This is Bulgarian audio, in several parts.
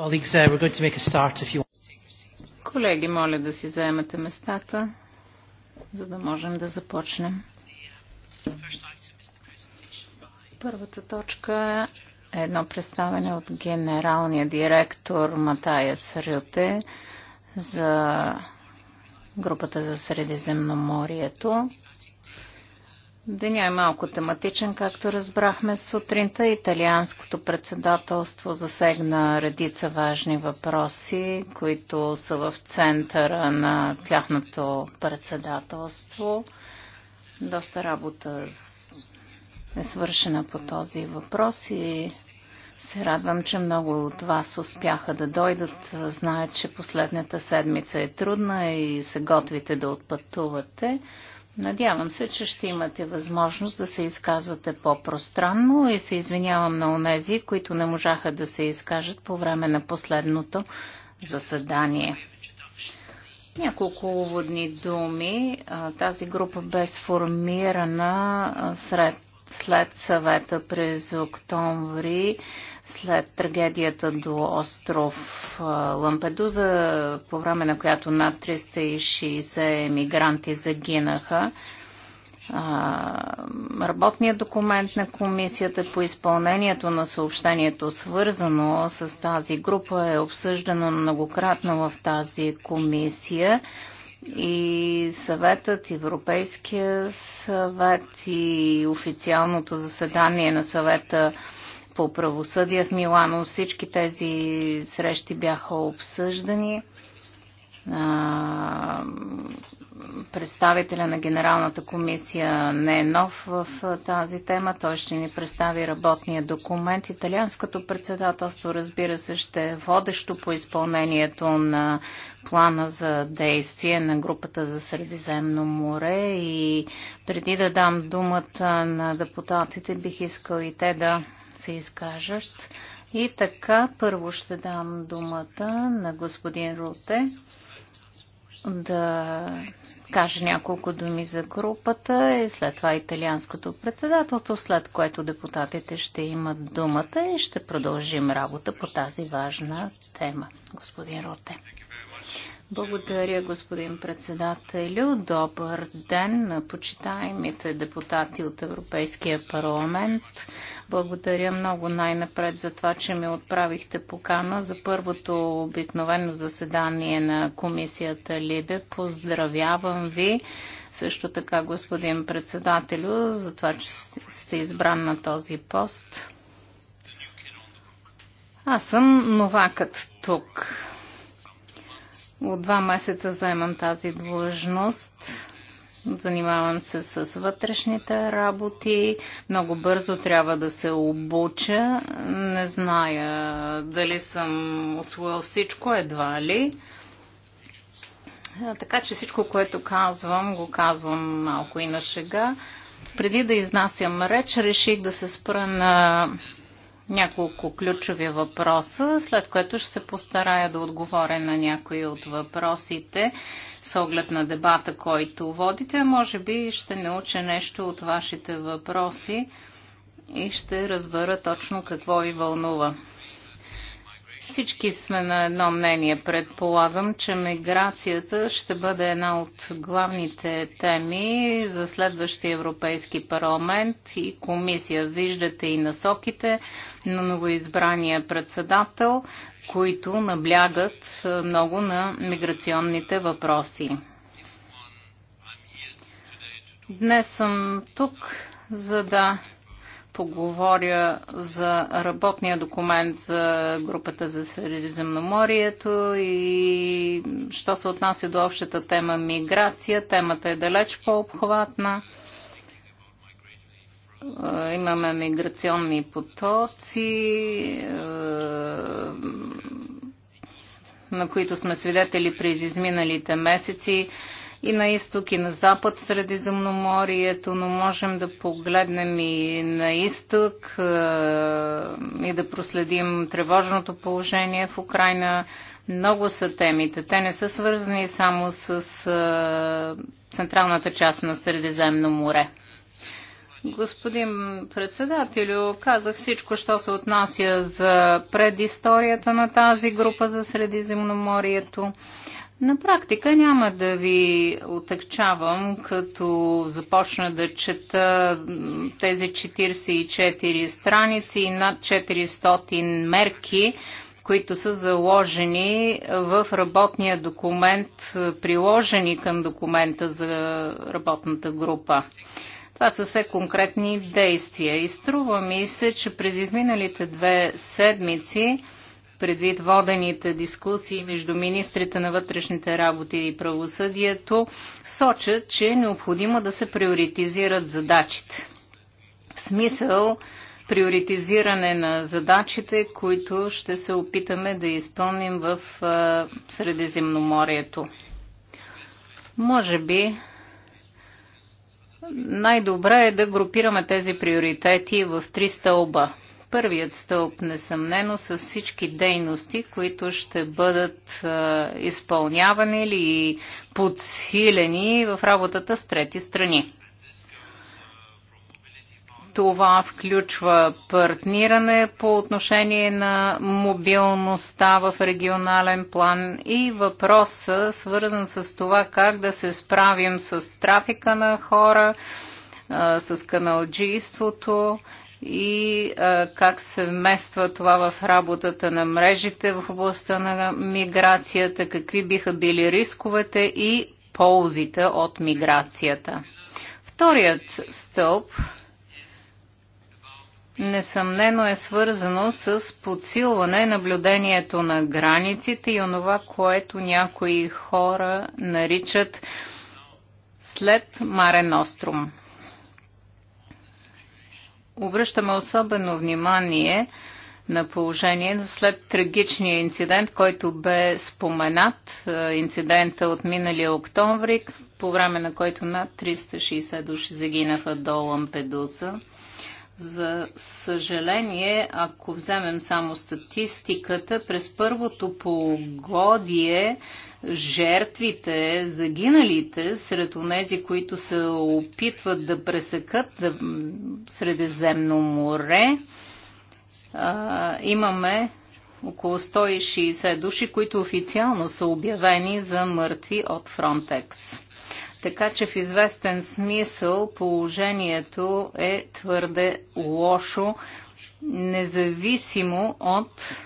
Uh, Колеги, моля да си заемете местата, за да можем да започнем. Първата точка е едно представене от генералния директор Матая Срюте за групата за Средиземноморието. Деня е малко тематичен, както разбрахме сутринта. Италианското председателство засегна редица важни въпроси, които са в центъра на тяхното председателство. Доста работа е свършена по този въпрос и се радвам, че много от вас успяха да дойдат. Знаят, че последната седмица е трудна и се готвите да отпътувате. Надявам се, че ще имате възможност да се изказвате по-пространно и се извинявам на онези, които не можаха да се изкажат по време на последното заседание. Няколко уводни думи. Тази група бе сформирана след съвета през октомври след трагедията до остров Лампедуза, по време на която над 360 емигранти загинаха. Работният документ на комисията по изпълнението на съобщението, свързано с тази група, е обсъждано многократно в тази комисия и съветът, Европейския съвет и официалното заседание на съвета по правосъдие в Милано. Всички тези срещи бяха обсъждани. Представителя на Генералната комисия не е нов в тази тема. Той ще ни представи работния документ. Италианското председателство, разбира се, ще е водещо по изпълнението на плана за действие на групата за Средиземно море. И преди да дам думата на депутатите, бих искал и те да се изкажат. И така, първо ще дам думата на господин Руте да каже няколко думи за групата и след това италианското председателство, след което депутатите ще имат думата и ще продължим работа по тази важна тема. Господин Роте. Благодаря, господин председателю. Добър ден на почитаемите депутати от Европейския парламент. Благодаря много най-напред за това, че ми отправихте покана за първото обикновено заседание на комисията Либе. Поздравявам ви също така, господин председателю, за това, че сте избран на този пост. Аз съм новакът тук от два месеца заемам тази длъжност. Занимавам се с вътрешните работи. Много бързо трябва да се обуча. Не зная дали съм освоил всичко, едва ли. Така че всичко, което казвам, го казвам малко и на шега. Преди да изнасям реч, реших да се спра на няколко ключови въпроса, след което ще се постарая да отговоря на някои от въпросите с оглед на дебата, който водите. Може би ще науча нещо от вашите въпроси и ще разбера точно какво ви вълнува. Всички сме на едно мнение. Предполагам, че миграцията ще бъде една от главните теми за следващия Европейски парламент и комисия. Виждате и насоките на новоизбрания председател, които наблягат е, много на миграционните въпроси. Днес съм тук, за да поговоря за работния документ за групата за Средиземноморието и що се отнася до общата тема миграция. Темата е далеч по-обхватна. Е, имаме миграционни потоци, е, на които сме свидетели през изминалите месеци и на изток, и на запад Средиземноморието, но можем да погледнем и на изток е, и да проследим тревожното положение в Украина. Много са темите. Те не са свързани само с е, централната част на Средиземно море. Господин председателю, казах всичко, що се отнася за предисторията на тази група за Средиземноморието. На практика няма да ви отъкчавам, като започна да чета тези 44 страници и над 400 мерки, които са заложени в работния документ, приложени към документа за работната група. Това са все конкретни действия. И струва ми се, че през изминалите две седмици предвид водените дискусии между министрите на вътрешните работи и правосъдието, сочат, че е необходимо да се приоритизират задачите. В смисъл приоритизиране на задачите, които ще се опитаме да изпълним в Средиземноморието. Може би най-добре е да групираме тези приоритети в три стълба. Първият стълб, несъмнено, са всички дейности, които ще бъдат а, изпълнявани или подсилени в работата с трети страни. Това включва партниране по отношение на мобилността в регионален план и въпроса, свързан с това как да се справим с трафика на хора, с каналджийството и а, как се вмества това в работата на мрежите в областта на миграцията, какви биха били рисковете и ползите от миграцията. Вторият стълб несъмнено е свързано с подсилване наблюдението на границите и онова, което някои хора наричат след Марен Острум обръщаме особено внимание на положение, след трагичния инцидент, който бе споменат, е, инцидента от миналия октомври, по време на който над 360 души загинаха до Лампедуса. За съжаление, ако вземем само статистиката, през първото полугодие жертвите, загиналите сред онези, които се опитват да пресекат да, Средиземно море. А, имаме около 160 души, които официално са обявени за мъртви от Фронтекс. Така че в известен смисъл положението е твърде лошо, независимо от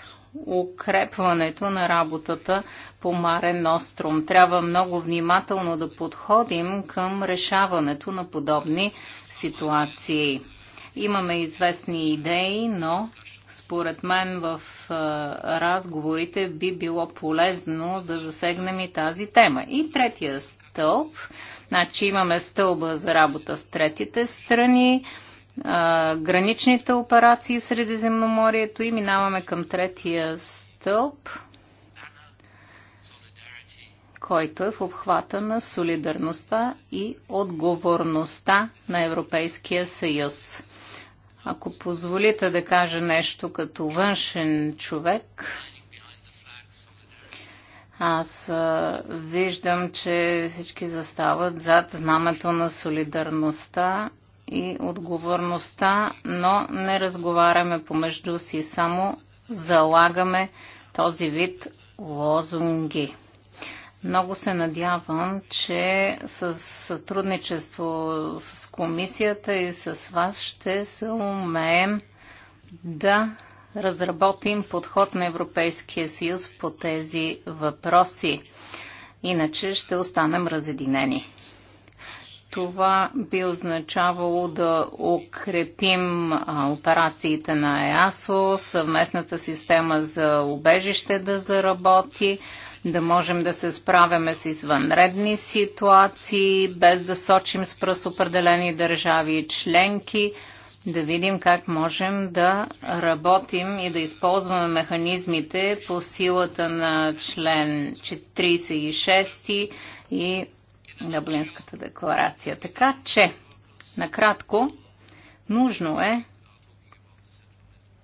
укрепването на работата по Маре Ностром. Трябва много внимателно да подходим към решаването на подобни ситуации. Имаме известни идеи, но според мен в е, разговорите би било полезно да засегнем и тази тема. И третия стълб, значи имаме стълба за работа с третите страни, е, граничните операции в Средиземноморието и минаваме към третия стълб – който е в обхвата на солидарността и отговорността на Европейския съюз. Ако позволите да кажа нещо като външен човек, аз виждам, че всички застават зад знамето на солидарността и отговорността, но не разговаряме помежду си, само залагаме този вид лозунги. Много се надявам, че с сътрудничество с комисията и с вас ще се умеем да разработим подход на Европейския съюз по тези въпроси. Иначе ще останем разединени. Това би означавало да укрепим а, операциите на ЕАСО, съвместната система за убежище да заработи, да можем да се справяме с извънредни ситуации, без да сочим с пръст определени държави и членки, да видим как можем да работим и да използваме механизмите по силата на член 36 и Дъблинската декларация. Така че, накратко, нужно е,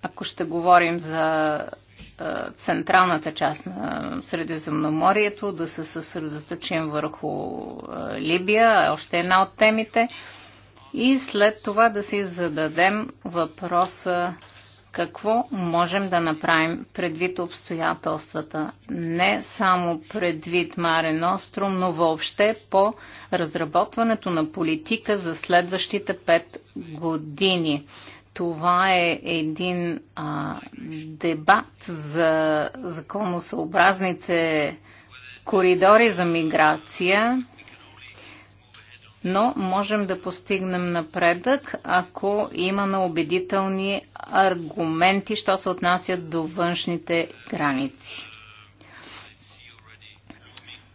ако ще говорим за е, централната част на Средиземноморието, да се съсредоточим върху е, Либия, още една от темите. И след това да си зададем въпроса какво можем да направим предвид обстоятелствата. Не само предвид Маре Ностром, но въобще по разработването на политика за следващите пет години това е един а, дебат за законосъобразните коридори за миграция, но можем да постигнем напредък, ако имаме убедителни аргументи, що се отнасят до външните граници.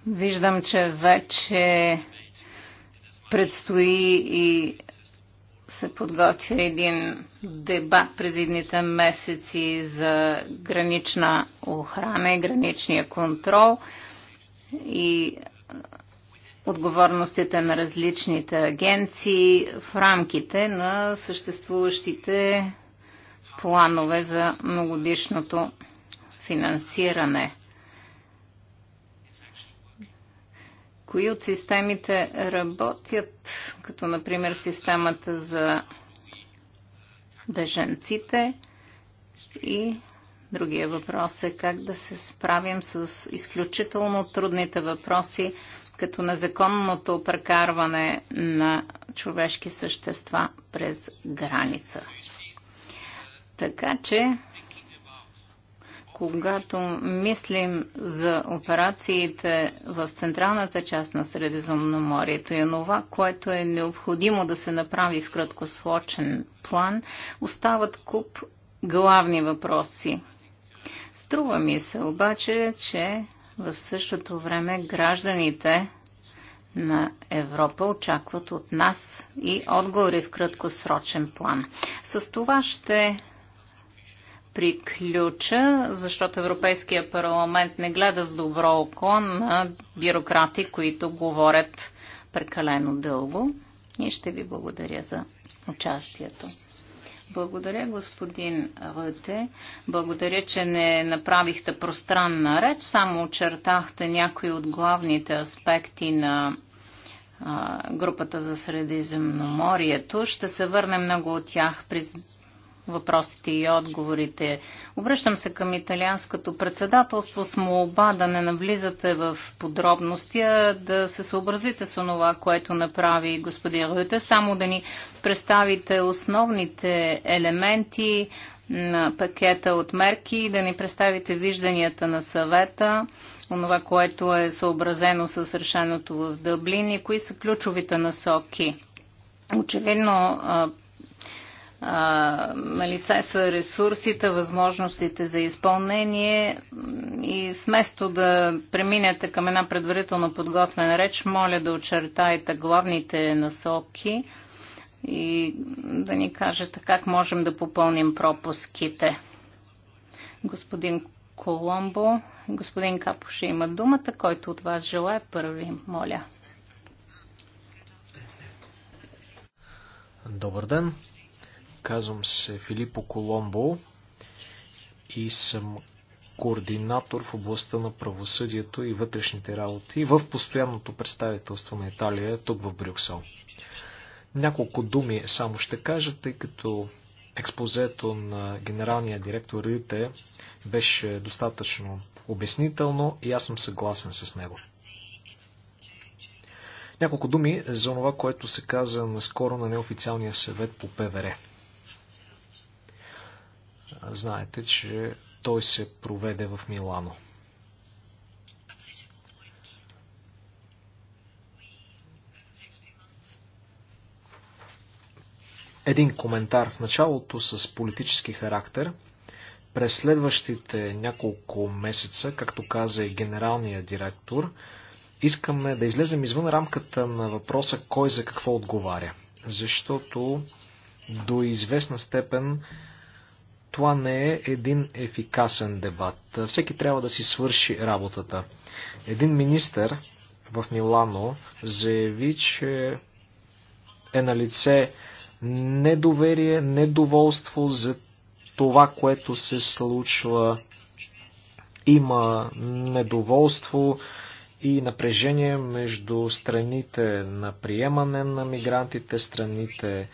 Виждам, че вече предстои и се подготвя един дебат през едните месеци за гранична охрана и граничния контрол и отговорностите на различните агенции в рамките на съществуващите планове за многодишното финансиране. кои от системите работят, като например системата за беженците и другия въпрос е как да се справим с изключително трудните въпроси, като незаконното прекарване на човешки същества през граница. Така че когато мислим за операциите в централната част на Средиземноморието и това, което е необходимо да се направи в краткосрочен план, остават куп главни въпроси. Струва ми се обаче, че в същото време гражданите на Европа очакват от нас и отговори в краткосрочен план. С това ще приключа, защото Европейския парламент не гледа с добро око на бюрократи, които говорят прекалено дълго. И ще ви благодаря за участието. Благодаря, господин Ръте. Благодаря, че не направихте пространна реч, само очертахте някои от главните аспекти на групата за Средиземноморието. Ще се върнем много от тях през въпросите и отговорите. Обръщам се към италианското председателство с молба да не навлизате в подробности, а да се съобразите с онова, което направи господин Руйте, само да ни представите основните елементи на пакета от мерки и да ни представите вижданията на съвета, онова, което е съобразено с решеното в Дъблин и кои са ключовите насоки. Очевидно налице са ресурсите, възможностите за изпълнение и вместо да преминете към една предварително подготвена реч, моля да очертаете главните насоки и да ни кажете как можем да попълним пропуските. Господин Коломбо, господин Капо има думата, който от вас желая първи, моля. Добър ден. Казвам се Филипо Коломбо и съм координатор в областта на правосъдието и вътрешните работи в постоянното представителство на Италия тук в Брюксел. Няколко думи само ще кажа, тъй като експозето на генералния директор Рюте беше достатъчно обяснително и аз съм съгласен с него. Няколко думи за това, което се каза наскоро на неофициалния съвет по ПВР. Знаете, че той се проведе в Милано. Един коментар в началото с политически характер. През следващите няколко месеца, както каза и генералния директор, искаме да излезем извън рамката на въпроса кой за какво отговаря. Защото до известна степен това не е един ефикасен дебат. Всеки трябва да си свърши работата. Един министър в Милано заяви, че е на лице недоверие, недоволство за това, което се случва. Има недоволство и напрежение между страните на приемане на мигрантите, страните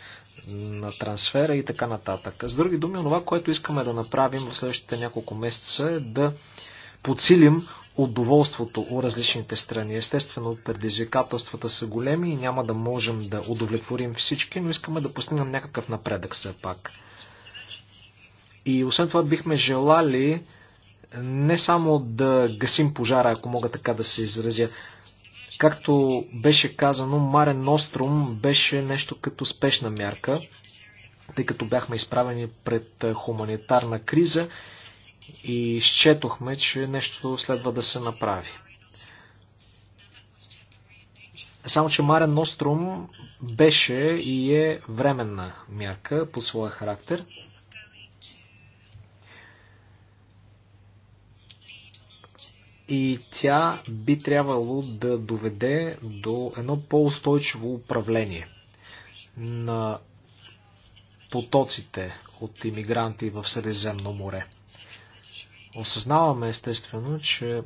на трансфера и така нататък. С други думи, това, което искаме да направим в следващите няколко месеца е да подсилим удоволството у различните страни. Естествено, предизвикателствата са големи и няма да можем да удовлетворим всички, но искаме да постигнем някакъв напредък все пак. И освен това бихме желали не само да гасим пожара, ако мога така да се изразя, Както беше казано, Марен Ностром беше нещо като спешна мярка, тъй като бяхме изправени пред хуманитарна криза и счетохме, че нещо следва да се направи. Само, че Марен Ностром беше и е временна мярка по своя характер. и тя би трябвало да доведе до едно по-устойчиво управление на потоците от иммигранти в Средиземно море. Осъзнаваме естествено, че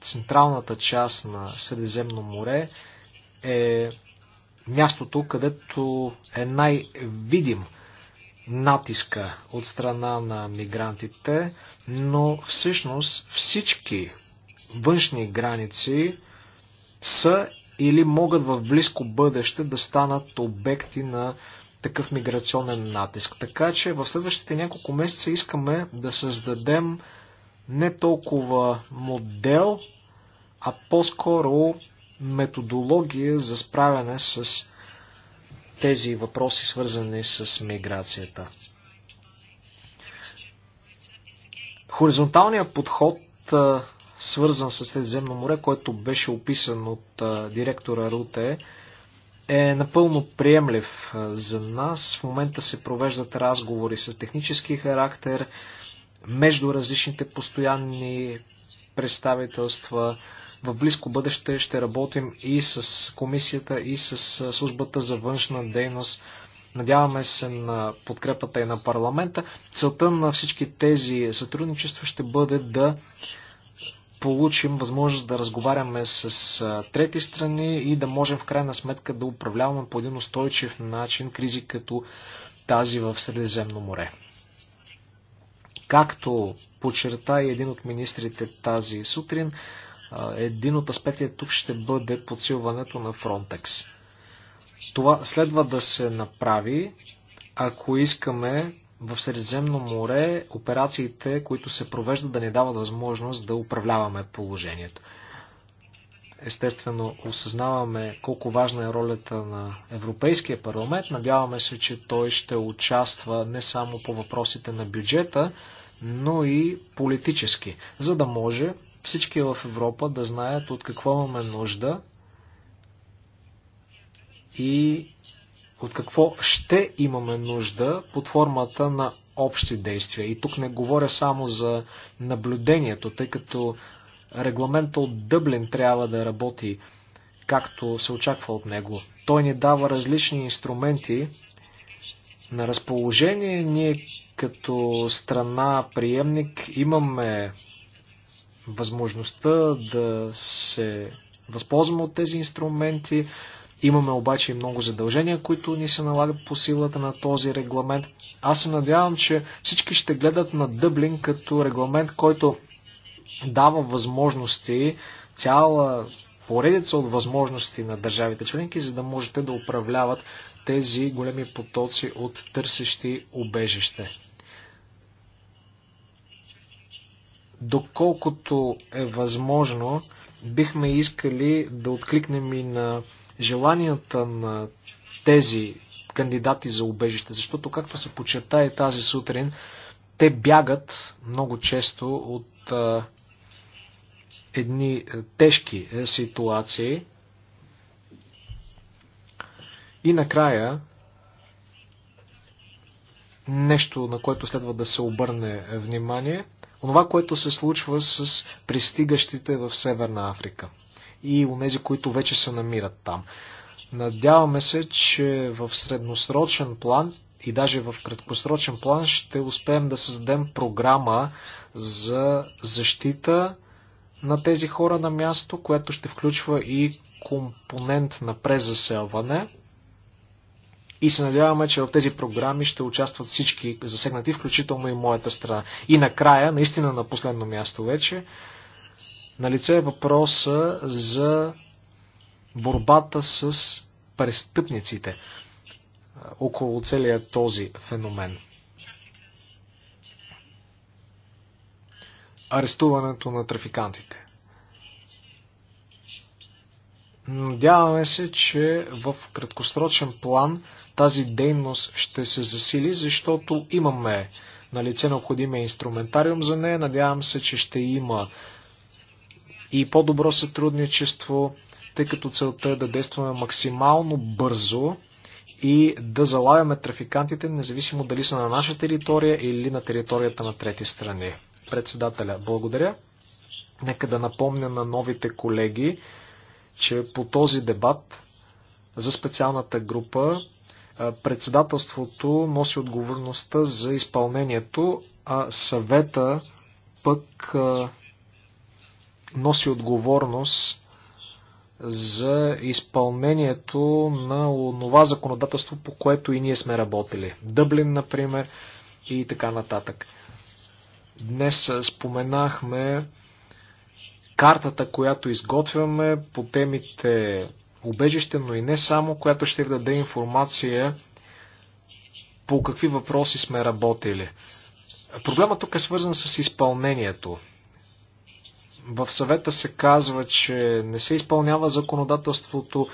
централната част на Средиземно море е мястото, където е най-видим натиска от страна на мигрантите, но всъщност всички външни граници са или могат в близко бъдеще да станат обекти на такъв миграционен натиск. Така че в следващите няколко месеца искаме да създадем не толкова модел, а по-скоро методология за справяне с тези въпроси, свързани с миграцията. Хоризонталният подход свързан с Средиземно море, който беше описан от директора Руте, е напълно приемлив за нас. В момента се провеждат разговори с технически характер между различните постоянни представителства. В близко бъдеще ще работим и с комисията, и с службата за външна дейност. Надяваме се на подкрепата и на парламента. Целта на всички тези сътрудничества ще бъде да получим възможност да разговаряме с трети страни и да можем в крайна сметка да управляваме по един устойчив начин кризи като тази в Средиземно море. Както подчерта и един от министрите тази сутрин, един от аспектите тук ще бъде подсилването на Фронтекс. Това следва да се направи, ако искаме в Средиземно море операциите, които се провеждат, да ни дават възможност да управляваме положението. Естествено, осъзнаваме колко важна е ролята на Европейския парламент. Надяваме се, че той ще участва не само по въпросите на бюджета, но и политически, за да може всички в Европа да знаят от какво имаме нужда и от какво ще имаме нужда под формата на общи действия. И тук не говоря само за наблюдението, тъй като регламента от Дъблин трябва да работи както се очаква от него. Той ни дава различни инструменти на разположение. Ние като страна приемник имаме възможността да се възползваме от тези инструменти, Имаме обаче и много задължения, които ни се налагат по силата на този регламент. Аз се надявам, че всички ще гледат на Дъблин като регламент, който дава възможности, цяла поредица от възможности на държавите членки, за да можете да управляват тези големи потоци от търсещи убежище. Доколкото е възможно, бихме искали да откликнем и на желанията на тези кандидати за убежище, защото, както се почерта и тази сутрин, те бягат много често от а, едни тежки е, ситуации. И накрая, нещо, на което следва да се обърне внимание, онова, което се случва с пристигащите в Северна Африка и онези, които вече се намират там. Надяваме се, че в средносрочен план и даже в краткосрочен план ще успеем да създадем програма за защита на тези хора на място, което ще включва и компонент на презаселване. И се надяваме, че в тези програми ще участват всички засегнати, включително и моята страна. И накрая, наистина на последно място вече, Налице е въпроса за борбата с престъпниците около целия този феномен. Арестуването на трафикантите. Надяваме се, че в краткосрочен план тази дейност ще се засили, защото имаме на лице необходимия инструментариум за нея. Надявам се, че ще има и по-добро сътрудничество, тъй като целта е да действаме максимално бързо и да залавяме трафикантите, независимо дали са на наша територия или на територията на трети страни. Председателя, благодаря. Нека да напомня на новите колеги, че по този дебат за специалната група председателството носи отговорността за изпълнението, а съвета пък носи отговорност за изпълнението на това законодателство, по което и ние сме работили. Дъблин, например, и така нататък. Днес споменахме картата, която изготвяме по темите убежище, но и не само, която ще ви даде информация по какви въпроси сме работили. Проблемът тук е свързан с изпълнението в съвета се казва, че не се изпълнява законодателството,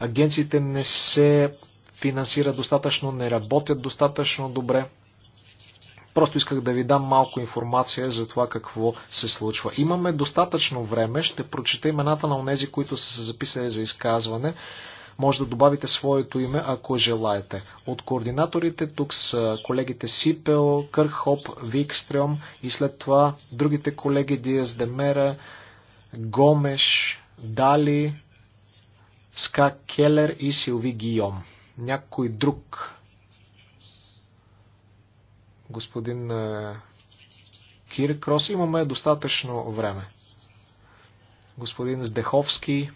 агенциите не се финансират достатъчно, не работят достатъчно добре. Просто исках да ви дам малко информация за това какво се случва. Имаме достатъчно време, ще прочета имената на онези, които са се записали за изказване. Може да добавите своето име, ако желаете. От координаторите тук са колегите Сипел, Кърхоп, Викстрем и след това другите колеги Диас Демера, Гомеш, Дали, Ска Келер и Силви Гийом. Някой друг. Господин е, Кир Крос, имаме достатъчно време. Господин Здеховски,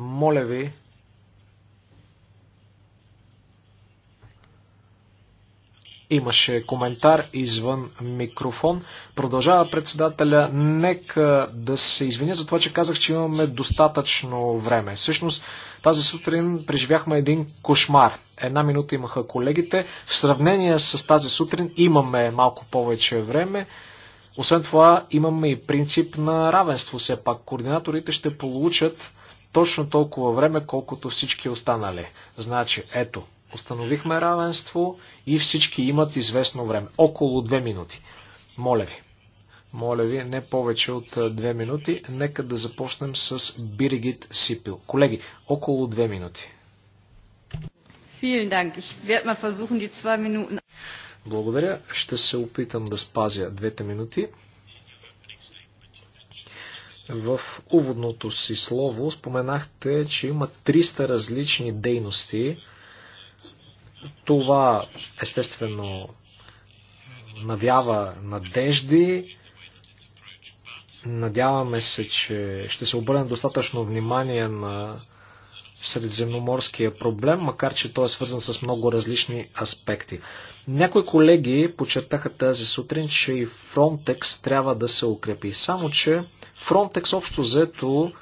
Моля ви, имаше коментар извън микрофон. Продължава председателя. Нека да се извиня за това, че казах, че имаме достатъчно време. Всъщност, тази сутрин преживяхме един кошмар. Една минута имаха колегите. В сравнение с тази сутрин имаме малко повече време. Освен това, имаме и принцип на равенство. Все пак координаторите ще получат точно толкова време, колкото всички останали. Значи, ето, установихме равенство и всички имат известно време. Около две минути. Моля ви. Моля ви, не повече от две минути. Нека да започнем с Биригит Сипил. Колеги, около две минути. Благодаря. Ще се опитам да спазя двете минути. В уводното си слово споменахте, че има 300 различни дейности. Това естествено навява надежди. Надяваме се, че ще се обърне достатъчно внимание на средиземноморския проблем, макар че той е свързан с много различни аспекти. Някои колеги почертаха тази сутрин, че и Frontex трябва да се укрепи. Само, че Frontex общо взето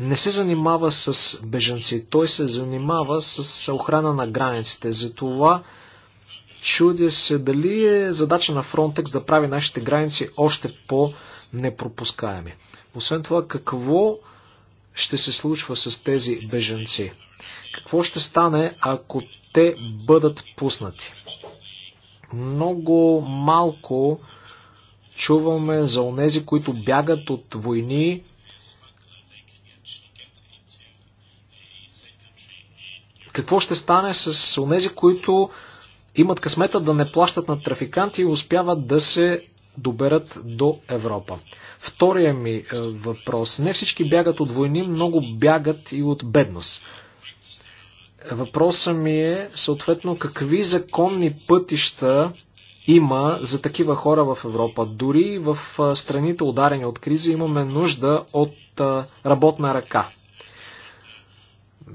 не се занимава с бежанци. Той се занимава с охрана на границите. Затова чудя се дали е задача на Frontex да прави нашите граници още по-непропускаеми. Освен това, какво ще се случва с тези бежанци? Какво ще стане, ако те бъдат пуснати? Много малко чуваме за онези, които бягат от войни, какво ще стане с онези, които имат късмета да не плащат на трафиканти и успяват да се доберат до Европа. Втория ми е, въпрос. Не всички бягат от войни, много бягат и от бедност. Въпросът ми е, съответно, какви законни пътища има за такива хора в Европа. Дори в страните ударени от кризи имаме нужда от работна ръка.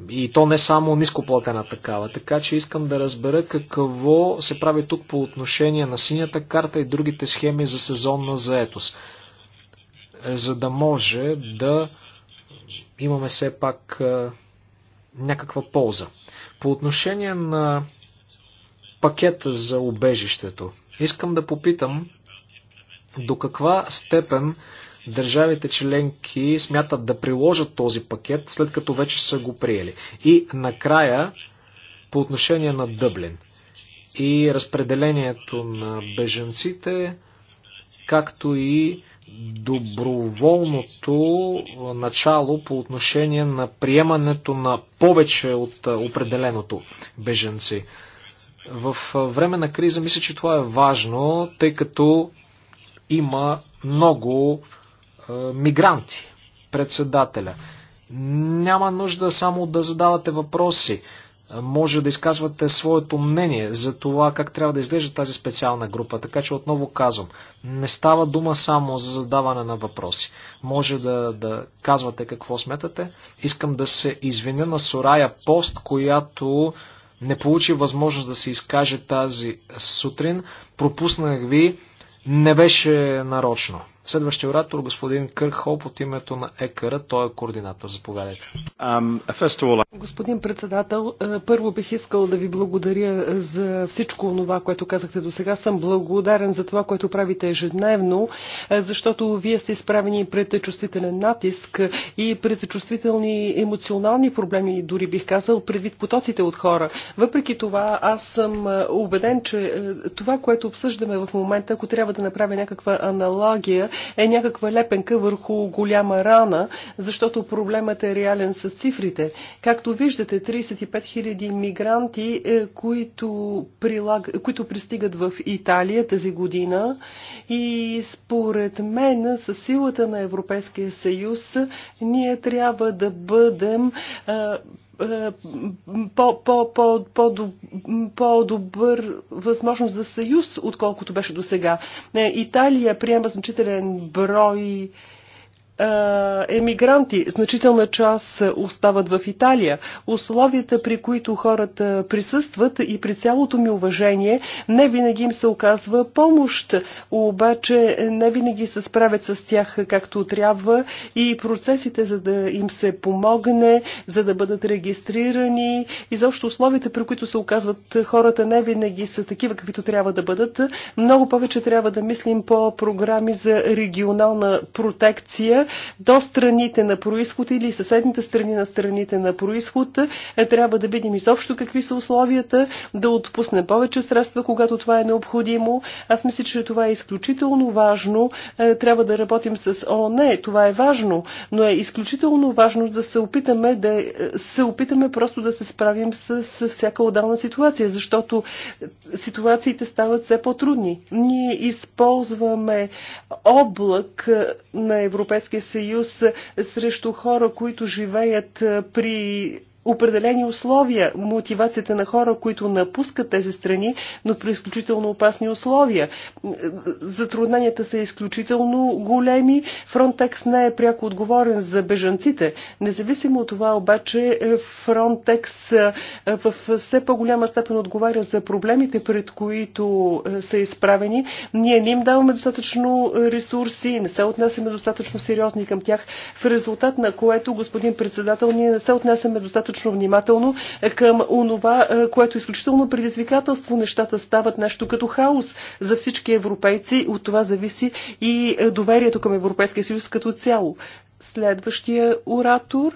И то не само нископлатена такава. Така че искам да разбера какво се прави тук по отношение на синята карта и другите схеми за сезонна заетост. За да може да имаме все пак някаква полза. По отношение на пакета за обежището, искам да попитам до каква степен държавите членки смятат да приложат този пакет, след като вече са го приели. И накрая, по отношение на Дъблин и разпределението на беженците, както и доброволното начало по отношение на приемането на повече от определеното беженци. В време на криза мисля, че това е важно, тъй като има много е, мигранти, председателя. Няма нужда само да задавате въпроси може да изказвате своето мнение за това как трябва да изглежда тази специална група. Така че отново казвам, не става дума само за задаване на въпроси. Може да, да казвате какво сметате. Искам да се извиня на Сорая Пост, която не получи възможност да се изкаже тази сутрин. Пропуснах ви, не беше нарочно. Следващия оратор, господин Кърк Хоп от името на ЕКР, той е координатор. Заповядайте. Um, господин председател, е, първо бих искал да ви благодаря за всичко това, което казахте до сега. Съм благодарен за това, което правите ежедневно, е, защото вие сте изправени пред чувствителен натиск и пред чувствителни емоционални проблеми, дори бих казал, предвид потоците от хора. Въпреки това, аз съм е, убеден, че това, което обсъждаме в момента, ако трябва да направя някаква аналогия, е някаква лепенка върху голяма рана, защото проблемът е реален с цифрите. Както виждате, 35 000 мигранти, е, които, прилаг... които пристигат в Италия тази година и според мен с силата на Европейския съюз ние трябва да бъдем е, по-добър възможност за съюз, отколкото беше до сега. Е, Италия приема значителен брой емигранти, значителна част остават в Италия. Условията, при които хората присъстват и при цялото ми уважение, не винаги им се оказва помощ, обаче не винаги се справят с тях както трябва и процесите, за да им се помогне, за да бъдат регистрирани, изобщо условията, при които се оказват хората, не винаги са такива, каквито трябва да бъдат. Много повече трябва да мислим по програми за регионална протекция, до страните на происход или съседните страни на страните на происход. Е, трябва да видим изобщо какви са условията, да отпуснем повече средства, когато това е необходимо. Аз мисля, че това е изключително важно. Е, трябва да работим с ООН. Това е важно, но е изключително важно да се опитаме да е, се опитаме просто да се справим с, с всяка отдална ситуация, защото ситуациите стават все по-трудни. Ние използваме облак на Европейския Европейския съюз срещу хора, които живеят при определени условия, мотивацията на хора, които напускат тези страни, но при е изключително опасни условия. Затрудненията са изключително големи. Фронтекс не е пряко отговорен за бежанците. Независимо от това обаче, Фронтекс е, е, в все по-голяма степен отговаря за проблемите, пред които са изправени. Ние не им даваме достатъчно ресурси, не се отнасяме достатъчно сериозни към тях, в резултат на което, господин председател, ние не се отнасяме достатъчно достатъчно внимателно към онова, е, което е изключително предизвикателство. Нещата стават нещо като хаос за всички европейци. От това зависи и е, доверието към Европейския съюз като цяло. Следващия оратор.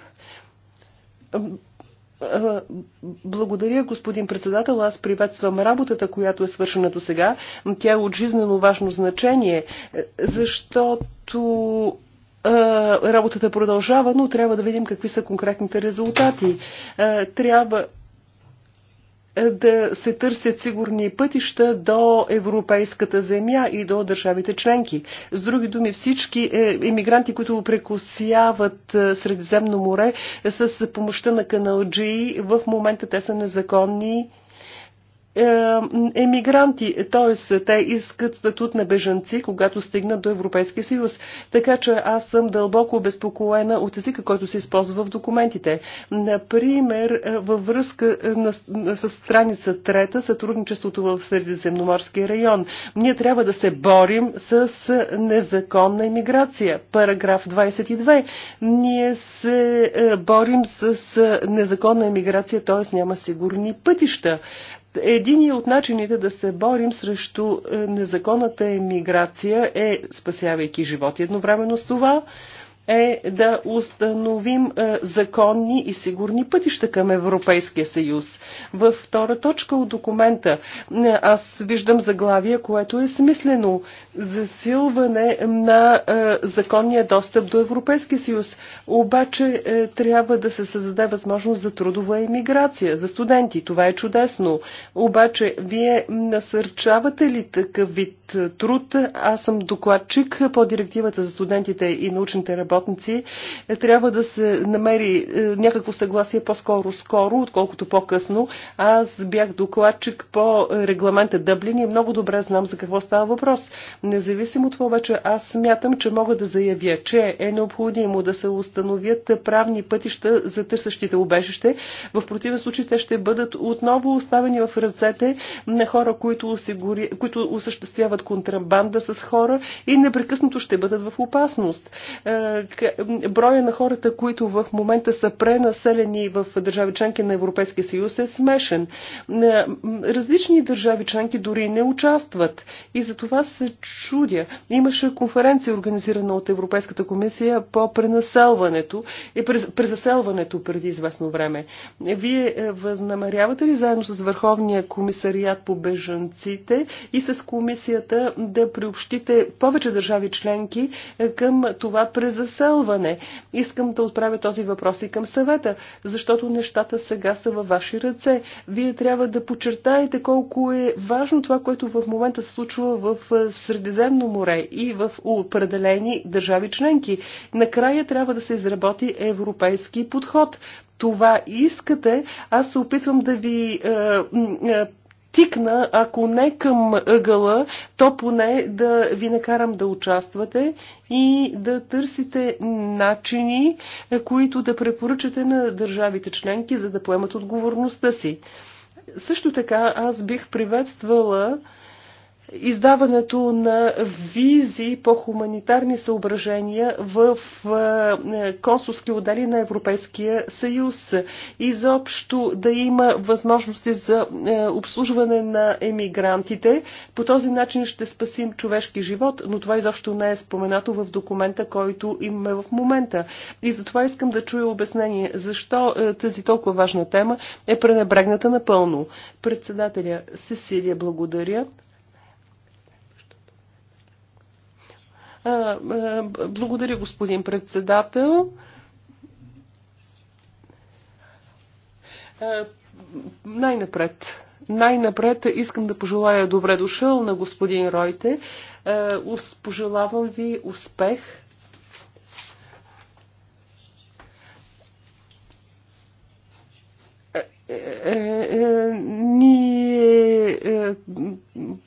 Благодаря, господин председател. Аз приветствам работата, която е свършена до сега. Тя е от жизнено важно значение, е, защото работата продължава, но трябва да видим какви са конкретните резултати. Трябва да се търсят сигурни пътища до европейската земя и до държавите членки. С други думи, всички емигранти, които прекосяват е, Средиземно море е, с помощта на каналджии, в момента те са незаконни е, емигранти, т.е. те искат статут на бежанци, когато стигнат до Европейския съюз. Така че аз съм дълбоко обезпокоена от езика, който се използва в документите. Например, е, във връзка е, на, с страница трета, сътрудничеството в Средиземноморския район. Ние трябва да се борим с незаконна емиграция. Параграф 22. Ние се борим с незаконна емиграция, т.е. няма сигурни пътища. Един от начините да се борим срещу е, незаконната емиграция е спасявайки животи едновременно с това, е да установим е, законни и сигурни пътища към Европейския съюз. Във втора точка от документа е, аз виждам заглавие, което е смислено. Засилване на е, законния достъп до Европейския съюз. Обаче трябва да се създаде възможност за трудова емиграция, за студенти. Това е чудесно. Обаче вие насърчавате ли такъв вид труд? Аз съм докладчик по директивата за студентите и научните работи работници, е, трябва да се намери е, някакво съгласие по-скоро скоро, отколкото по-късно. Аз бях докладчик по регламента Дъблин и много добре знам за какво става въпрос. Независимо от това, вече аз смятам, че мога да заявя, че е необходимо да се установят правни пътища за търсещите убежище. В противен случай те ще бъдат отново оставени в ръцете на хора, които, осигури... които осъществяват контрабанда с хора и непрекъснато ще бъдат в опасност. Е, броя на хората, които в момента са пренаселени в държави членки на Европейския съюз е смешен. Различни държави членки дори не участват и за това се чудя. Имаше конференция, организирана от Европейската комисия по пренаселването и презаселването преди известно време. Вие е, възнамерявате ли заедно с Върховния комисариат по бежанците и с комисията да приобщите повече държави членки е, към това презаселване? разселване. Искам да отправя този въпрос и към съвета, защото нещата сега са във ваши ръце. Вие трябва да подчертаете колко е важно това, което в момента се случва в Средиземно море и в определени държави членки. Накрая трябва да се изработи европейски подход това искате, аз се опитвам да ви е, е, тикна, ако не към ъгъла, то поне да ви накарам да участвате и да търсите начини, които да препоръчате на държавите членки, за да поемат отговорността си. Също така аз бих приветствала издаването на визи по хуманитарни съображения в консулски отдели на Европейския съюз. Изобщо да има възможности за обслужване на емигрантите. По този начин ще спасим човешки живот, но това изобщо не е споменато в документа, който имаме в момента. И затова искам да чуя обяснение, защо тази толкова важна тема е пренебрегната напълно. Председателя Сесилия, благодаря. Благодаря, господин председател. Най-напред. Най-напред искам да пожелая добре дошъл на господин Ройте. Пожелавам ви успех. Е, е, е, ние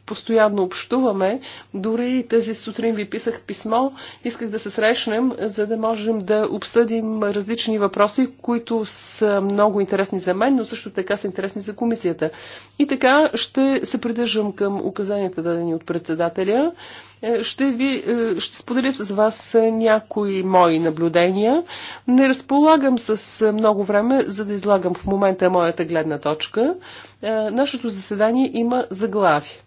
постоянно общуваме. Дори тези тази сутрин ви писах писмо. Исках да се срещнем, за да можем да обсъдим различни въпроси, които са много интересни за мен, но също така са интересни за комисията. И така ще се придържам към указанията дадени от председателя. Е, ще, ви, е, ще споделя с вас някои мои наблюдения. Не разполагам с много време, за да излагам в момента моята гледна точка. Е, нашето заседание има заглави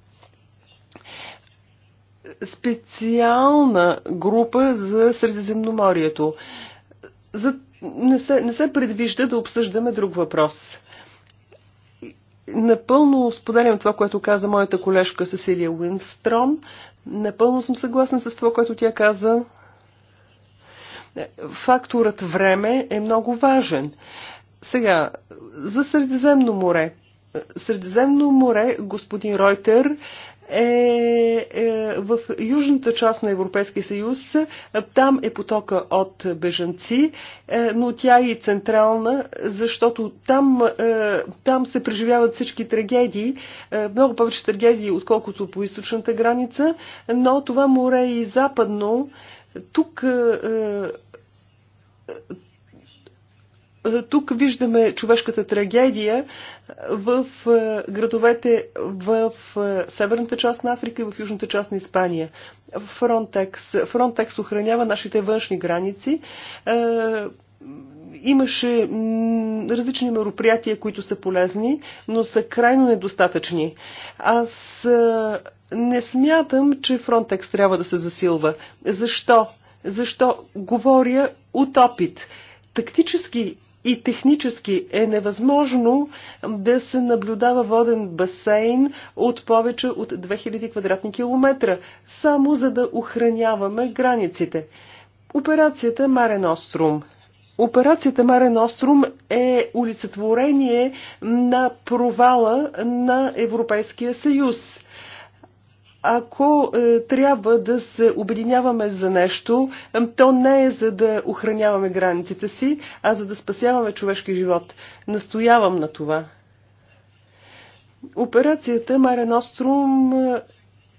специална група за Средиземноморието. За... Не, се, не се предвижда да обсъждаме друг въпрос. Напълно споделям това, което каза моята колежка Сесилия Уинстром. Напълно съм съгласен с това, което тя каза. Факторът време е много важен. Сега, за Средиземно море. Средиземно море господин Ройтер е, е в южната част на Европейския съюз. Там е потока от бежанци, е, но тя е и централна, защото там, е, там се преживяват всички трагедии, е, много повече трагедии, отколкото по източната граница, но това море е и западно. Тук е, е тук виждаме човешката трагедия в е, градовете в е, северната част на Африка и в южната част на Испания. Фронтекс. Фронтекс охранява нашите външни граници е, имаше различни мероприятия, които са полезни, но са крайно недостатъчни. Аз не смятам, че Фронтекс трябва да се засилва. Защо? Защо? Говоря от опит. Тактически и технически е невъзможно да се наблюдава воден басейн от повече от 2000 квадратни километра, само за да охраняваме границите. Операцията Марен Острум Операцията Марен Острум е олицетворение на провала на Европейския съюз. Ако е, трябва да се обединяваме за нещо, то не е за да охраняваме границите си, а за да спасяваме човешки живот. Настоявам на това. Операцията Маре Нострум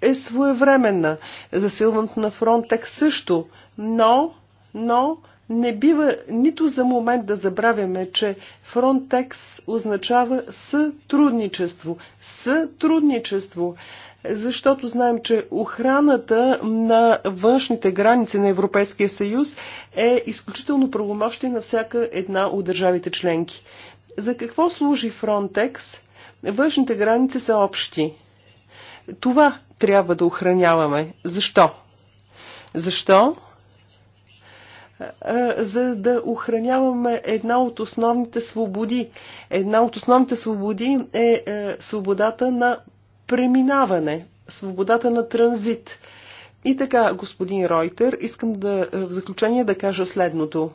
е своевременна. Засилването на Фронтек също. Но, но не бива нито за момент да забравяме, че Фронтекс означава сътрудничество. Сътрудничество защото знаем, че охраната на външните граници на Европейския съюз е изключително правомощие на всяка една от държавите членки. За какво служи Фронтекс? Външните граници са общи. Това трябва да охраняваме. Защо? Защо? за да охраняваме една от основните свободи. Една от основните свободи е, е свободата на преминаване, свободата на транзит. И така, господин Ройтер, искам да е, в заключение да кажа следното.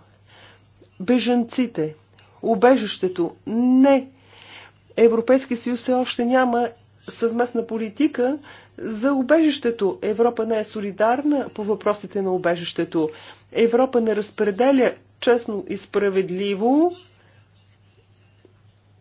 Бежанците, убежището, не. Европейския съюз все още няма съвместна политика за убежището. Европа не е солидарна по въпросите на убежището. Европа не разпределя честно и справедливо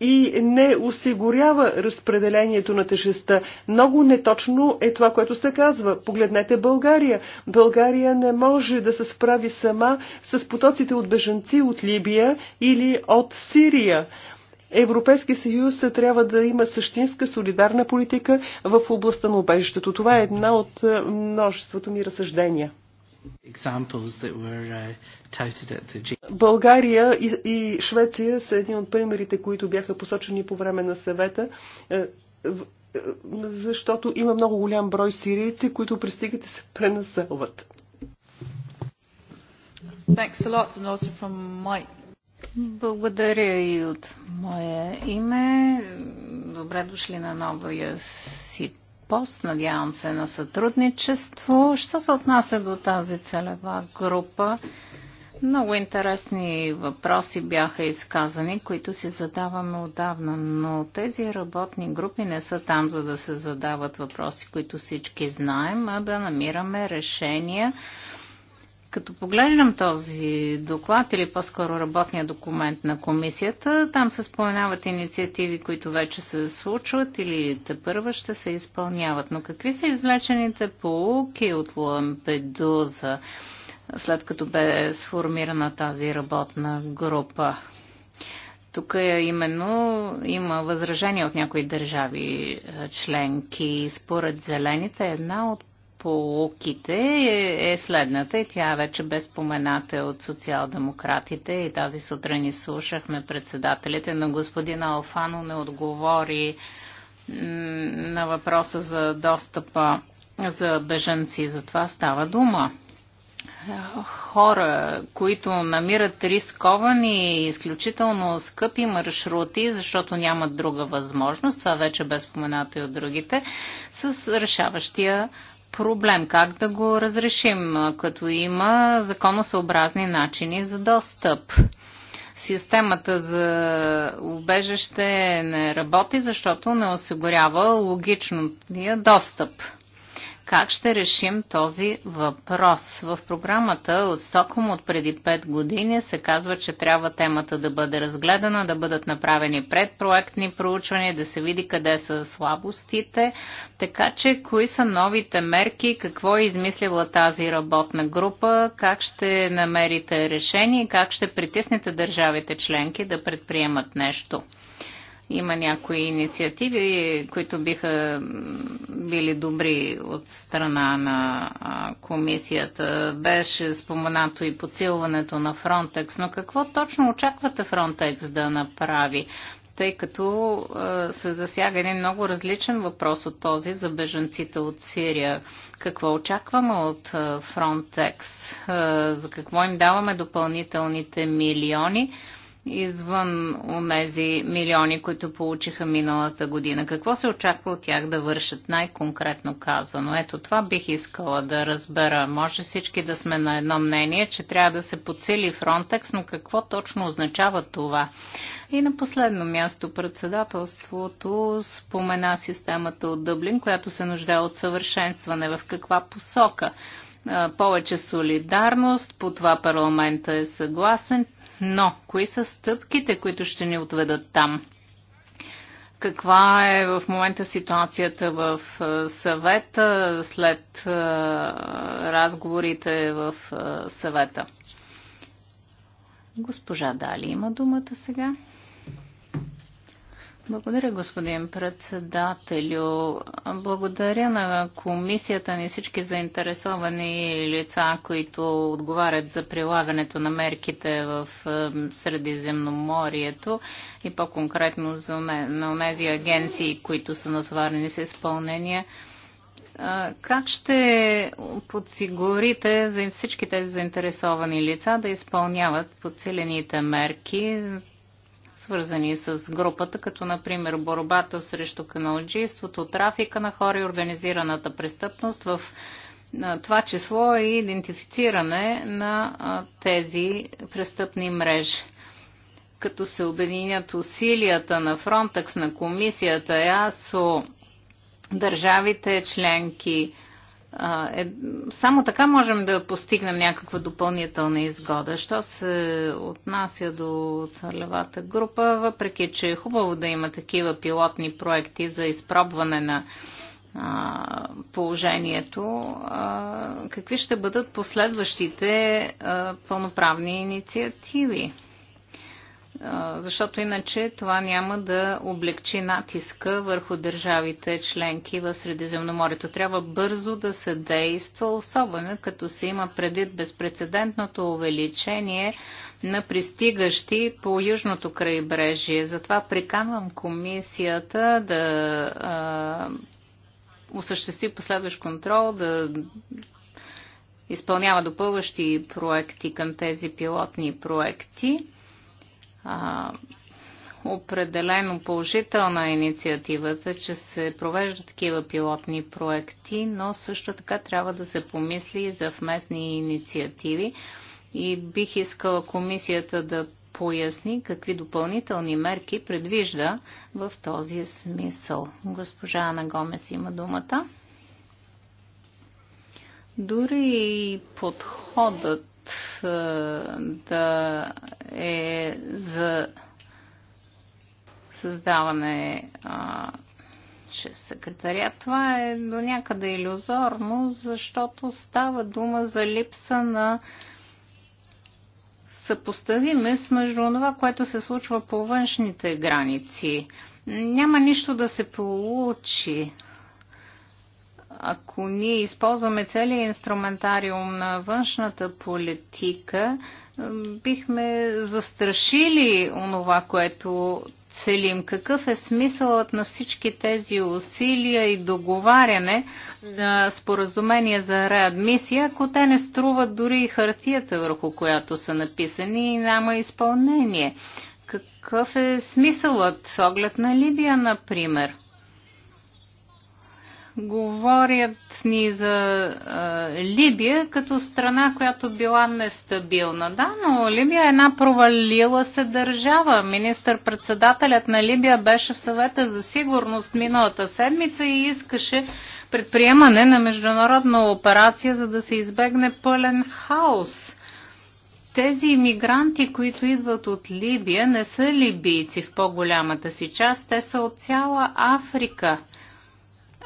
и не осигурява разпределението на тежестта. Много неточно е това, което се казва. Погледнете България. България не може да се справи сама с потоците от бежанци от Либия или от Сирия. Европейски съюз трябва да има същинска солидарна политика в областта на убежището. Това е една от е, множеството ми разсъждения. Uh, България и, Швеция са един от примерите, които бяха посочени по време на съвета е, е, защото има много голям брой сирийци, които пристигат и се пренаселват. Благодаря и от мое име. Добре дошли на новия си пост. Надявам се на сътрудничество. Що се отнася до тази целева група? Много интересни въпроси бяха изказани, които си задаваме отдавна, но тези работни групи не са там, за да се задават въпроси, които всички знаем, а да намираме решения като погледнем този доклад или по-скоро работния документ на комисията, там се споменават инициативи, които вече се случват или те първа ще се изпълняват. Но какви са извлечените полуки от Лампедуза, след като бе сформирана тази работна група? Тук е именно има възражения от някои държави е, членки. Според зелените една от полуките е, е следната и тя вече бе спомената от социал-демократите и тази сутрин слушахме председателите на господин Алфано не отговори на въпроса за достъпа за бежанци. За това става дума. Хора, които намират рисковани и изключително скъпи маршрути, защото нямат друга възможност, това вече бе споменато и от другите, с решаващия проблем. Как да го разрешим, като има законосъобразни начини за достъп? Системата за убежище не работи, защото не осигурява логичния достъп. Как ще решим този въпрос? В програмата от Стокхолм от преди 5 години се казва, че трябва темата да бъде разгледана, да бъдат направени предпроектни проучвания, да се види къде са слабостите. Така че, кои са новите мерки, какво е измислила тази работна група, как ще намерите решение, как ще притиснете държавите членки да предприемат нещо? Има някои инициативи, които биха били добри от страна на комисията. Беше споменато и подсилването на Фронтекс, но какво точно очаквате Фронтекс да направи? тъй като се засяга един много различен въпрос от този за беженците от Сирия. Какво очакваме от Frontex? За какво им даваме допълнителните милиони? извън онези милиони, които получиха миналата година. Какво се очаква от тях да вършат най-конкретно казано? Ето това бих искала да разбера. Може всички да сме на едно мнение, че трябва да се подсили Фронтекс, но какво точно означава това? И на последно място председателството спомена системата от Дъблин, която се нуждае от съвършенстване. В каква посока? повече солидарност, по това парламента е съгласен. Но, кои са стъпките, които ще ни отведат там? Каква е в момента ситуацията в е, съвета след е, разговорите в е, съвета? Госпожа Дали има думата сега. Благодаря, господин председателю. Благодаря на комисията ни всички заинтересовани лица, които отговарят за прилагането на мерките в е, Средиземноморието и по-конкретно за на тези агенции, които са натоварени с изпълнение. Е, как ще подсигурите за всички тези заинтересовани лица да изпълняват подсилените мерки? свързани с групата, като например борбата срещу каналджийството, трафика на хора и организираната престъпност в това число е и идентифициране на тези престъпни мрежи. Като се обединят усилията на Фронтекс, на комисията, ЕАСО, държавите членки, е, само така можем да постигнем някаква допълнителна изгода. Що се отнася до целевата група, въпреки че е хубаво да има такива пилотни проекти за изпробване на а, положението, а, какви ще бъдат последващите а, пълноправни инициативи? защото иначе това няма да облегчи натиска върху държавите членки в Средиземноморието. Трябва бързо да се действа, особено като се има предвид безпредседентното увеличение на пристигащи по Южното крайбрежие. Затова приканвам комисията да а, осъществи последващ контрол, да изпълнява допълващи проекти към тези пилотни проекти а, определено положителна инициативата, че се провеждат такива пилотни проекти, но също така трябва да се помисли за вместни инициативи и бих искала комисията да поясни какви допълнителни мерки предвижда в този смисъл. Госпожа Ана Гомес има думата. Дори подходът да е за създаване а, чрез секретарят. Това е до някъде иллюзорно, защото става дума за липса на съпоставимост между това, което се случва по външните граници. Няма нищо да се получи ако ние използваме целият инструментариум на външната политика, бихме застрашили онова, което целим. Какъв е смисълът на всички тези усилия и договаряне на споразумения за реадмисия, ако те не струват дори и хартията, върху която са написани и няма изпълнение? Какъв е смисълът с оглед на Либия, например? Говорят ни за а, Либия като страна, която била нестабилна. Да, но Либия е една провалила се държава. Министър-председателят на Либия беше в съвета за сигурност миналата седмица и искаше предприемане на международна операция, за да се избегне пълен хаос. Тези иммигранти, които идват от Либия, не са либийци в по-голямата си част, те са от цяла Африка –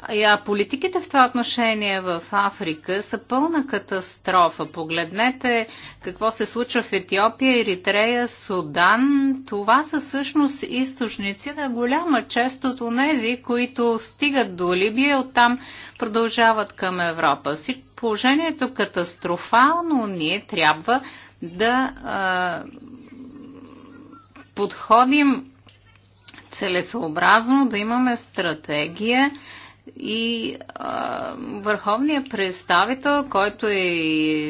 а политиките в това отношение в Африка са пълна катастрофа. Погледнете какво се случва в Етиопия, Еритрея, Судан. Това са всъщност източници на голяма чест от онези, които стигат до Либия, оттам продължават към Европа. Положението е катастрофално ние трябва да а, подходим целесообразно, да имаме стратегия и а, върховният представител, който е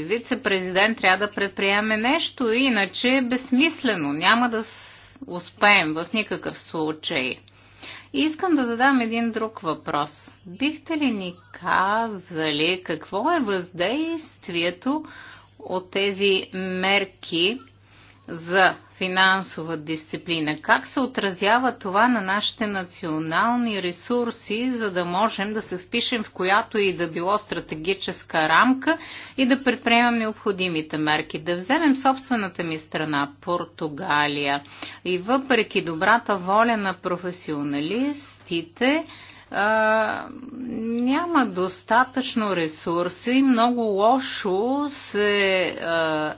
вице-президент, трябва да предприеме нещо, иначе е безсмислено. Няма да успеем в никакъв случай. И искам да задам един друг въпрос. Бихте ли ни казали какво е въздействието от тези мерки за финансова дисциплина. Как се отразява това на нашите национални ресурси, за да можем да се впишем в която и да било стратегическа рамка и да предприемем необходимите мерки? Да вземем собствената ми страна, Португалия. И въпреки добрата воля на професионалистите, а, няма достатъчно ресурси. Много лошо се. А,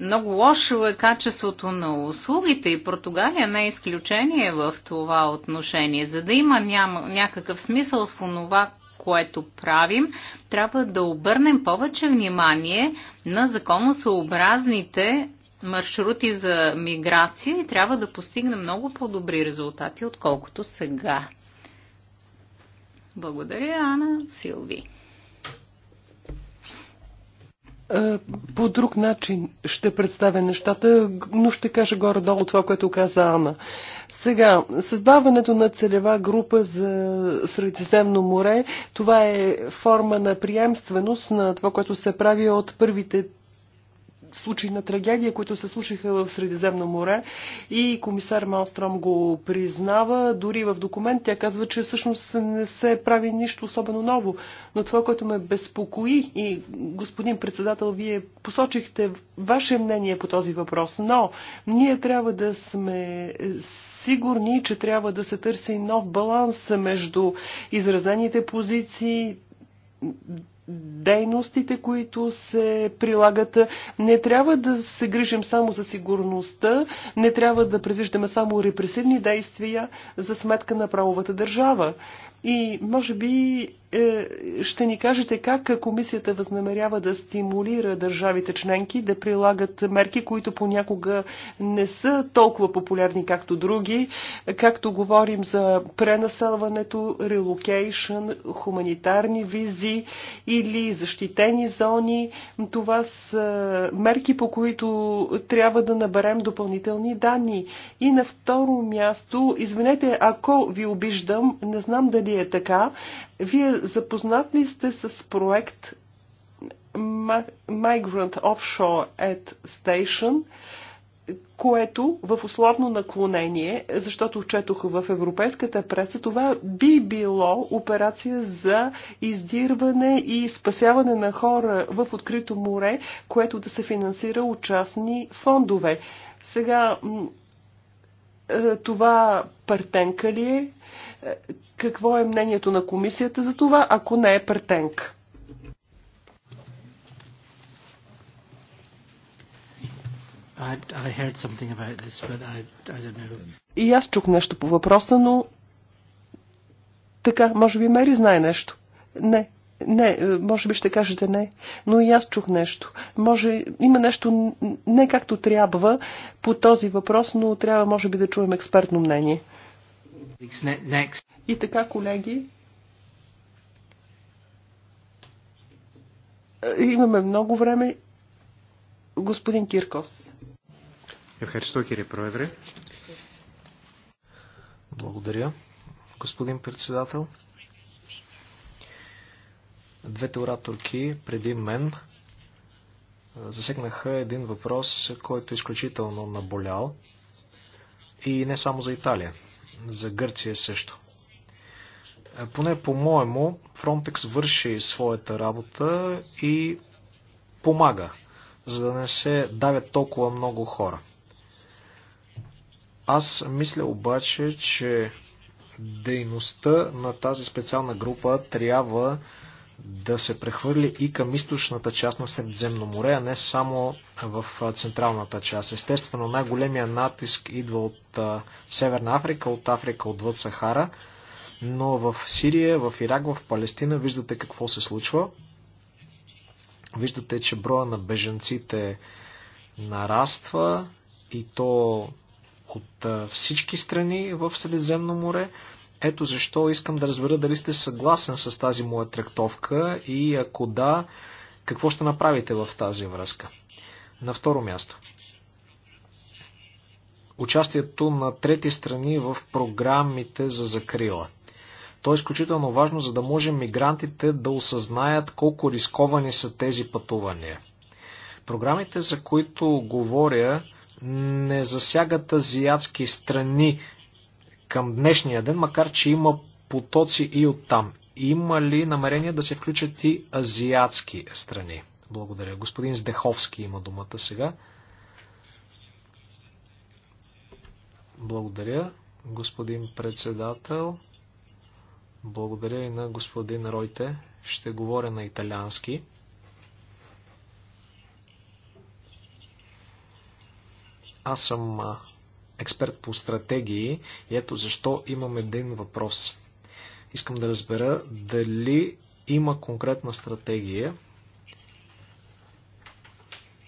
много лошо е качеството на услугите и Португалия не е изключение в това отношение. За да има няма, някакъв смисъл в това, което правим, трябва да обърнем повече внимание на законосъобразните маршрути за миграция и трябва да постигнем много по-добри резултати, отколкото сега. Благодаря, Ана Силви. Е, по друг начин ще представя нещата, но ще кажа горе-долу това, което каза Ана. Сега, създаването на целева група за Средиземно море, това е форма на приемственост на това, което се прави от първите случаи на трагедия, които се случиха в Средиземно море и комисар Малстром го признава. Дори в документ тя казва, че всъщност не се прави нищо особено ново. Но това, което ме безпокои и господин председател, вие посочихте ваше мнение по този въпрос, но ние трябва да сме сигурни, че трябва да се търси нов баланс между изразените позиции, дейностите, които се прилагат. Не трябва да се грижим само за сигурността, не трябва да предвиждаме само репресивни действия за сметка на правовата държава. И може би е, ще ни кажете как комисията възнамерява да стимулира държавите членки да прилагат мерки, които понякога не са толкова популярни както други, както говорим за пренаселването, релокейшн, хуманитарни визи и или защитени зони. Това са мерки, по които трябва да наберем допълнителни данни. И на второ място, извинете, ако ви обиждам, не знам дали е така, вие запознат ли сте с проект Migrant Offshore at Station? което в условно наклонение, защото четох в европейската преса, това би било операция за издирване и спасяване на хора в открито море, което да се финансира от частни фондове. Сега, е, това партенка ли е? е? Какво е мнението на комисията за това, ако не е партенка? И аз чух нещо по въпроса, но така, може би Мери знае нещо. Не, не, е, може би ще кажете не, но и аз чух нещо. Може, има нещо не както трябва по този въпрос, но трябва може би да чуем експертно мнение. Next. И така, колеги, е, имаме много време. Господин Киркос. Ευχαριστώ κύριε Πρόεδρε. Благодаря, господин председател. Двете ораторки преди мен засегнаха един въпрос, който е изключително наболял. И не само за Италия, за Гърция също. Поне по-моему, Фронтекс върши своята работа и помага, за да не се давят толкова много хора. Аз мисля обаче, че дейността на тази специална група трябва да се прехвърли и към източната част на Средиземно море, а не само в централната част. Естествено, най-големия натиск идва от Северна Африка, от Африка отвъд Сахара, но в Сирия, в Ирак, в Палестина виждате какво се случва. Виждате, че броя на беженците нараства и то от всички страни в Средиземно море. Ето защо искам да разбера дали сте съгласен с тази моя трактовка и ако да, какво ще направите в тази връзка. На второ място. Участието на трети страни в програмите за закрила. То е изключително важно, за да може мигрантите да осъзнаят колко рисковани са тези пътувания. Програмите, за които говоря, не засягат азиатски страни към днешния ден, макар че има потоци и оттам. Има ли намерение да се включат и азиатски страни? Благодаря. Господин Здеховски има думата сега. Благодаря, господин председател. Благодаря и на господин Ройте. Ще говоря на италиански. Аз съм експерт по стратегии и ето защо имам един въпрос. Искам да разбера дали има конкретна стратегия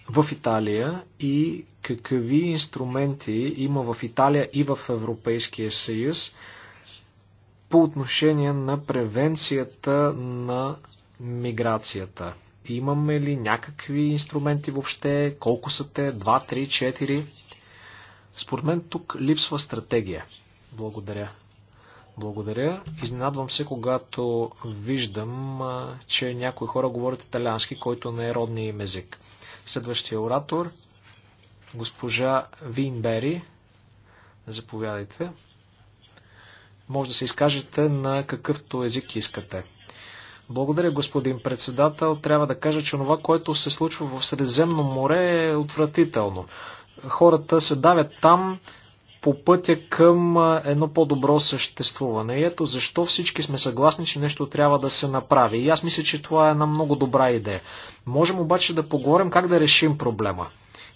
в Италия и какви инструменти има в Италия и в Европейския съюз по отношение на превенцията на миграцията. Имаме ли някакви инструменти въобще? Колко са те? 2, 3, 4? Според мен тук липсва стратегия. Благодаря. Благодаря. Изненадвам се, когато виждам, че някои хора говорят италиански, който не е родния им език. Следващия оратор, госпожа Винбери. Заповядайте. Може да се изкажете на какъвто език искате. Благодаря, господин председател. Трябва да кажа, че това, което се случва в Средиземно море е отвратително хората се давят там по пътя към едно по-добро съществуване. И ето защо всички сме съгласни, че нещо трябва да се направи. И аз мисля, че това е една много добра идея. Можем обаче да поговорим как да решим проблема.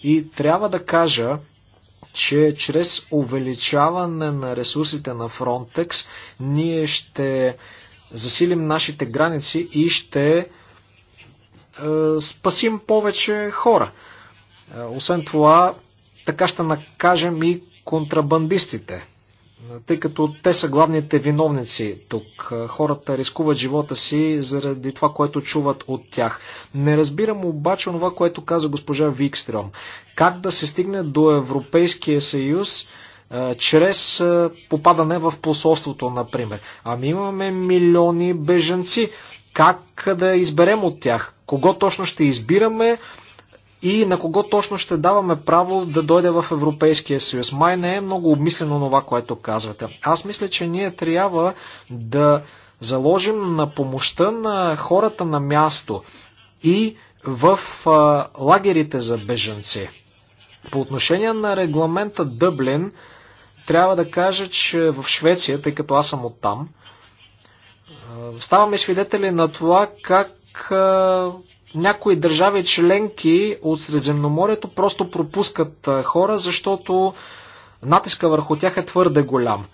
И трябва да кажа, че чрез увеличаване на ресурсите на Frontex ние ще засилим нашите граници и ще е, спасим повече хора. Е, освен това, така ще накажем и контрабандистите, тъй като те са главните виновници тук. Хората рискуват живота си заради това, което чуват от тях. Не разбирам обаче това, което каза госпожа Викстрем. Как да се стигне до Европейския съюз, чрез попадане в посолството, например. Ами имаме милиони беженци. Как да изберем от тях? Кого точно ще избираме? и на кого точно ще даваме право да дойде в Европейския съюз. Май не е много обмислено това, което казвате. Аз мисля, че ние трябва да заложим на помощта на хората на място и в а, лагерите за бежанци. По отношение на регламента Дъблин, трябва да кажа, че в Швеция, тъй като аз съм оттам, ставаме свидетели на това как някои държави членки от Средземноморието просто пропускат хора, защото натиска върху тях е твърде голям.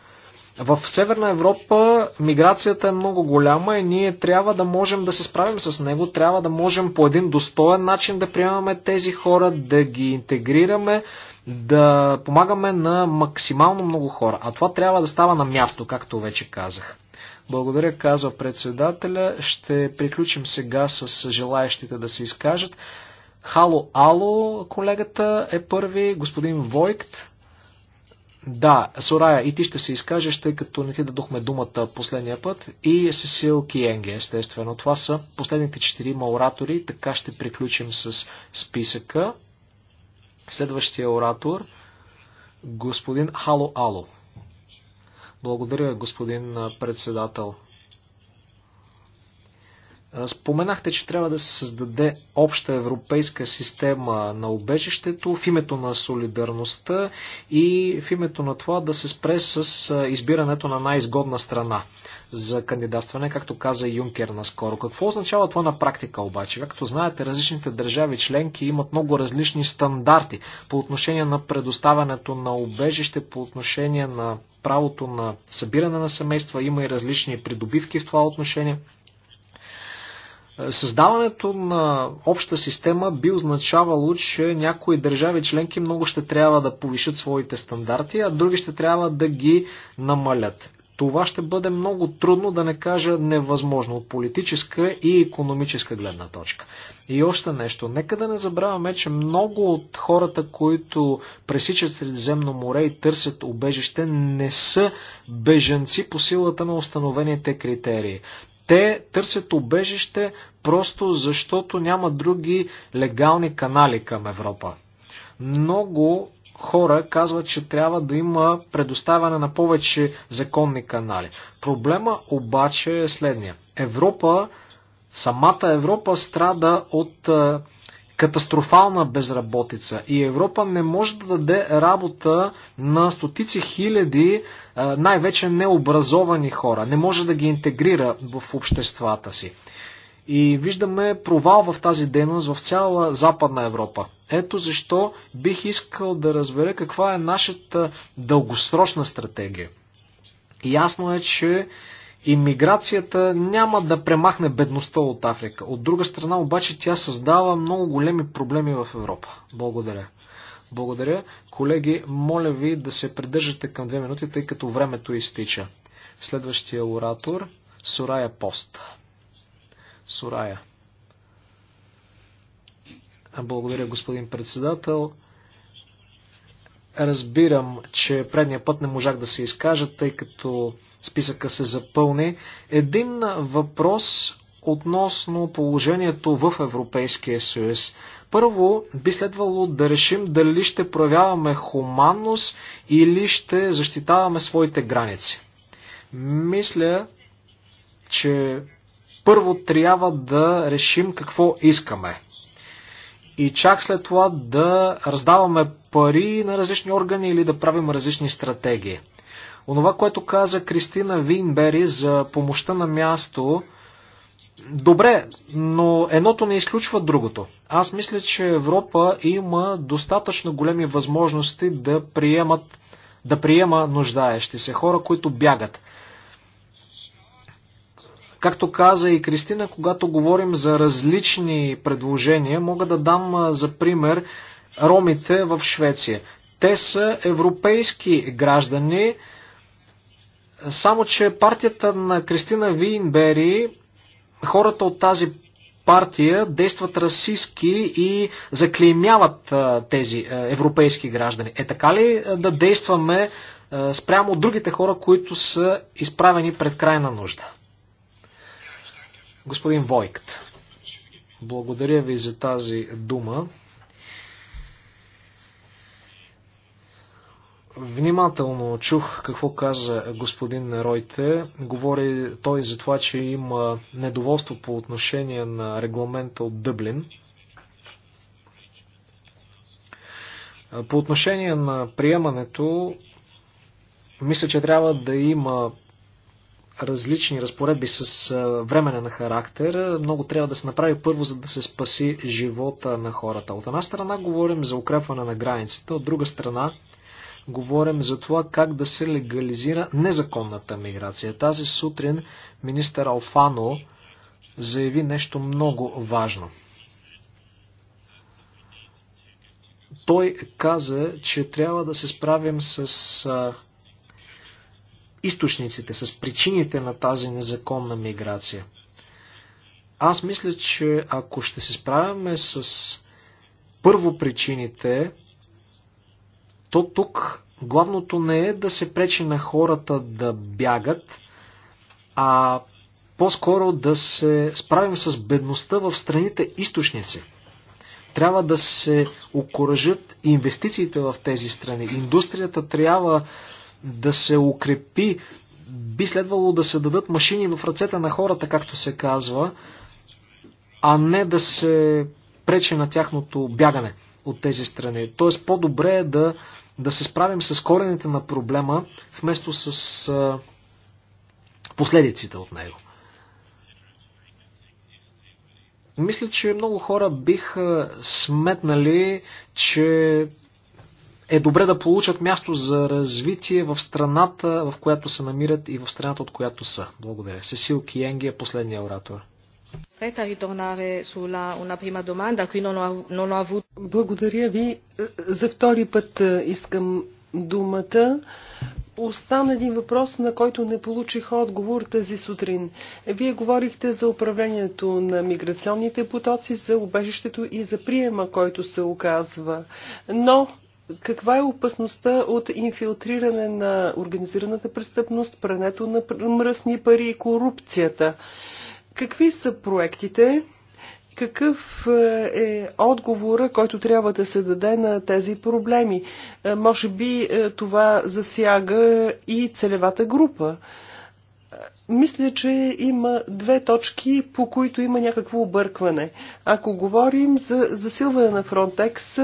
В Северна Европа миграцията е много голяма и ние трябва да можем да се справим с него, трябва да можем по един достоен начин да приемаме тези хора, да ги интегрираме, да помагаме на максимално много хора. А това трябва да става на място, както вече казах. Благодаря, казва председателя. Ще приключим сега с желаящите да се изкажат. Хало Ало, колегата е първи, господин Войкт. Да, Сорая, и ти ще се изкажеш, тъй като не ти дадохме думата последния път. И Сесил Киенге, естествено. Това са последните четирима оратори, така ще приключим с списъка. Следващия оратор, господин Хало Ало. Благодаря, господин председател. Споменахте, че трябва да се създаде обща европейска система на обежището в името на солидарността и в името на това да се спре с избирането на най-изгодна страна за кандидатстване, както каза Юнкер наскоро. Какво означава това на практика обаче? Както знаете, различните държави членки имат много различни стандарти по отношение на предоставянето на убежище, по отношение на правото на събиране на семейства, има и различни придобивки в това отношение. Създаването на обща система би означавало, че някои държави членки много ще трябва да повишат своите стандарти, а други ще трябва да ги намалят. Това ще бъде много трудно, да не кажа невъзможно, от политическа и економическа гледна точка. И още нещо. Нека да не забравяме, че много от хората, които пресичат Средиземно море и търсят убежище, не са беженци по силата на установените критерии. Те търсят убежище просто защото няма други легални канали към Европа. Много хора казват, че трябва да има предоставяне на повече законни канали. Проблема обаче е следния. Европа, самата Европа страда от е, катастрофална безработица и Европа не може да даде работа на стотици хиляди е, най-вече необразовани хора. Не може да ги интегрира в обществата си. И виждаме провал в тази дейност в цяла Западна Европа. Ето защо бих искал да разбера каква е нашата дългосрочна стратегия. Ясно е, че Имиграцията няма да премахне бедността от Африка. От друга страна обаче тя създава много големи проблеми в Европа. Благодаря. Благодаря. Колеги, моля ви да се придържате към две минути, тъй като времето изтича. Следващия оратор Сурая Пост. Сурая. Благодаря, господин председател. Разбирам, че предния път не можах да се изкажа, тъй като списъка се запълни. Един въпрос относно положението в Европейския съюз. Първо, би следвало да решим дали ще проявяваме хуманност или ще защитаваме своите граници. Мисля, че първо трябва да решим какво искаме. И чак след това да раздаваме пари на различни органи или да правим различни стратегии. Онова, което каза Кристина Винбери за помощта на място, добре, но едното не изключва другото. Аз мисля, че Европа има достатъчно големи възможности да приемат да приема нуждаещи се, хора, които бягат. Както каза и Кристина, когато говорим за различни предложения, мога да дам за пример ромите в Швеция. Те са европейски граждани, само че партията на Кристина Винбери, хората от тази партия действат расистски и заклеймяват тези европейски граждани. Е така ли да действаме спрямо другите хора, които са изправени пред крайна нужда? Господин Войкт, благодаря ви за тази дума. Внимателно чух какво каза господин Ройте. Говори той за това, че има недоволство по отношение на регламента от Дъблин. По отношение на приемането, мисля, че трябва да има различни разпоредби с времене на характер. Много трябва да се направи първо, за да се спаси живота на хората. От една страна говорим за укрепване на границата, от друга страна говорим за това как да се легализира незаконната миграция. Тази сутрин министър Алфано заяви нещо много важно. Той каза, че трябва да се справим с източниците, с причините на тази незаконна миграция. Аз мисля, че ако ще се справяме с първо причините, то тук главното не е да се пречи на хората да бягат, а по-скоро да се справим с бедността в страните източници. Трябва да се окоръжат инвестициите в тези страни. Индустрията трябва да се укрепи, би следвало да се дадат машини в ръцете на хората, както се казва, а не да се пречи на тяхното бягане от тези страни. Тоест по-добре е да, да се справим с корените на проблема, вместо с а, последиците от него. Мисля, че много хора биха сметнали, че е добре да получат място за развитие в страната, в която се намират и в страната, от която са. Благодаря. Сесил Киенги е последния оратор. Благодаря ви. За втори път е, искам думата. Остана един въпрос, на който не получих отговор тази сутрин. Вие говорихте за управлението на миграционните потоци, за убежището и за приема, който се оказва. Но каква е опасността от инфилтриране на организираната престъпност, прането на мръсни пари и корупцията? Какви са проектите? Какъв е, е отговора, който трябва да се даде на тези проблеми? Е, може би е, това засяга и целевата група. Мисля, че има две точки, по които има някакво объркване. Ако говорим за засилване на Фронтекс,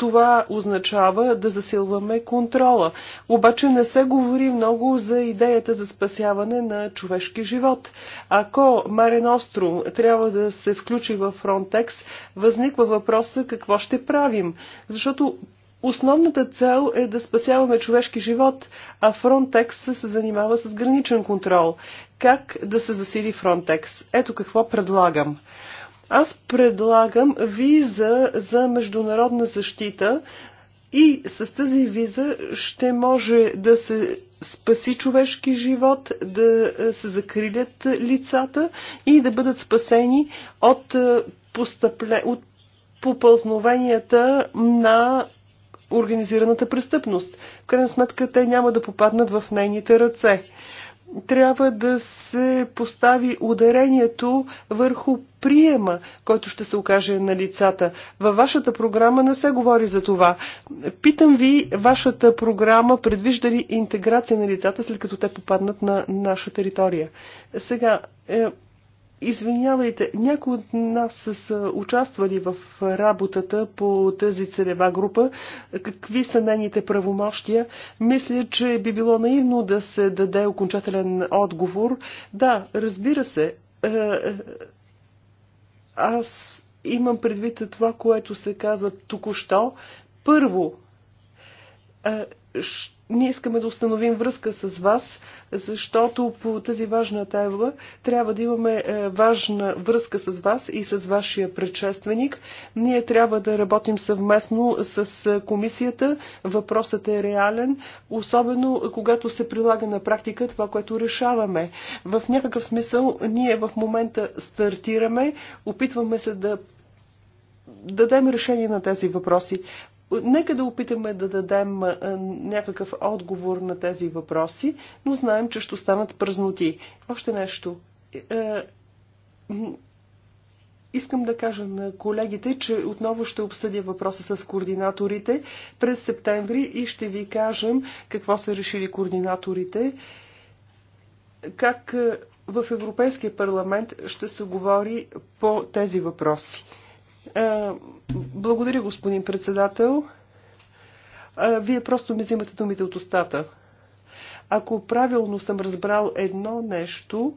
това означава да засилваме контрола. Обаче не се говори много за идеята за спасяване на човешки живот. Ако Марен Остро трябва да се включи в Фронтекс, възниква въпроса какво ще правим. Защото Основната цел е да спасяваме човешки живот, а Frontex се занимава с граничен контрол. Как да се засили Frontex? Ето какво предлагам. Аз предлагам виза за международна защита и с тази виза ще може да се спаси човешки живот, да се закрилят лицата и да бъдат спасени от, е, постъпле, от попълзновенията на организираната престъпност. В крайна сметка те няма да попаднат в нейните ръце трябва да се постави ударението върху приема, който ще се окаже на лицата. Във вашата програма не се говори за това. Питам ви, вашата програма предвижда ли интеграция на лицата, след като те попаднат на наша територия? Сега, е, Извинявайте, някои от нас са участвали в работата по тази целева група. Какви са нейните правомощия? Мисля, че би било наивно да се даде окончателен отговор. Да, разбира се. Е, е, аз имам предвид това, което се каза току-що. Първо, ще ние искаме да установим връзка с вас, защото по тази важна тема трябва да имаме е, важна връзка с вас и с вашия предшественик. Ние трябва да работим съвместно с е, комисията. Въпросът е реален, особено когато се прилага на практика това, което решаваме. В някакъв смисъл ние в момента стартираме, опитваме се да дадем решение на тези въпроси. Нека да опитаме да дадем някакъв отговор на тези въпроси, но знаем, че ще останат празноти. Още нещо. Е, е, искам да кажа на колегите, че отново ще обсъдя въпроса с координаторите през септември и ще ви кажем какво са решили координаторите, как е, в Европейския парламент ще се говори по тези въпроси. Е, благодаря, господин председател. Е, вие просто ми взимате думите от устата. Ако правилно съм разбрал едно нещо,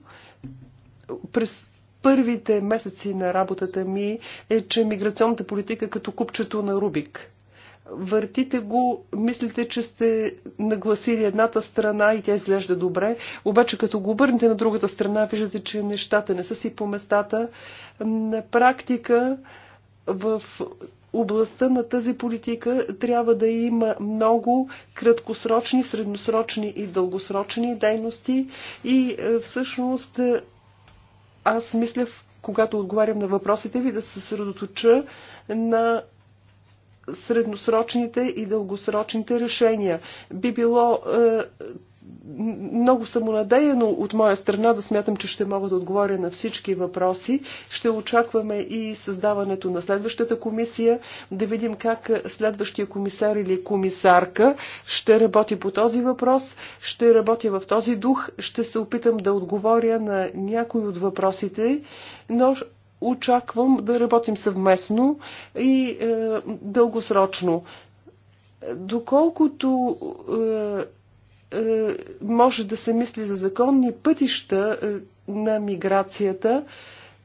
през първите месеци на работата ми е, че миграционната политика е като купчето на Рубик. Въртите го, мислите, че сте нагласили едната страна и тя изглежда добре, обаче като го обърнете на другата страна, виждате, че нещата не са си по местата. На практика в областта на тази политика трябва да има много краткосрочни, средносрочни и дългосрочни дейности и е, всъщност е, аз мисля, когато отговарям на въпросите ви, да се съсредоточа на средносрочните и дългосрочните решения. Би било е, много самонадеяно от моя страна да смятам, че ще мога да отговоря на всички въпроси. Ще очакваме и създаването на следващата комисия, да видим как следващия комисар или комисарка ще работи по този въпрос, ще работя в този дух, ще се опитам да отговоря на някои от въпросите, но очаквам да работим съвместно и е, дългосрочно. Доколкото е, е, може да се мисли за законни пътища е, на миграцията,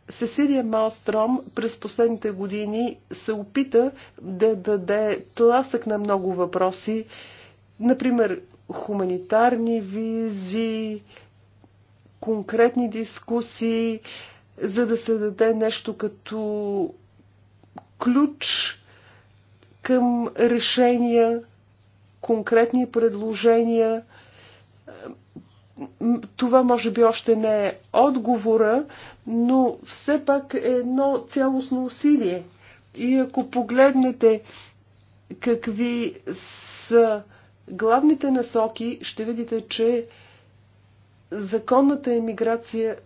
Сесилия Малстром през последните години се опита да даде тласък на много въпроси, например хуманитарни визи, конкретни дискусии, за да се даде нещо като ключ към решения, конкретни предложения, това може би още не е отговора, но все пак е едно цялостно усилие. И ако погледнете какви са главните насоки, ще видите, че законната емиграция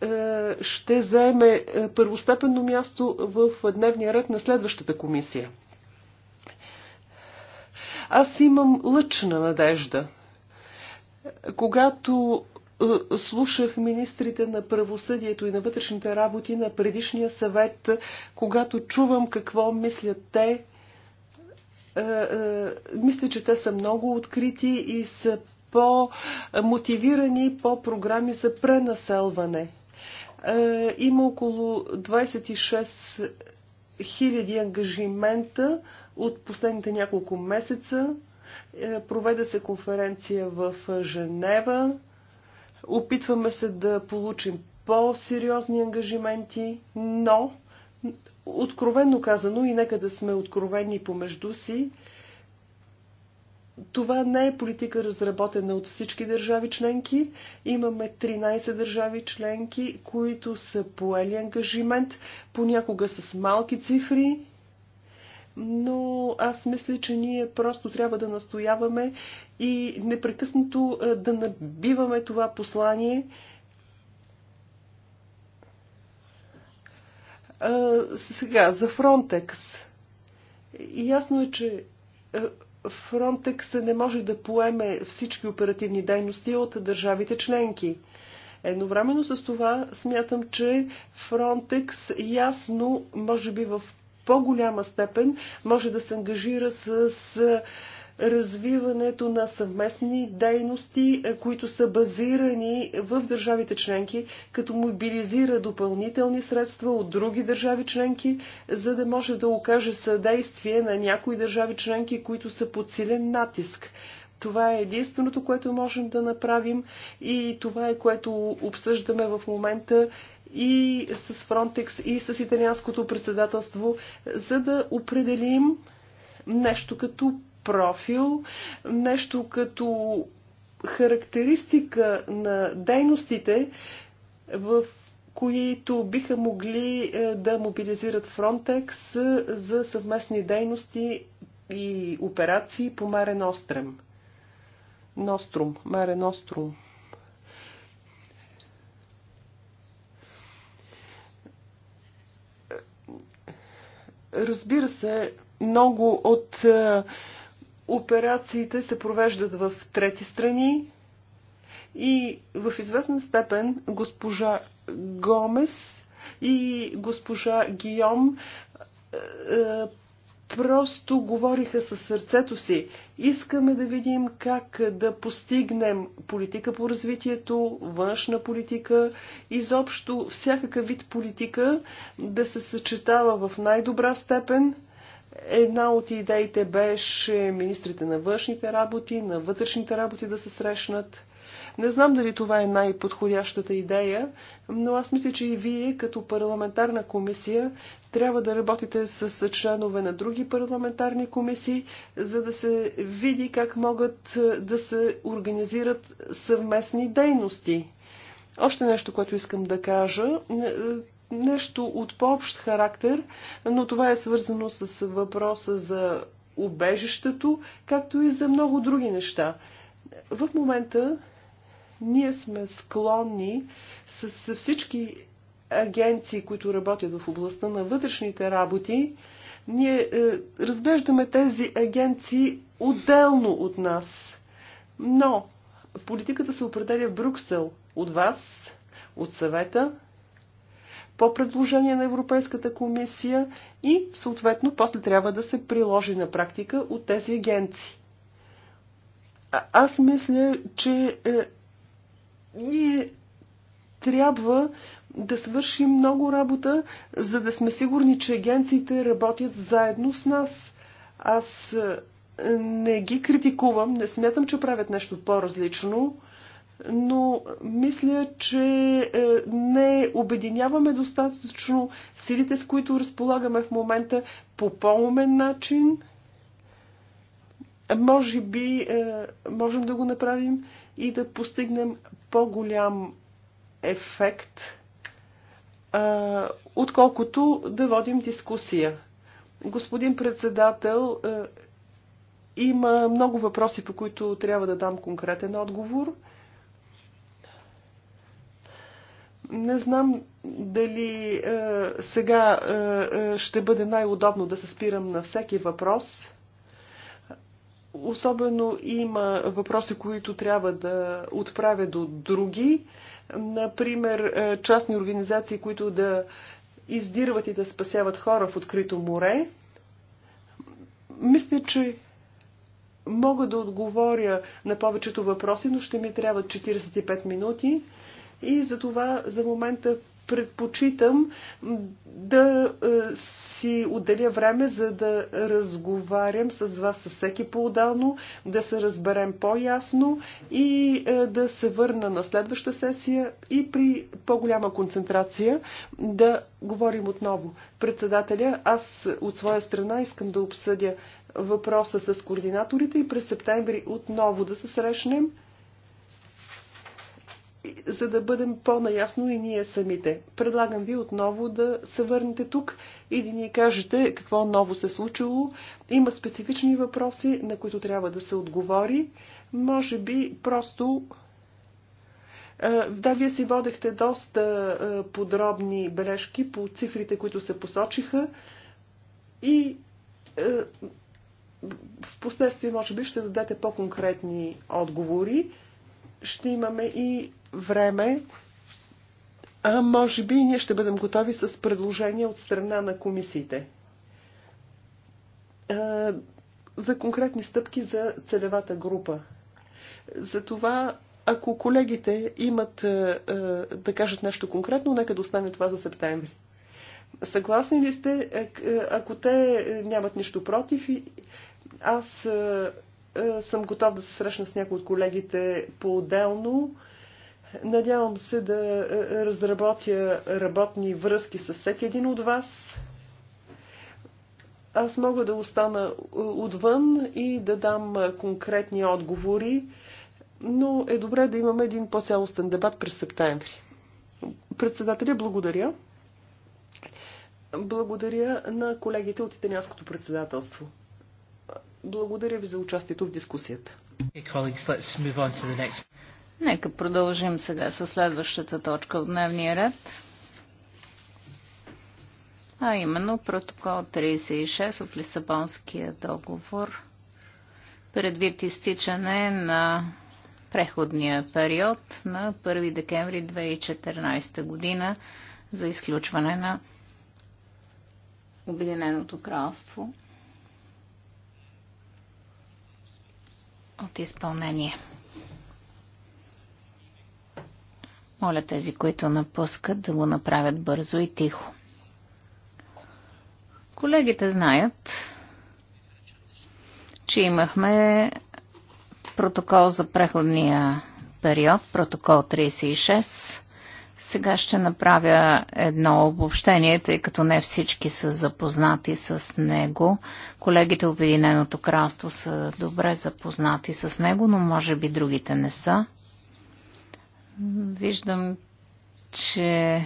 е, ще заеме е, първостепенно място в дневния ред на следващата комисия. Аз имам лъчна надежда – когато е, слушах министрите на правосъдието и на вътрешните работи на предишния съвет, когато чувам какво мислят те, е, е, мисля, че те са много открити и са по-мотивирани по програми за пренаселване. Има около 26 хиляди ангажимента от последните няколко месеца е, проведе се конференция в Женева. Опитваме се да получим по-сериозни ангажименти, но откровенно казано и нека да сме откровени помежду си, това не е политика разработена от всички държави членки. Имаме 13 държави членки, които са поели ангажимент, понякога с малки цифри, но аз мисля, че ние просто трябва да настояваме и непрекъснато е, да набиваме това послание. Е, сега, за Фронтекс. Ясно е, че Фронтекс не може да поеме всички оперативни дейности от държавите членки. Едновременно с това смятам, че Фронтекс ясно, може би в по-голяма степен може да се ангажира с развиването на съвместни дейности, е, които са базирани в държавите членки, като мобилизира допълнителни средства от други държави членки, за да може да окаже съдействие на някои държави членки, които са под силен натиск. Това е единственото, което можем да направим и това е което обсъждаме в момента и с Фронтекс, и с италианското председателство, за да определим нещо като профил, нещо като характеристика на дейностите, в които биха могли е, да мобилизират Фронтекс за съвместни дейности и операции по Маре Острем. Нострум, Маре Острум. Разбира се, много от е, операциите се провеждат в трети страни и в известна степен госпожа Гомес и госпожа Гиом. Е, е, просто говориха със сърцето си. Искаме да видим как да постигнем политика по развитието, външна политика, изобщо всякакъв вид политика да се съчетава в най-добра степен. Една от идеите беше министрите на външните работи, на вътрешните работи да се срещнат – не знам дали това е най-подходящата идея, но аз мисля, че и вие като парламентарна комисия трябва да работите с членове на други парламентарни комисии, за да се види как могат е, да се организират съвместни дейности. Още нещо, което искам да кажа е, нещо от по-общ характер, но това е свързано с въпроса за убежището, както и за много други неща. В момента ние сме склонни с всички агенции, които работят в областта на вътрешните работи, ние е, разглеждаме тези агенции отделно от нас. Но политиката се определя в Брюксел от вас, от съвета, по предложение на Европейската комисия и съответно после трябва да се приложи на практика от тези агенции. А, аз мисля, че е, ние трябва да свършим много работа, за да сме сигурни, че агенциите работят заедно с нас. Аз е, не ги критикувам, не смятам, че правят нещо по-различно, но мисля, че е, не обединяваме достатъчно силите, с които разполагаме в момента по по-умен начин. Може би е, можем да го направим и да постигнем по-голям ефект, а, отколкото да водим дискусия. Господин председател, а, има много въпроси, по които трябва да дам конкретен отговор. Не знам дали е, сега е, ще бъде най-удобно да се спирам на всеки въпрос. Особено има въпроси, които трябва да отправя до други. Например, е, частни организации, които да издирват и да спасяват хора в открито море. Мисля, че мога да отговоря на повечето въпроси, но ще ми трябва 45 минути. И за това за момента предпочитам да е, си отделя време, за да разговарям с вас със всеки по удално да се разберем по-ясно и е, да се върна на следваща сесия и при по-голяма концентрация да говорим отново. Председателя, аз от своя страна искам да обсъдя въпроса с координаторите и през септември отново да се срещнем за да бъдем по-наясно и ние самите. Предлагам ви отново да се върнете тук и да ни кажете какво ново се е случило. Има специфични въпроси, на които трябва да се отговори. Може би просто да, вие си водехте доста подробни бележки по цифрите, които се посочиха и в последствие, може би, ще дадете по-конкретни отговори ще имаме и време. А може би ние ще бъдем готови с предложения от страна на комисиите за конкретни стъпки за целевата група. Затова, ако колегите имат да кажат нещо конкретно, нека да остане това за септември. Съгласни ли сте, ако те нямат нищо против, аз е, съм готов да се срещна с някои от колегите по-отделно. Надявам се да е, разработя работни връзки с всеки един от вас. Аз мога да остана е, отвън и да дам конкретни отговори, но е добре да имаме един по-цялостен дебат през септември. Председателя, благодаря. Благодаря на колегите от италианското председателство. Благодаря ви за участието в дискусията. Нека продължим сега с следващата точка от дневния ред. А именно протокол 36 от Лисабонския договор предвид изтичане на преходния период на 1 декември 2014 година за изключване на Обединеното кралство – от изпълнение. Моля тези, които напускат, да го направят бързо и тихо. Колегите знаят, че имахме протокол за преходния период, протокол 36. Сега ще направя едно обобщение, тъй като не всички са запознати с него. Колегите Обединеното кралство са добре запознати с него, но може би другите не са. Виждам, че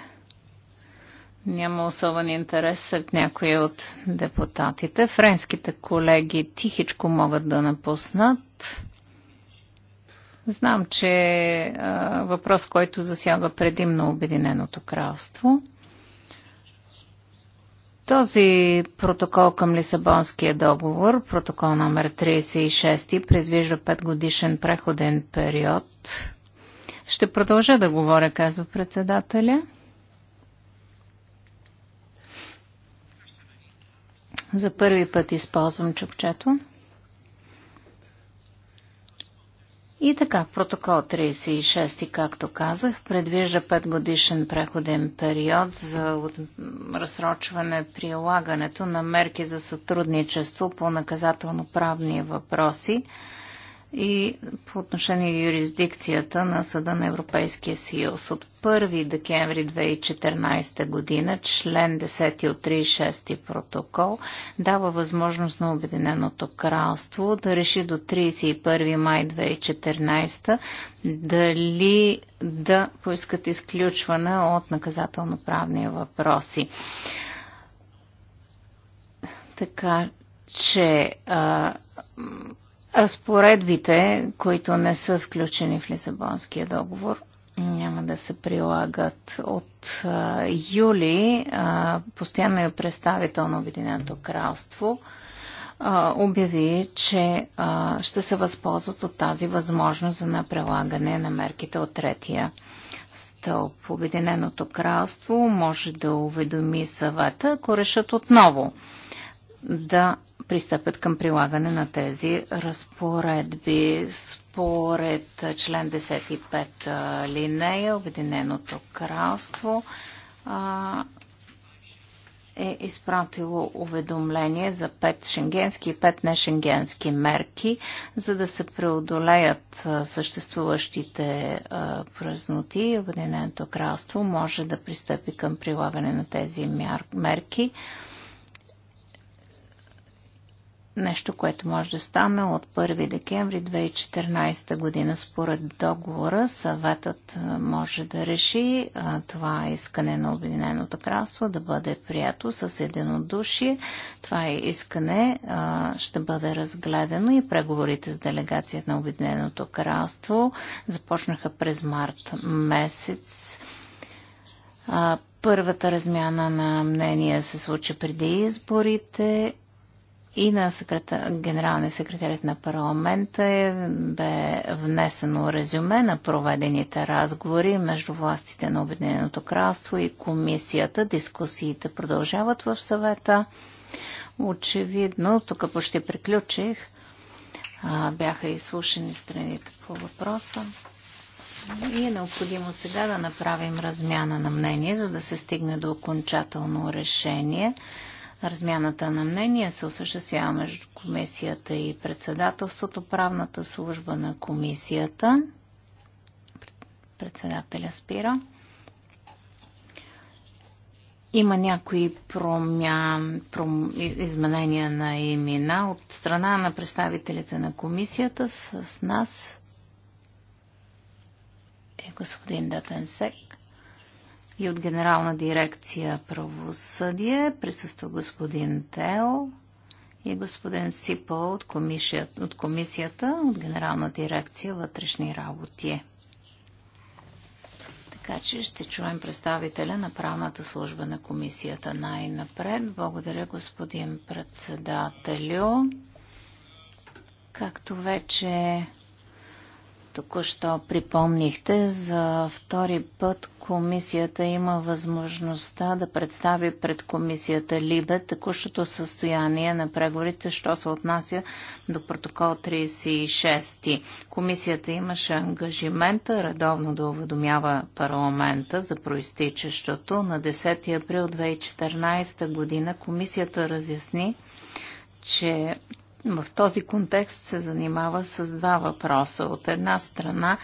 няма особен интерес сред някои от депутатите. Френските колеги тихичко могат да напуснат. Знам, че е въпрос, който засяга предимно Обединеното кралство. Този протокол към Лисабонския договор, протокол номер 36, предвижда 5 годишен преходен период. Ще продължа да говоря, казва председателя. За първи път използвам чупчето. И така, протокол 36, както казах, предвижда 5 годишен преходен период за разсрочване прилагането на мерки за сътрудничество по наказателно-правни въпроси и по отношение юрисдикцията на Съда на Европейския съюз. От 1 декември 2014 година член 10 от 36 протокол дава възможност на Обединеното кралство да реши до 31 май 2014 дали да поискат изключване от наказателно-правни въпроси. Така че а, разпоредбите, които не са включени в Лисабонския договор, няма да се прилагат от а, юли. А, е представител на Обединеното кралство а, обяви, че а, ще се възползват от тази възможност за напрелагане на мерките от третия стълб. Обединеното кралство може да уведоми съвета, ако решат отново да пристъпят към прилагане на тези разпоредби. Според член 15 линея Обединеното кралство а, е изпратило уведомление за 5 шенгенски и 5 нешенгенски мерки, за да се преодолеят съществуващите празноти. Обединеното кралство може да пристъпи към прилагане на тези мерки нещо, което може да стане от 1 декември 2014 година. Според договора съветът може да реши това е искане на Обединеното кралство да бъде прието с единодушие. Това е искане ще бъде разгледано и преговорите с делегацията на Обединеното кралство започнаха през март месец. Първата размяна на мнения се случи преди изборите и на секрета... генералния секретарят на парламента е, бе внесено резюме на проведените разговори между властите на Обединеното кралство и комисията. Дискусиите продължават в съвета. Очевидно, тук почти приключих. Бяха изслушани страните по въпроса. И е необходимо сега да направим размяна на мнение, за да се стигне до окончателно решение. Размяната на мнения се осъществява между комисията и председателството, правната служба на комисията. Председателя спира. Има някои промя... пром, изменения на имена от страна на представителите на комисията с нас е господин Датенсек и от Генерална дирекция правосъдие. Присъства господин Тео и господин Сипъл от комисията, от комисията, от Генерална дирекция вътрешни работи. Така че ще чуем представителя на правната служба на комисията най-напред. Благодаря, господин председателю. Както вече Току-що припомнихте, за втори път комисията има възможността да представи пред комисията Либе текущото състояние на преговорите, що се отнася до протокол 36. Комисията имаше ангажимента редовно да уведомява парламента за проистичащото. На 10 април 2014 година комисията разясни, че в този контекст се занимава с два въпроса. От една страна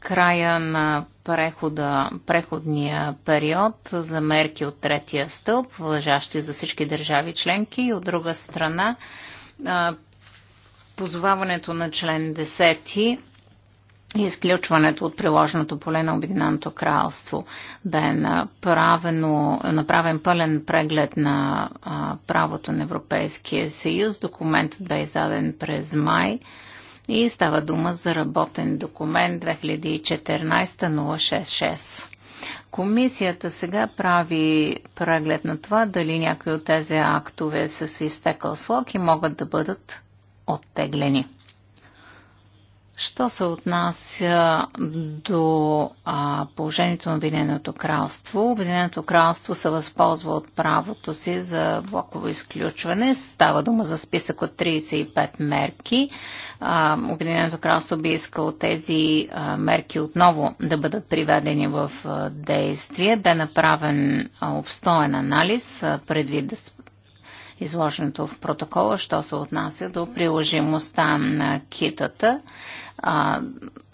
края на прехода, преходния период за мерки от третия стълб, въжащи за всички държави членки и от друга страна позоваването на член и изключването от приложеното поле на Обединеното кралство. Бе направено, направен пълен преглед на а, правото на Европейския съюз. Документът бе издаден през май и става дума за работен документ 2014-066. Комисията сега прави преглед на това дали някои от тези актове са с изтекал срок и могат да бъдат оттеглени. Що се отнася до а, положението на Обединеното кралство? Обединеното кралство се възползва от правото си за блоково изключване. Става дума за списък от 35 мерки. А, Обединеното кралство би искало тези а, мерки отново да бъдат приведени в а, действие. Бе направен а, обстоен анализ а, предвид изложеното в протокола, що се отнася до приложимостта на китата а,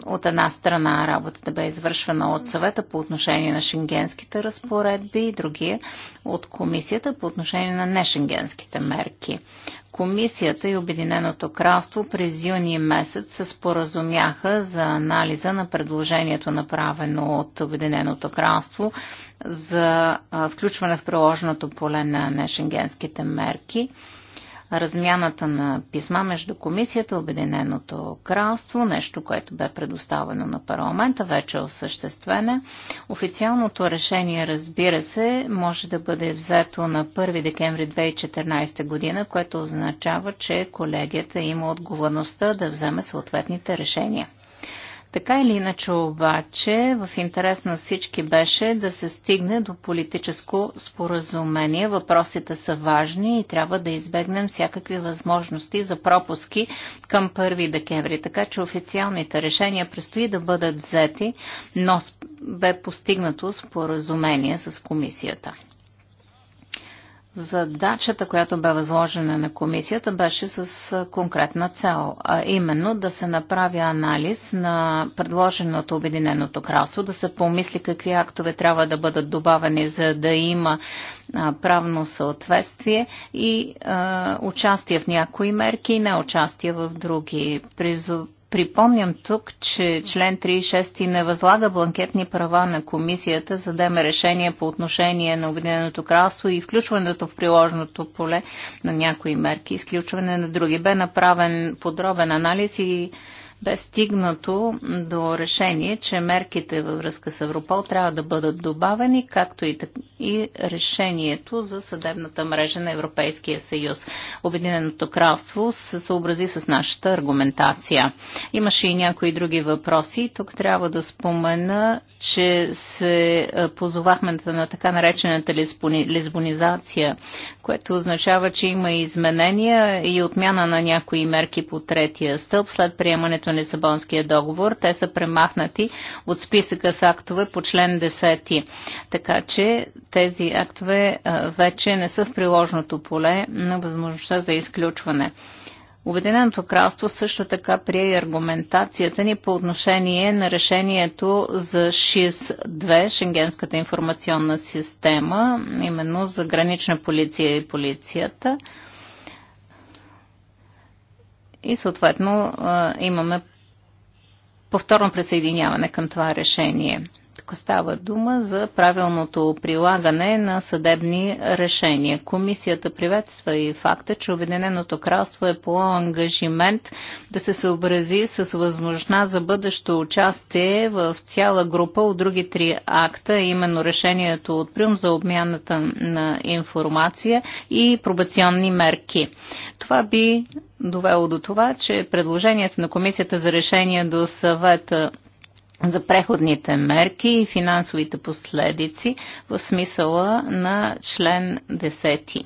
от една страна работата бе извършвана от съвета по отношение на шенгенските разпоредби и другия от комисията по отношение на нешенгенските мерки. Комисията и Обединеното кралство през юни месец се споразумяха за анализа на предложението направено от Обединеното кралство за включване в приложеното поле на нешенгенските мерки размяната на писма между комисията, Обединеното кралство, нещо, което бе предоставено на парламента, вече е осъществена. Официалното решение, разбира се, може да бъде взето на 1 декември 2014 година, което означава, че колегията има отговорността да вземе съответните решения. Така или иначе обаче, в интерес на всички беше да се стигне до политическо споразумение. Въпросите са важни и трябва да избегнем всякакви възможности за пропуски към 1 декември. Така че официалните решения предстои да бъдат взети, но бе постигнато споразумение с комисията. Задачата, която бе възложена на комисията, беше с конкретна цел, а именно да се направи анализ на предложеното Обединеното кралство, да се помисли какви актове трябва да бъдат добавени, за да има правно съответствие и а, участие в някои мерки и не участие в други. Призов Припомням тук, че член 36 не възлага бланкетни права на комисията за да даме решение по отношение на Обединеното кралство и включването в приложеното поле на някои мерки, изключване на други. Бе направен подробен анализ и бе стигнато до решение, че мерките във връзка с Европол трябва да бъдат добавени, както и, и решението за съдебната мрежа на Европейския съюз. Обединеното кралство се съобрази с нашата аргументация. Имаше и някои други въпроси. Тук трябва да спомена, че се позовахме на така наречената лизбонизация, което означава, че има изменения и отмяна на някои мерки по третия стълб след приемането прилагането на Лисабонския договор. Те са премахнати от списъка с актове по член 10. Така че тези актове вече не са в приложното поле на възможността за изключване. Обединеното кралство също така прие и аргументацията ни по отношение на решението за ШИС-2, Шенгенската информационна система, именно за гранична полиция и полицията – и съответно имаме повторно присъединяване към това решение. Тук става дума за правилното прилагане на съдебни решения. Комисията приветства и факта, че Обединеното кралство е по ангажимент да се съобрази с възможна за бъдещо участие в цяла група от други три акта, именно решението от Прюм за обмяната на информация и пробационни мерки. Това би довело до това, че предложението на Комисията за решение до съвета за преходните мерки и финансовите последици в смисъла на член 10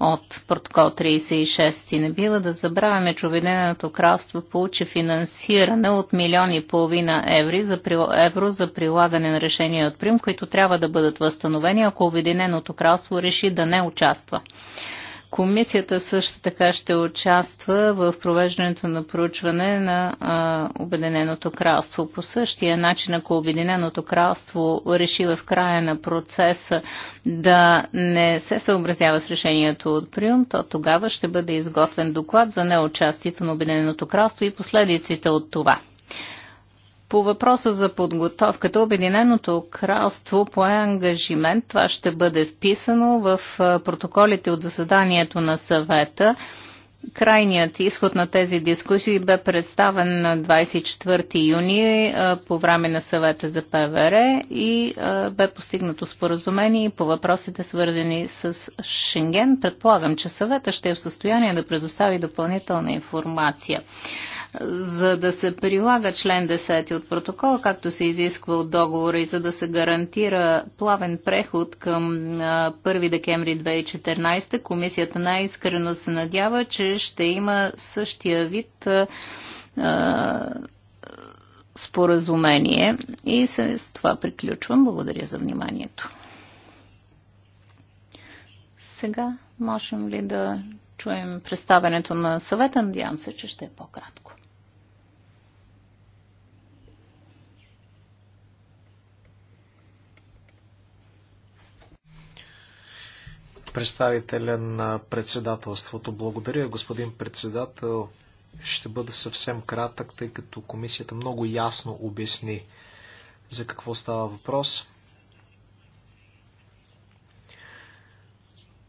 от протокол 36. Не бива да забравяме, че Обединеното кралство получи финансиране от милиони и половина евро за, евро за прилагане на решения от Прим, които трябва да бъдат възстановени, ако Обединеното кралство реши да не участва. Комисията също така ще участва в провеждането на проучване на а, Обединеното кралство. По същия начин, ако Обединеното кралство реши в края на процеса да не се съобразява с решението от прием, то тогава ще бъде изготвен доклад за неучастието на Обединеното кралство и последиците от това. По въпроса за подготовката, Обединеното кралство пое ангажимент. Това ще бъде вписано в протоколите от заседанието на съвета. Крайният изход на тези дискусии бе представен на 24 юни по време на съвета за ПВР и бе постигнато споразумение по въпросите свързани с Шенген. Предполагам, че съвета ще е в състояние да предостави допълнителна информация за да се прилага член 10 от протокола, както се изисква от договора и за да се гарантира плавен преход към 1 декември 2014, комисията най-искрено се надява, че ще има същия вид споразумение. И с това приключвам. Благодаря за вниманието. Сега можем ли да чуем представенето на съвета? Надявам се, че ще е по-кратко. представителя на председателството. Благодаря, господин председател. Ще бъда съвсем кратък, тъй като комисията много ясно обясни за какво става въпрос.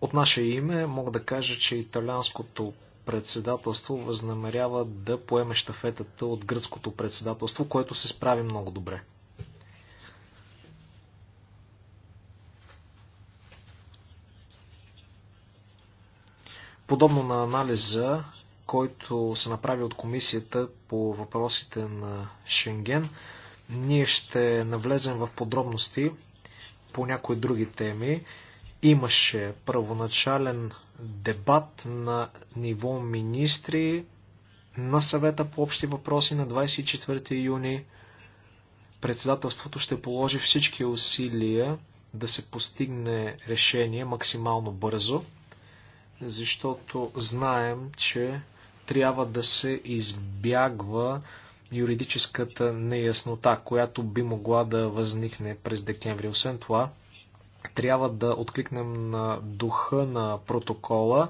От наше име мога да кажа, че италианското председателство възнамерява да поеме щафетата от гръцкото председателство, което се справи много добре. подобно на анализа, който се направи от комисията по въпросите на Шенген. Ние ще навлезем в подробности по някои други теми. Имаше първоначален дебат на ниво министри на съвета по общи въпроси на 24 юни. Председателството ще положи всички усилия да се постигне решение максимално бързо защото знаем, че трябва да се избягва юридическата неяснота, която би могла да възникне през декември. Освен това, трябва да откликнем на духа на протокола,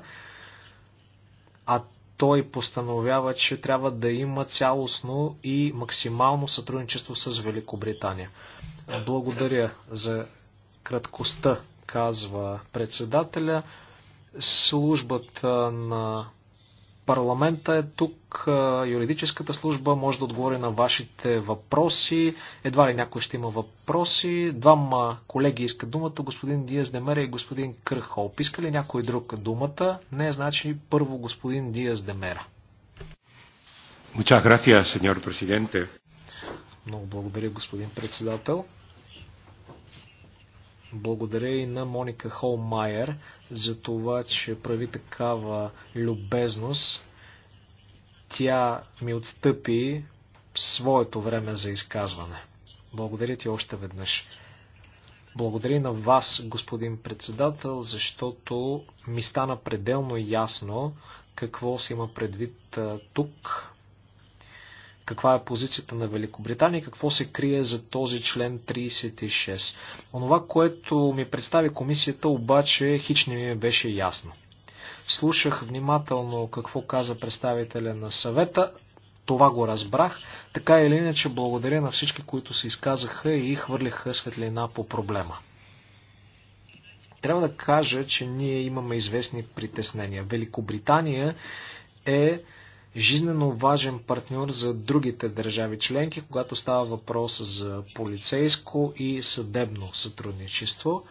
а той постановява, че трябва да има цялостно и максимално сътрудничество с Великобритания. Благодаря за краткостта, казва председателя службата на парламента е тук, юридическата служба може да отговори на вашите въпроси. Едва ли някой ще има въпроси. Двама колеги искат думата, господин Диаз Демера и господин Кръхолп. Иска ли някой друг думата? Не, значи първо господин Диаз Демера. Muchas gracias, señor presidente. Много благодаря, господин председател. Благодаря и на Моника Холмайер за това, че прави такава любезност. Тя ми отстъпи своето време за изказване. Благодаря ти още веднъж. Благодаря на вас, господин председател, защото ми стана пределно ясно какво се има предвид тук каква е позицията на Великобритания и какво се крие за този член 36. Онова, което ми представи комисията, обаче хич не ми е беше ясно. Слушах внимателно какво каза представителя на съвета, това го разбрах. Така или иначе, благодаря на всички, които се изказаха и хвърлиха светлина по проблема. Трябва да кажа, че ние имаме известни притеснения. Великобритания е жизнено важен партньор за другите държави членки, когато става въпрос за полицейско и съдебно сътрудничество.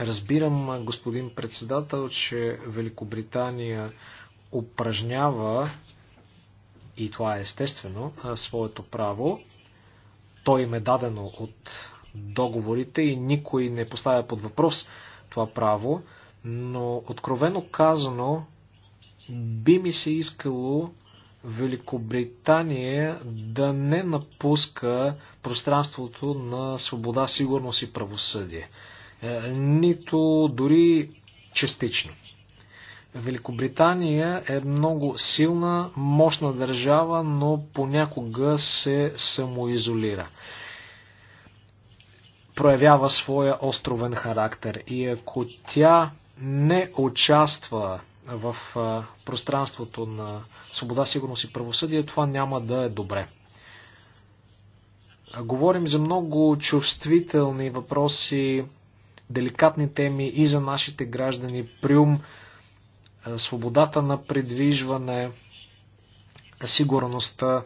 Разбирам, господин председател, че Великобритания упражнява, и това е естествено, своето право. То им е дадено от договорите и никой не поставя под въпрос това право. Но откровено казано, би ми се искало Великобритания да не напуска пространството на свобода, сигурност и правосъдие. Е, нито дори частично. Великобритания е много силна, мощна държава, но понякога се самоизолира. Проявява своя островен характер и ако тя не участва в пространството на свобода, сигурност и правосъдие, това няма да е добре. Говорим за много чувствителни въпроси, деликатни теми и за нашите граждани, приум, свободата на придвижване, сигурността.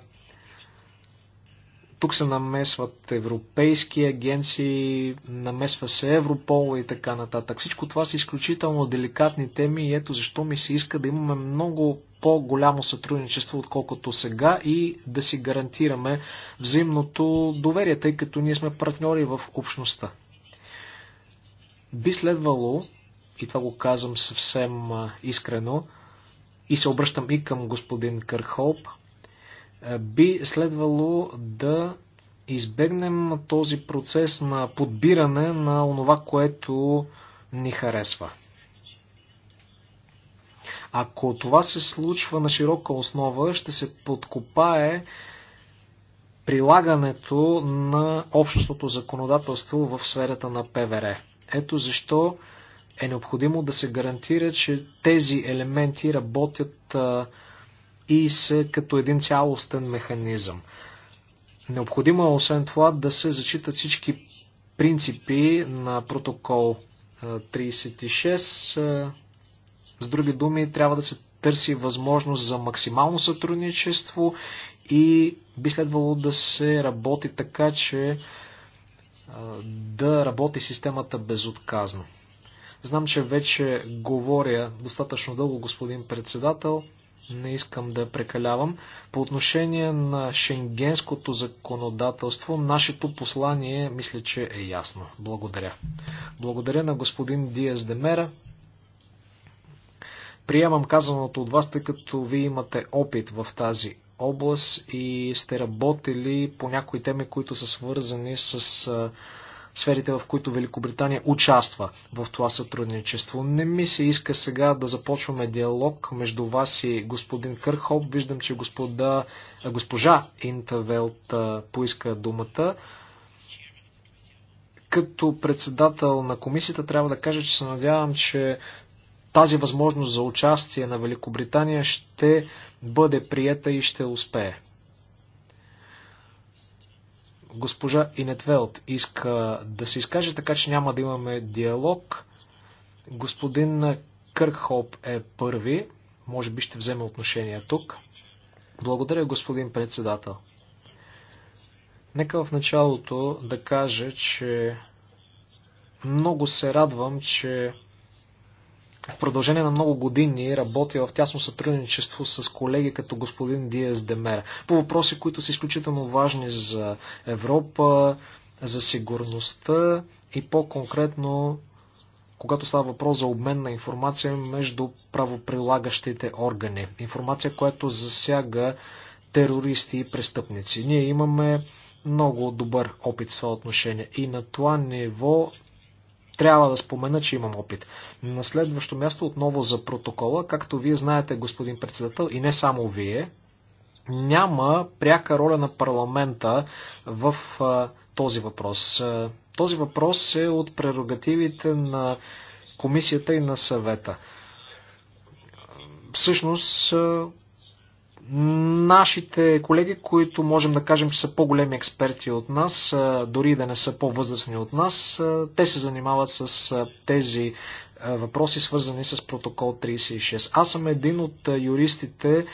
Тук се намесват европейски агенции, намесва се Европол и така нататък. Всичко това са изключително деликатни теми и ето защо ми се иска да имаме много по-голямо сътрудничество, отколкото сега и да си гарантираме взаимното доверие, тъй като ние сме партньори в общността. Би следвало, и това го казвам съвсем искрено, и се обръщам и към господин Кърхолп, би следвало да избегнем този процес на подбиране на онова, което ни харесва. Ако това се случва на широка основа, ще се подкопае прилагането на общностното законодателство в сферата на ПВР. Ето защо е необходимо да се гарантира, че тези елементи работят а, и са като един цялостен механизъм. Необходимо е освен това да се зачитат всички принципи на протокол 36. С други думи, трябва да се търси възможност за максимално сътрудничество и би следвало да се работи така, че да работи системата безотказно. Знам, че вече говоря достатъчно дълго, господин председател не искам да прекалявам. По отношение на шенгенското законодателство, нашето послание мисля, че е ясно. Благодаря. Благодаря на господин Диас Демера. Приемам казаното от вас, тъй като вие имате опит в тази област и сте работили по някои теми, които са свързани с сферите, в които Великобритания участва в това сътрудничество. Не ми се иска сега да започваме диалог между вас и господин Кърхоп. Виждам, че господа, госпожа Интавелт поиска думата. Като председател на комисията трябва да кажа, че се надявам, че тази възможност за участие на Великобритания ще бъде приета и ще успее. Госпожа Инетвелт иска да се изкаже, така че няма да имаме диалог. Господин Къркхоп е първи. Може би ще вземе отношение тук. Благодаря, господин председател. Нека в началото да кажа, че много се радвам, че в продължение на много години работя в тясно сътрудничество с колеги като господин Диас Демер по въпроси, които са изключително важни за Европа, за сигурността и по-конкретно когато става въпрос за обмен на информация между правоприлагащите органи. Информация, която засяга терористи и престъпници. Ние имаме много добър опит в това отношение и на това ниво трябва да спомена, че имам опит. На следващо място отново за протокола, както вие знаете, господин председател, и не само вие, няма пряка роля на парламента в а, този въпрос. А, този въпрос е от прерогативите на комисията и на съвета. Всъщност, а, Нашите колеги, които можем да кажем, че са по-големи експерти от нас, дори да не са по-възрастни от нас, те се занимават с тези въпроси, свързани с протокол 36. Аз съм един от юристите,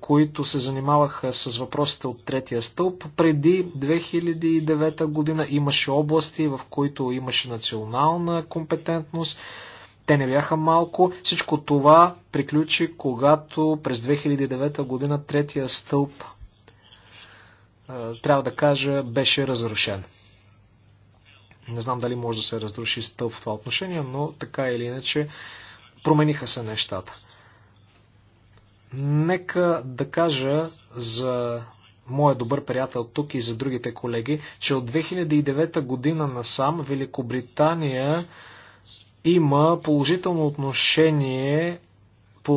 които се занимаваха с въпросите от третия стълб. Преди 2009 година имаше области, в които имаше национална компетентност. Те не бяха малко. Всичко това приключи, когато през 2009 година третия стълб, трябва да кажа, беше разрушен. Не знам дали може да се разруши стълб в това отношение, но така или иначе промениха се нещата. Нека да кажа за моя добър приятел тук и за другите колеги, че от 2009 година насам Великобритания има положително отношение по...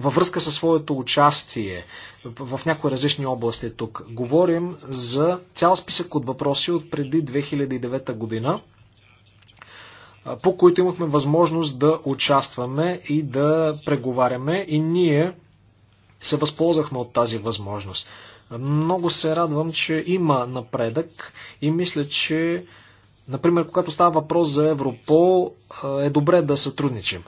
във връзка със своето участие в някои различни области тук. Говорим за цял списък от въпроси от преди 2009 година, по които имахме възможност да участваме и да преговаряме и ние се възползвахме от тази възможност. Много се радвам, че има напредък и мисля, че Например, когато става въпрос за Европол, е добре да сътрудничим.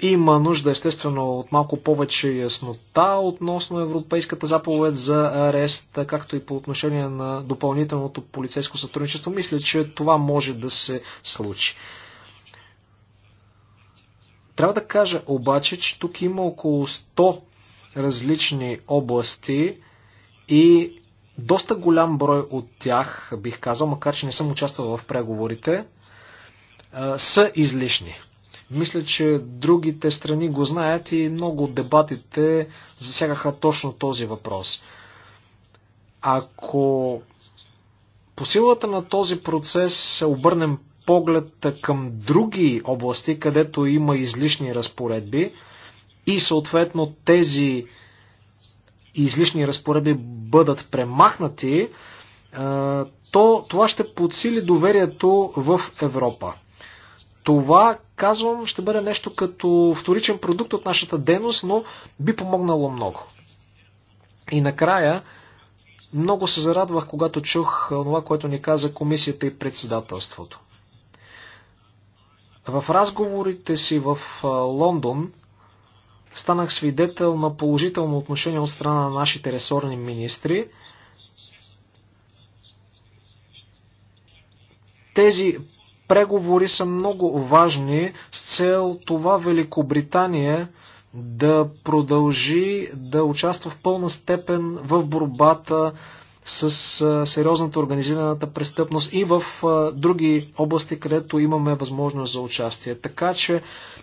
Има нужда, естествено, от малко повече яснота относно Европейската заповед за арест, както и по отношение на допълнителното полицейско сътрудничество. Мисля, че това може да се случи. Трябва да кажа обаче, че тук има около 100 различни области и доста голям брой от тях, бих казал, макар че не съм участвал в преговорите, са излишни. Мисля, че другите страни го знаят и много от дебатите засягаха точно този въпрос. Ако по силата на този процес обърнем поглед към други области, където има излишни разпоредби и съответно тези и излишни разпореби бъдат премахнати, то това ще подсили доверието в Европа. Това, казвам, ще бъде нещо като вторичен продукт от нашата дейност, но би помогнало много. И накрая, много се зарадвах, когато чух това, което ни каза комисията и председателството. В разговорите си в Лондон станах свидетел на положително отношение от страна на нашите ресорни министри. Тези преговори са много важни с цел това Великобритания да продължи да участва в пълна степен в борбата с сериозната организираната престъпност и в други области, където имаме възможност за участие. Така че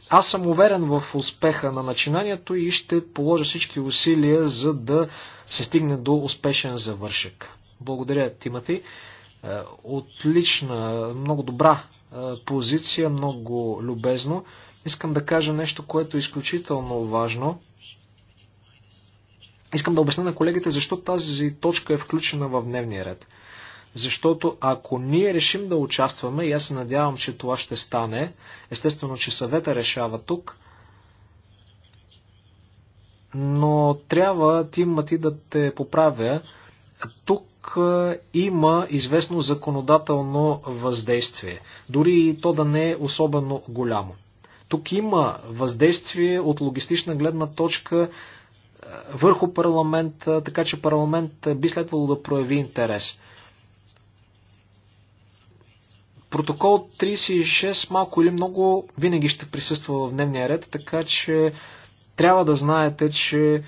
аз съм уверен в успеха на начинанието и ще положа всички усилия, за да се стигне до успешен завършек. Благодаря, Тимати. Е, отлична, много добра е, позиция, много любезно. Искам да кажа нещо, което е изключително важно – Искам да обясня на колегите защо тази точка е включена в дневния ред. Защото ако ние решим да участваме, и аз се надявам, че това ще стане, естествено, че съвета решава тук, но трябва ти ти да те поправя. Тук има известно законодателно въздействие, дори и то да не е особено голямо. Тук има въздействие от логистична гледна точка, върху парламент, така че парламент би следвало да прояви интерес. Протокол 36 малко или много винаги ще присъства в дневния ред, така че трябва да знаете, че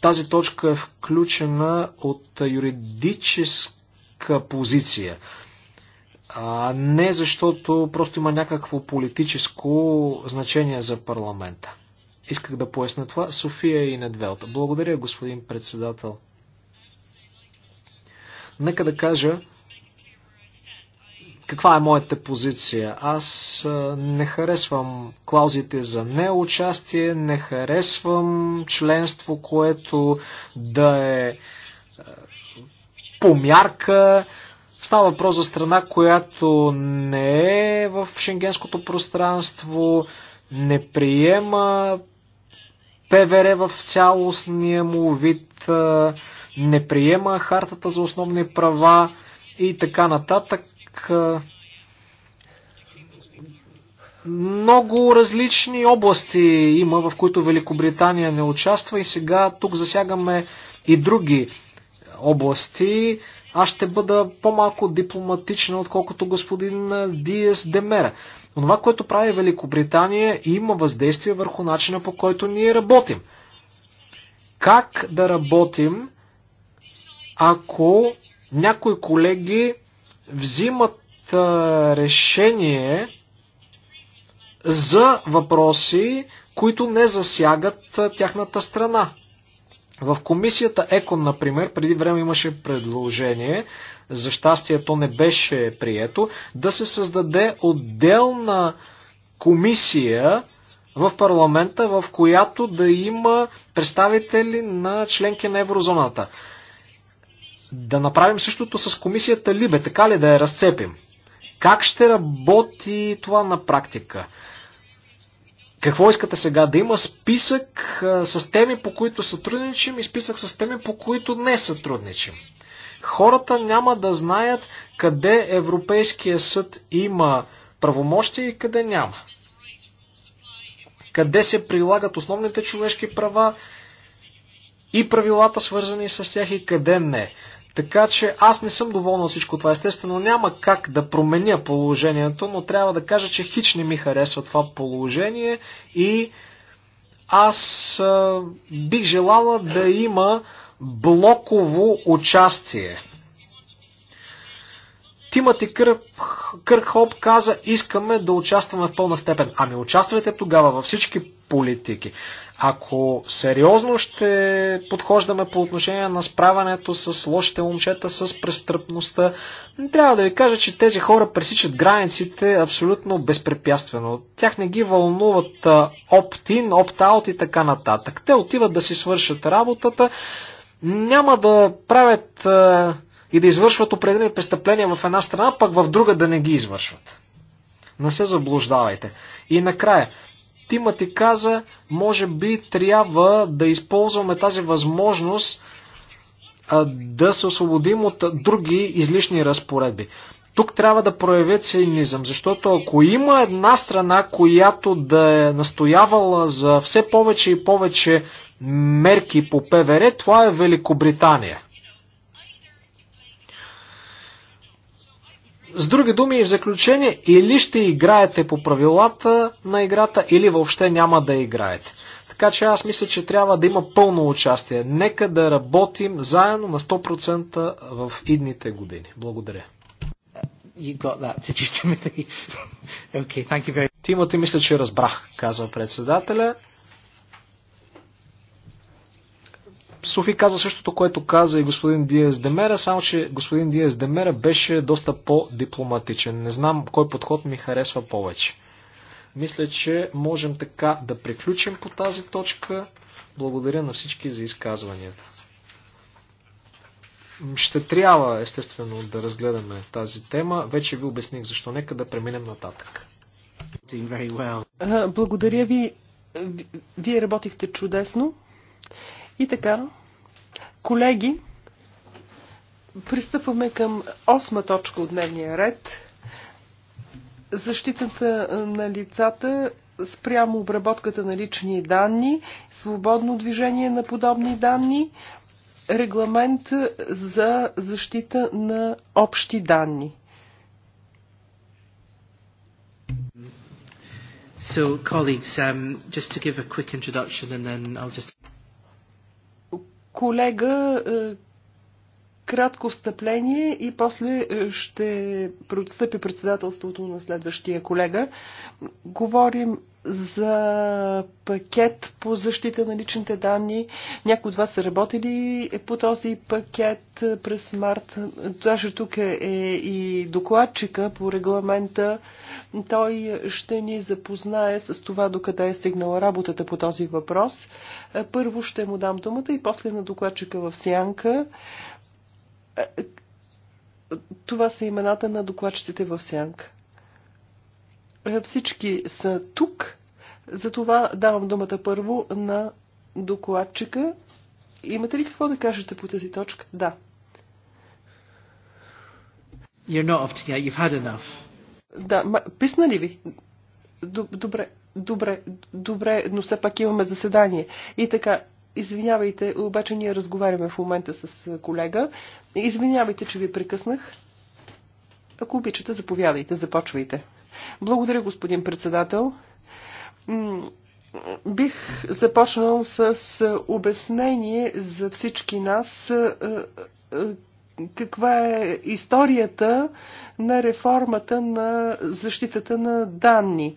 тази точка е включена от юридическа позиция. А не защото просто има някакво политическо значение за парламента. Исках да поясна това. София и Недвелта. Благодаря, господин председател. Нека да кажа каква е моята позиция. Аз не харесвам клаузите за неучастие, не харесвам членство, което да е Помярка. Става въпрос за страна, която не е в шенгенското пространство, не приема ПВР в цялостния му вид не приема хартата за основни права и така нататък. Много различни области има, в които Великобритания не участва и сега тук засягаме и други области. Аз ще бъда по-малко дипломатична, отколкото господин Диес Демера. Онова, което прави Великобритания, има въздействие върху начина по който ние работим. Как да работим, ако някои колеги взимат решение за въпроси, които не засягат тяхната страна? В комисията ЕКОН, например, преди време имаше предложение, за щастие то не беше прието, да се създаде отделна комисия в парламента, в която да има представители на членки на еврозоната. Да направим същото с комисията Либе, така ли да я разцепим? Как ще работи това на практика? Какво искате сега? Да има списък а, с теми, по които сътрудничим и списък с теми, по които не сътрудничим. Хората няма да знаят къде Европейския съд има правомощия и къде няма. Къде се прилагат основните човешки права и правилата свързани с тях и къде не. Така че аз не съм доволна от всичко това. Естествено няма как да променя положението, но трябва да кажа, че хич не ми харесва това положение и аз а, бих желала да има блоково участие. Тимати Кърк, Хоп каза, искаме да участваме в пълна степен. Ами участвайте тогава във всички политики. Ако сериозно ще подхождаме по отношение на справянето с лошите момчета, с престъпността, трябва да ви кажа, че тези хора пресичат границите абсолютно безпрепятствено. Тях не ги вълнуват опт-ин, опт-аут и така нататък. Те отиват да си свършат работата, няма да правят и да извършват определени престъпления в една страна, пък в друга да не ги извършват. Не се заблуждавайте. И накрая, Тима ти каза, може би трябва да използваме тази възможност да се освободим от други излишни разпоредби. Тук трябва да проявят цинизъм, защото ако има една страна, която да е настоявала за все повече и повече мерки по ПВР, това е Великобритания. С други думи, и в заключение, или ще играете по правилата на играта, или въобще няма да играете. Така че аз мисля, че трябва да има пълно участие. Нека да работим заедно на 100% в идните години. Благодаря. Тимоти, Ти имате мисля, че разбрах, казва председателя. Софи каза същото, което каза и господин Диес Демера, само че господин Диес Демера беше доста по-дипломатичен. Не знам кой подход ми харесва повече. Мисля, че можем така да приключим по тази точка. Благодаря на всички за изказванията. Ще трябва, естествено, да разгледаме тази тема. Вече ви обясних защо. Нека да преминем нататък. Благодаря ви. Вие работихте чудесно. И така, колеги, пристъпваме към осма точка от дневния ред. Защитата на лицата спрямо обработката на лични данни, свободно движение на подобни данни, регламент за защита на общи данни. So, colleagues, um, just to give a quick introduction and then I'll just колега, е, кратко встъпление и после е, ще отстъпи председателството на следващия колега. Говорим за пакет по защита на личните данни. Някои от вас са работили по този пакет през март. Даже тук е, е и докладчика по регламента. Той ще ни запознае с това докъде е стигнала работата по този въпрос. Първо ще му дам думата и после на докладчика в сянка. Това са имената на докладчиците в сянка всички са тук. Затова давам думата първо на докладчика. Имате ли какво да кажете по тази точка? Да. You're not up to yet. You've had enough. Да, ма, писна ли ви? Добре, добре, добре, но все пак имаме заседание. И така, извинявайте, обаче ние разговаряме в момента с колега. Извинявайте, че ви прекъснах. Ако обичате, заповядайте, започвайте. Благодаря, господин председател. Бих започнал с обяснение за всички нас е, е, каква е историята на реформата на защитата на данни.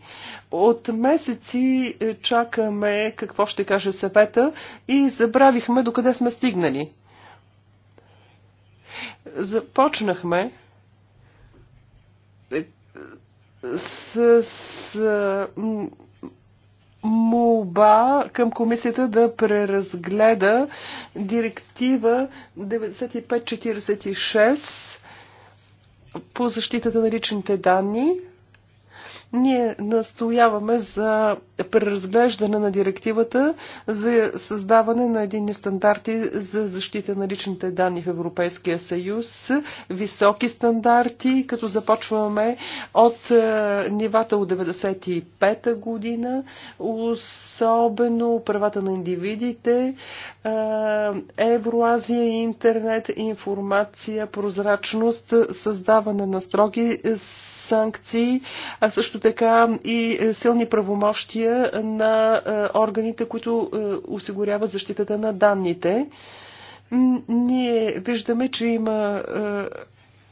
От месеци е, чакаме какво ще каже съвета и забравихме докъде сме стигнали. Започнахме с, молба към комисията да преразгледа директива 9546 по защитата на личните данни ние настояваме за преразглеждане на директивата за създаване на един стандарти за защита на личните данни в Европейския съюз, високи стандарти, като започваме от е, нивата от 95-та година, особено правата на индивидите, е, Евроазия, интернет, информация, прозрачност, създаване на строги санкции, а също така и е, силни правомощия на е, органите, които е, осигуряват защитата на данните. Ние виждаме, че има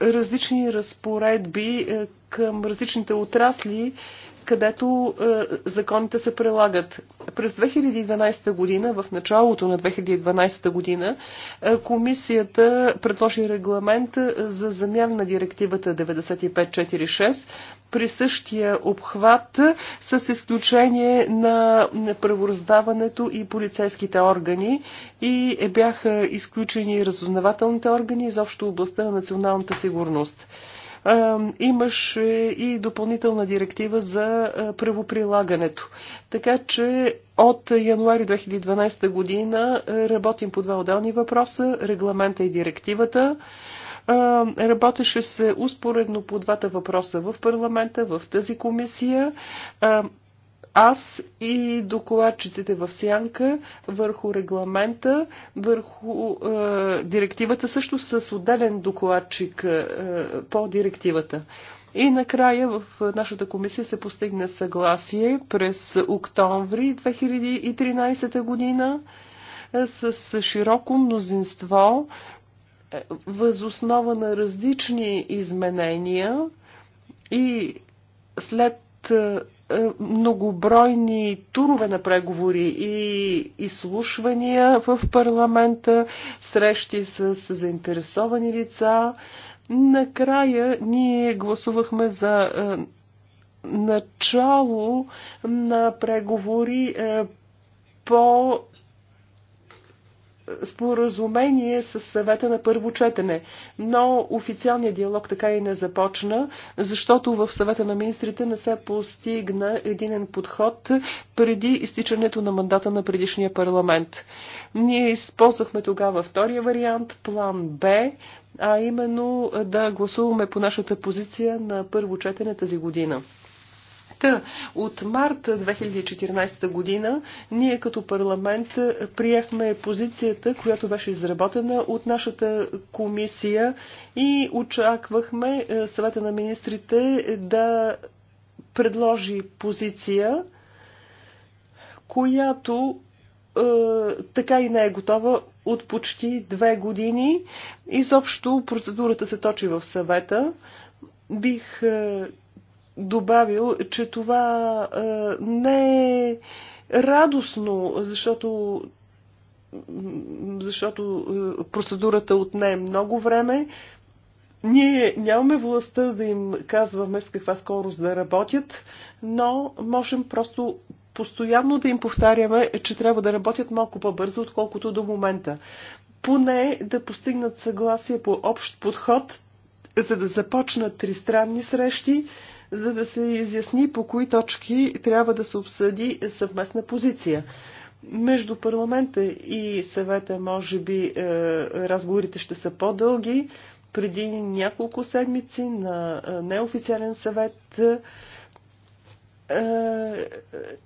различни разпоредби към различните отрасли където е, законите се прилагат. През 2012 година, в началото на 2012 година, е, комисията предложи регламент е, за замяна на директивата 9546 при същия обхват, е, с изключение на правораздаването и полицейските органи и е, бяха изключени разузнавателните органи изобщо областта на националната сигурност. Е, имаше и допълнителна директива за е, правоприлагането. Така че от януари 2012 година е, работим по два отделни въпроса – регламента и директивата работеше се успоредно по двата въпроса в парламента, в тази комисия аз и докладчиците в Сянка върху регламента, върху е, директивата, също с отделен докладчик е, по директивата. И накрая в нашата комисия се постигна съгласие през октомври 2013 година е, с широко мнозинство е, възоснова на различни изменения и след е, е, многобройни турове на преговори и изслушвания в парламента, срещи с заинтересовани лица. Накрая ние гласувахме за е, начало на преговори е, по споразумение с съвета на първо четене. Но официалният диалог така и не започна, защото в съвета на министрите не се постигна единен подход преди изтичането на мандата на предишния парламент. Ние използвахме тогава втория вариант, план Б, а именно да гласуваме по нашата позиция на първо четене тази година. Та, от март 2014 година ние като парламент приехме позицията, която беше изработена от нашата комисия и очаквахме е, съвета на министрите да предложи позиция, която е, така и не е готова от почти две години. Изобщо процедурата се точи в съвета. Бих е, добавил, че това е, не е радостно, защото защото е, процедурата отне много време. Ние нямаме властта да им казваме с каква скорост да работят, но можем просто постоянно да им повтаряме, че трябва да работят малко по-бързо, отколкото до момента. Поне да постигнат съгласие по общ подход, за да започнат тристранни срещи, за да се изясни по кои точки трябва да се обсъди съвместна позиция. Между парламента и съвета, може би, е, разговорите ще са по-дълги. Преди няколко седмици на е, неофициален съвет е,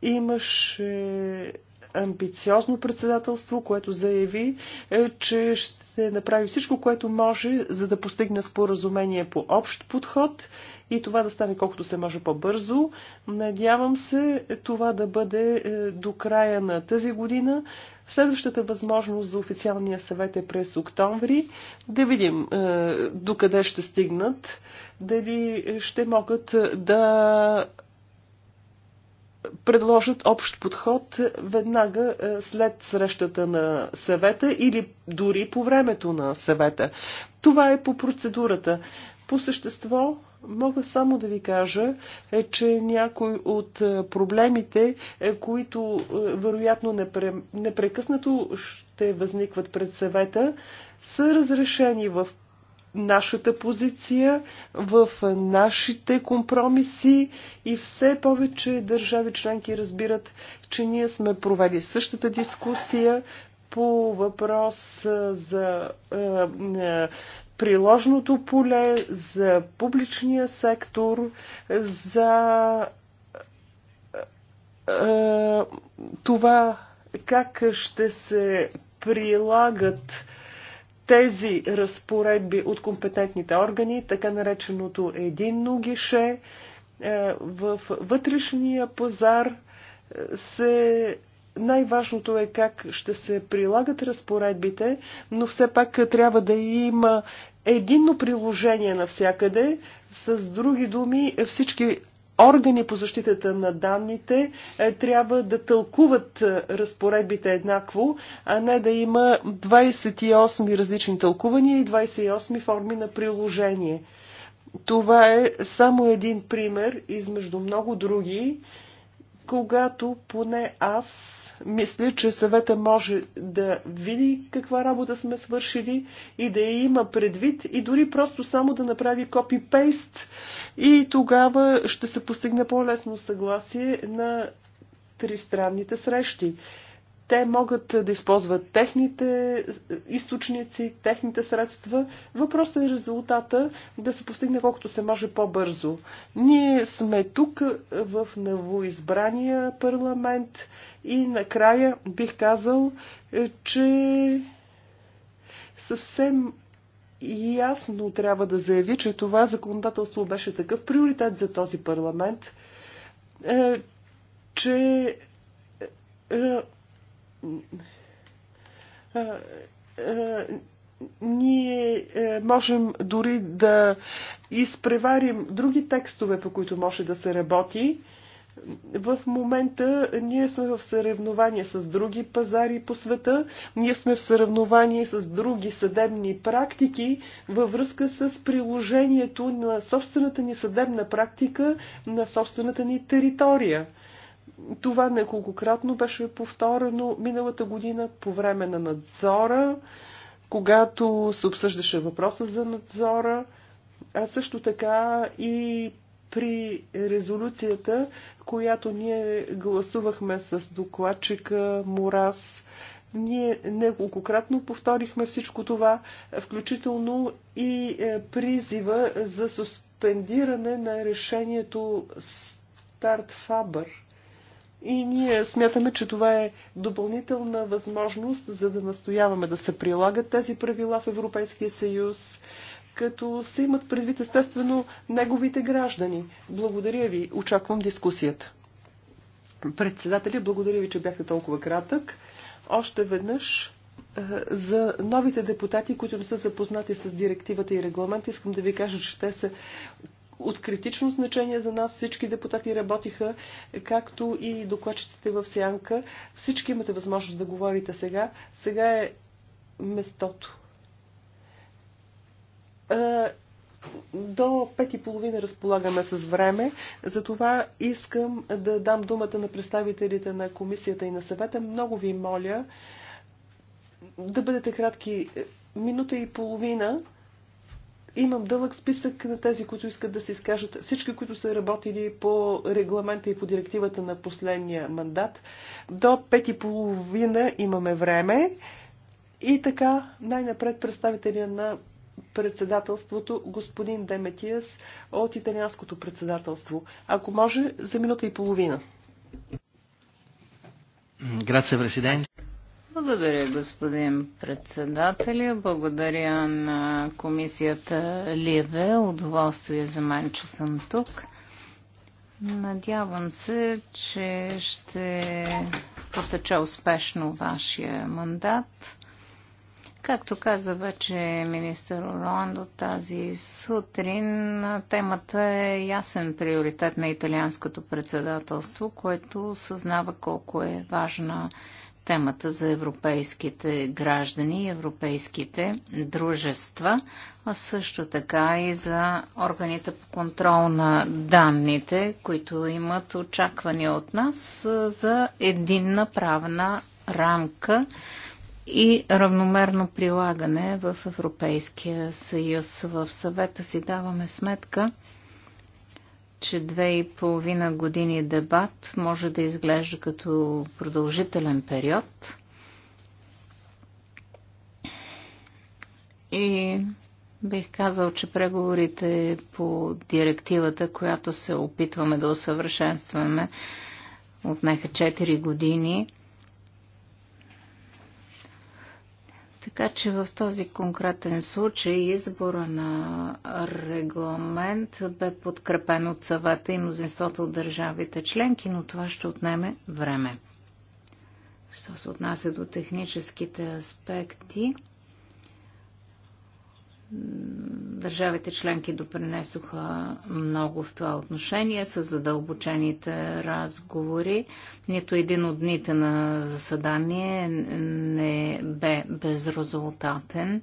имаше амбициозно председателство, което заяви, че ще ще направи всичко, което може, за да постигне споразумение по общ подход и това да стане колкото се може по-бързо. Надявам се това да бъде е, до края на тази година. Следващата възможност за официалния съвет е през октомври. Да видим е, докъде ще стигнат, дали ще могат да предложат общ подход веднага е, след срещата на съвета или дори по времето на съвета. Това е по процедурата. По същество мога само да ви кажа, е, че някои от е, проблемите, е, които вероятно непрекъснато ще възникват пред съвета, са разрешени в нашата позиция, в нашите компромиси и все повече държави членки разбират, че ние сме провели същата дискусия по въпрос за приложното поле, за публичния сектор, за това как ще се прилагат тези разпоредби от компетентните органи, така нареченото единно гише, е, в вътрешния пазар е, се най-важното е как ще се прилагат разпоредбите, но все пак трябва да има единно приложение навсякъде. С други думи, всички органи по защитата на данните е, трябва да тълкуват е, разпоредбите еднакво, а не да има 28 различни тълкувания и 28 форми на приложение. Това е само един пример измежду много други, когато поне аз мисля, че съвета може да види каква работа сме свършили и да я има предвид и дори просто само да направи копи-пейст и тогава ще се постигне по-лесно съгласие на тристранните срещи те могат да използват техните източници, техните средства. Въпросът е резултата да се постигне колкото се може по-бързо. Ние сме тук е, в новоизбрания парламент и накрая бих казал, е, че съвсем ясно трябва да заяви, че това законодателство беше такъв приоритет за този парламент, е, че ние е, можем дори да изпреварим други текстове, по които може да се работи. В момента ние сме в съревнование с други пазари по света, ние сме в съревнование с други съдебни практики във връзка с приложението на собствената ни съдебна практика на собствената ни територия. Това неколкократно беше повторено миналата година по време на надзора, когато се обсъждаше въпроса за надзора, а също така и при резолюцията, която ние гласувахме с докладчика Мурас. Ние неколкократно повторихме всичко това, включително и е, призива за суспендиране на решението Старт Фабър. И ние смятаме, че това е допълнителна възможност, за да настояваме да се прилагат тези правила в Европейския съюз, като се имат предвид естествено неговите граждани. Благодаря ви. Очаквам дискусията. Председатели, благодаря ви, че бяхте толкова кратък. Още веднъж е, за новите депутати, които не са запознати с директивата и регламент, искам да ви кажа, че те са от критично значение за нас. Всички депутати работиха, както и докладчиците в Сянка. Всички имате възможност да говорите сега. Сега е местото. До пет и половина разполагаме с време, затова искам да дам думата на представителите на комисията и на съвета. Много ви моля да бъдете кратки минута и половина, Имам дълъг списък на тези, които искат да се изкажат. Всички, които са работили по регламента и по директивата на последния мандат. До пет и половина имаме време. И така, най-напред представителя на председателството, господин Деметиас от италианското председателство. Ако може, за минута и половина. Грация, президент. Благодаря, господин председателя. Благодаря на комисията Ливе. Удоволствие за мен, че съм тук. Надявам се, че ще потече успешно вашия мандат. Както каза вече министър Орландо тази сутрин, темата е ясен приоритет на италианското председателство, което съзнава колко е важна темата за европейските граждани и европейските дружества, а също така и за органите по контрол на данните, които имат очаквания от нас за единна правна рамка и равномерно прилагане в Европейския съюз. В съвета си даваме сметка, че две и половина години дебат може да изглежда като продължителен период. И бих казал, че преговорите по директивата, която се опитваме да усъвършенстваме, отнеха 4 години. Така че в този конкретен случай избора на регламент бе подкрепен от съвета и мнозинството от държавите членки, но това ще отнеме време. Що се отнася до техническите аспекти, Държавите членки допринесоха много в това отношение с задълбочените разговори. Нито един от дните на заседание не бе безрезултатен.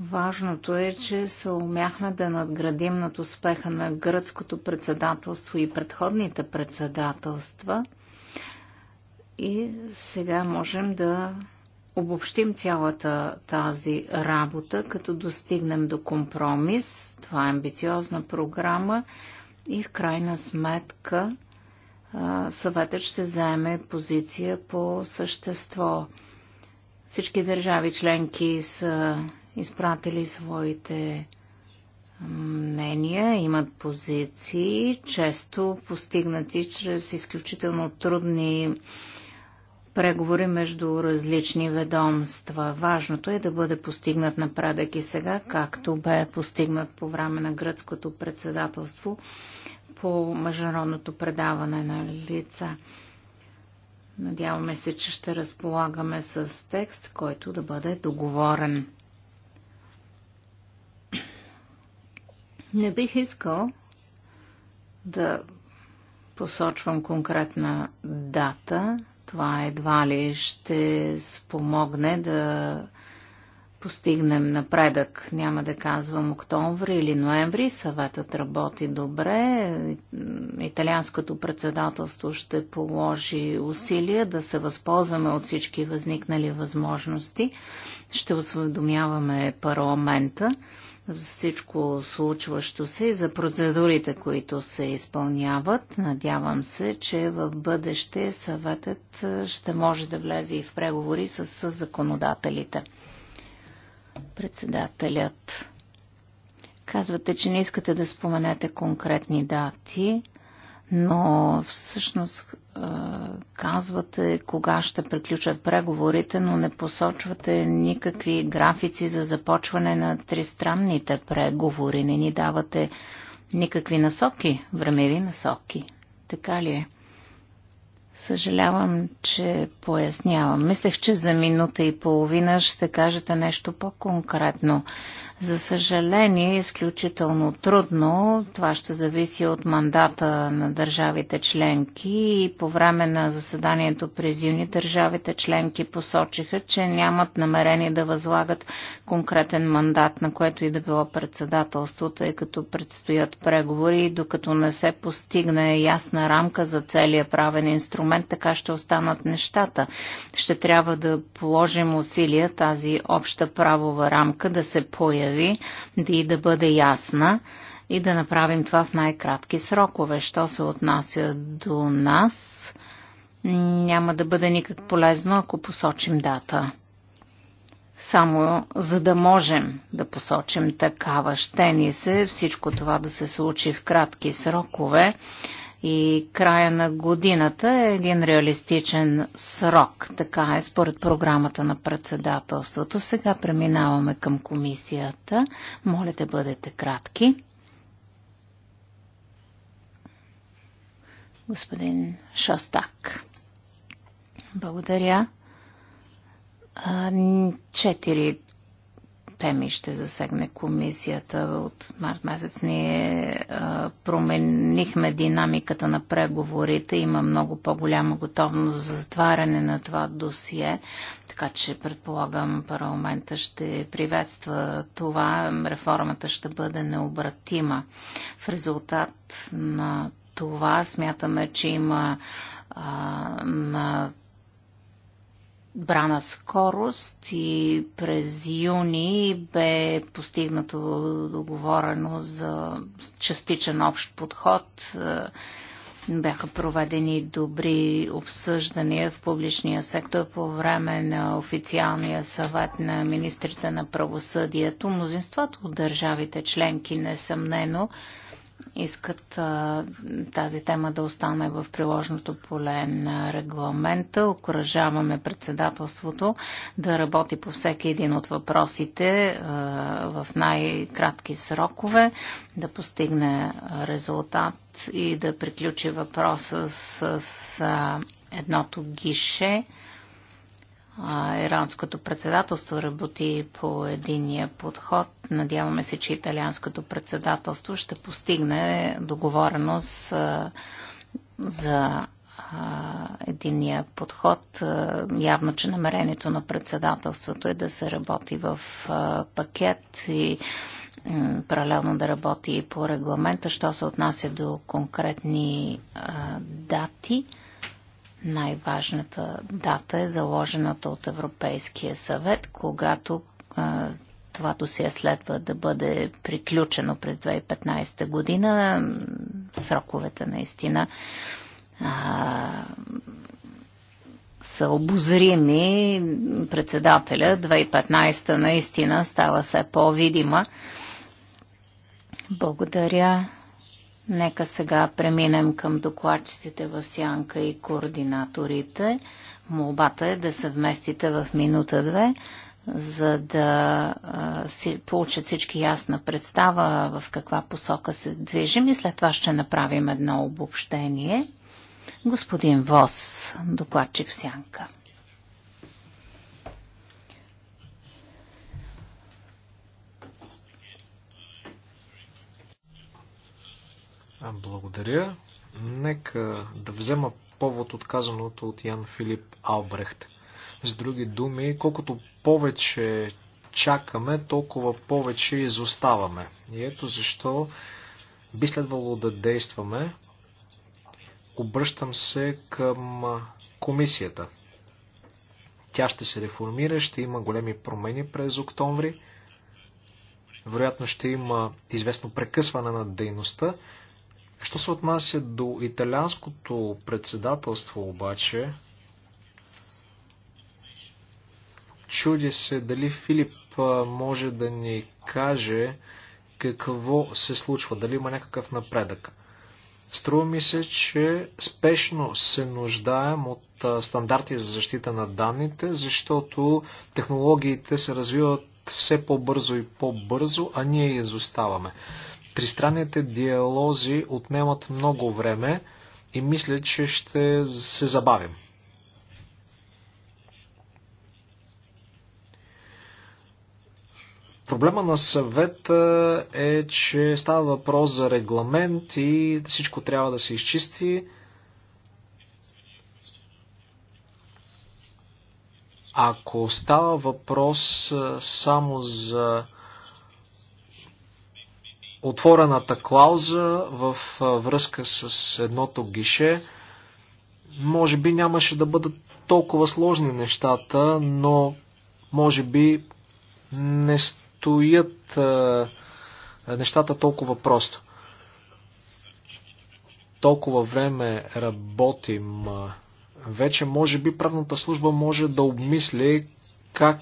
Важното е, че се умяхме да надградим над успеха на гръцкото председателство и предходните председателства. И сега можем да обобщим цялата тази работа, като достигнем до компромис. Това е амбициозна програма и в крайна сметка съветът ще заеме позиция по същество. Всички държави членки са изпратили своите мнения, имат позиции, често постигнати чрез изключително трудни преговори между различни ведомства. Важното е да бъде постигнат напредък и сега, както бе постигнат по време на гръцкото председателство по международното предаване на лица. Надяваме се, че ще разполагаме с текст, който да бъде договорен. Не бих искал да посочвам конкретна дата, това едва ли ще спомогне да постигнем напредък. Няма да казвам октомври или ноември. Съветът работи добре. Италианското председателство ще положи усилия да се възползваме от всички възникнали възможности. Ще осведомяваме парламента всичко случващо се и за процедурите, които се изпълняват. Надявам се, че в бъдеще съветът ще може да влезе и в преговори с, с законодателите. Председателят. Казвате, че не искате да споменете конкретни дати но всъщност казвате кога ще приключат преговорите, но не посочвате никакви графици за започване на тристранните преговори. Не ни давате никакви насоки, времеви насоки. Така ли е? Съжалявам, че пояснявам. Мислех, че за минута и половина ще кажете нещо по-конкретно. За съжаление, изключително трудно. Това ще зависи от мандата на държавите членки и по време на заседанието през юни държавите членки посочиха, че нямат намерение да възлагат конкретен мандат, на което и да било председателство, тъй като предстоят преговори докато не се постигне ясна рамка за целия правен инструмент, така ще останат нещата. Ще трябва да положим усилия тази обща правова рамка да се появи ви и да бъде ясна и да направим това в най-кратки срокове. Що се отнася до нас, няма да бъде никак полезно, ако посочим дата. Само за да можем да посочим такава, ще ни се всичко това да се случи в кратки срокове и края на годината е един реалистичен срок. Така е според програмата на председателството. Сега преминаваме към комисията. Моля да бъдете кратки. Господин Шостак. Благодаря. Четири теми ще засегне комисията. От март месец ние а, променихме динамиката на преговорите. Има много по-голяма готовност за затваряне на това досие, така че предполагам парламента ще приветства това. Реформата ще бъде необратима. В резултат на това смятаме, че има а, на брана скорост и през юни бе постигнато договорено за частичен общ подход. Бяха проведени добри обсъждания в публичния сектор по време на официалния съвет на министрите на правосъдието. Мнозинството от държавите членки, несъмнено, искат а, тази тема да остане в приложното поле на регламента. Окоръжаваме председателството да работи по всеки един от въпросите а, в най-кратки срокове, да постигне резултат и да приключи въпроса с, с а, едното гише иранското председателство работи по единия подход. Надяваме се, че италианското председателство ще постигне договореност за единия подход. Явно, че намерението на председателството е да се работи в пакет и паралелно да работи и по регламента, що се отнася до конкретни дати. Най-важната дата е заложената от Европейския съвет, когато това досие следва да бъде приключено през 2015 година. Сроковете наистина а, са обозрими. Председателя 2015 наистина става все по-видима. Благодаря Нека сега преминем към докладчиците в сянка и координаторите. Молбата е да се вместите в минута-две, за да а, си, получат всички ясна представа в каква посока се движим и след това ще направим едно обобщение. Господин Вос, докладчик в сянка. Благодаря. Нека да взема повод от казаното от Ян Филип Албрехт. С други думи, колкото повече чакаме, толкова повече изоставаме. И ето защо би следвало да действаме. Обръщам се към комисията. Тя ще се реформира, ще има големи промени през октомври. Вероятно ще има известно прекъсване на дейността, Що се отнася до италианското председателство обаче, чуди се дали Филип може да ни каже какво се случва, дали има някакъв напредък. Струва ми се, че спешно се нуждаем от стандарти за защита на данните, защото технологиите се развиват все по-бързо и по-бързо, а ние изоставаме. Тристранните диалози отнемат много време и мисля, че ще се забавим. Проблема на съвета е, че става въпрос за регламент и всичко трябва да се изчисти. Ако става въпрос само за отворената клауза в връзка с едното гише. Може би нямаше да бъдат толкова сложни нещата, но може би не стоят нещата толкова просто. Толкова време работим вече, може би правната служба може да обмисли как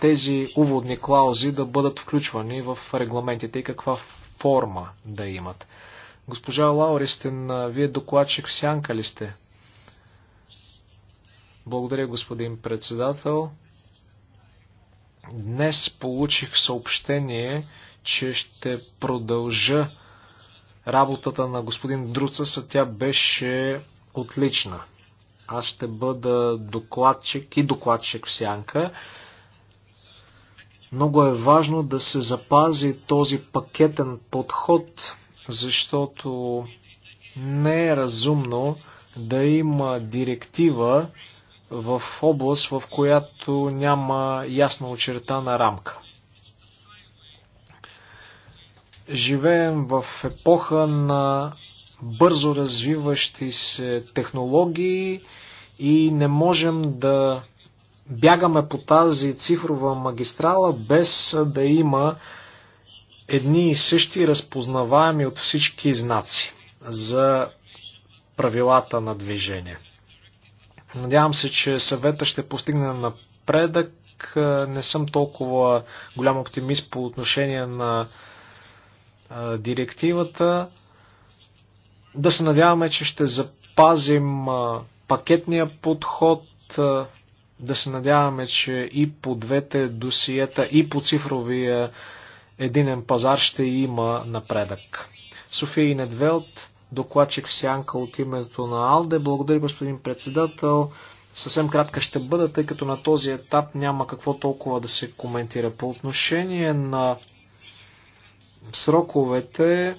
тези уводни клаузи да бъдат включвани в регламентите и каква форма да имат. Госпожа Лауристен, вие докладчик в сянка ли сте? Благодаря, господин председател. Днес получих съобщение, че ще продължа работата на господин Друца, а тя беше отлична. Аз ще бъда докладчик и докладчик в сянка. Много е важно да се запази този пакетен подход, защото не е разумно да има директива в област, в която няма ясно очертана рамка. Живеем в епоха на бързо развиващи се технологии и не можем да бягаме по тази цифрова магистрала без да има едни и същи разпознаваеми от всички знаци за правилата на движение. Надявам се, че съвета ще постигне напредък. Не съм толкова голям оптимист по отношение на директивата. Да се надяваме, че ще запазим пакетния подход, да се надяваме, че и по двете досиета, и по цифровия единен пазар ще има напредък. София Инедвелт, Недвелт, докладчик в Сянка от името на Алде. Благодаря, господин председател. Съвсем кратка ще бъда, тъй като на този етап няма какво толкова да се коментира. По отношение на сроковете,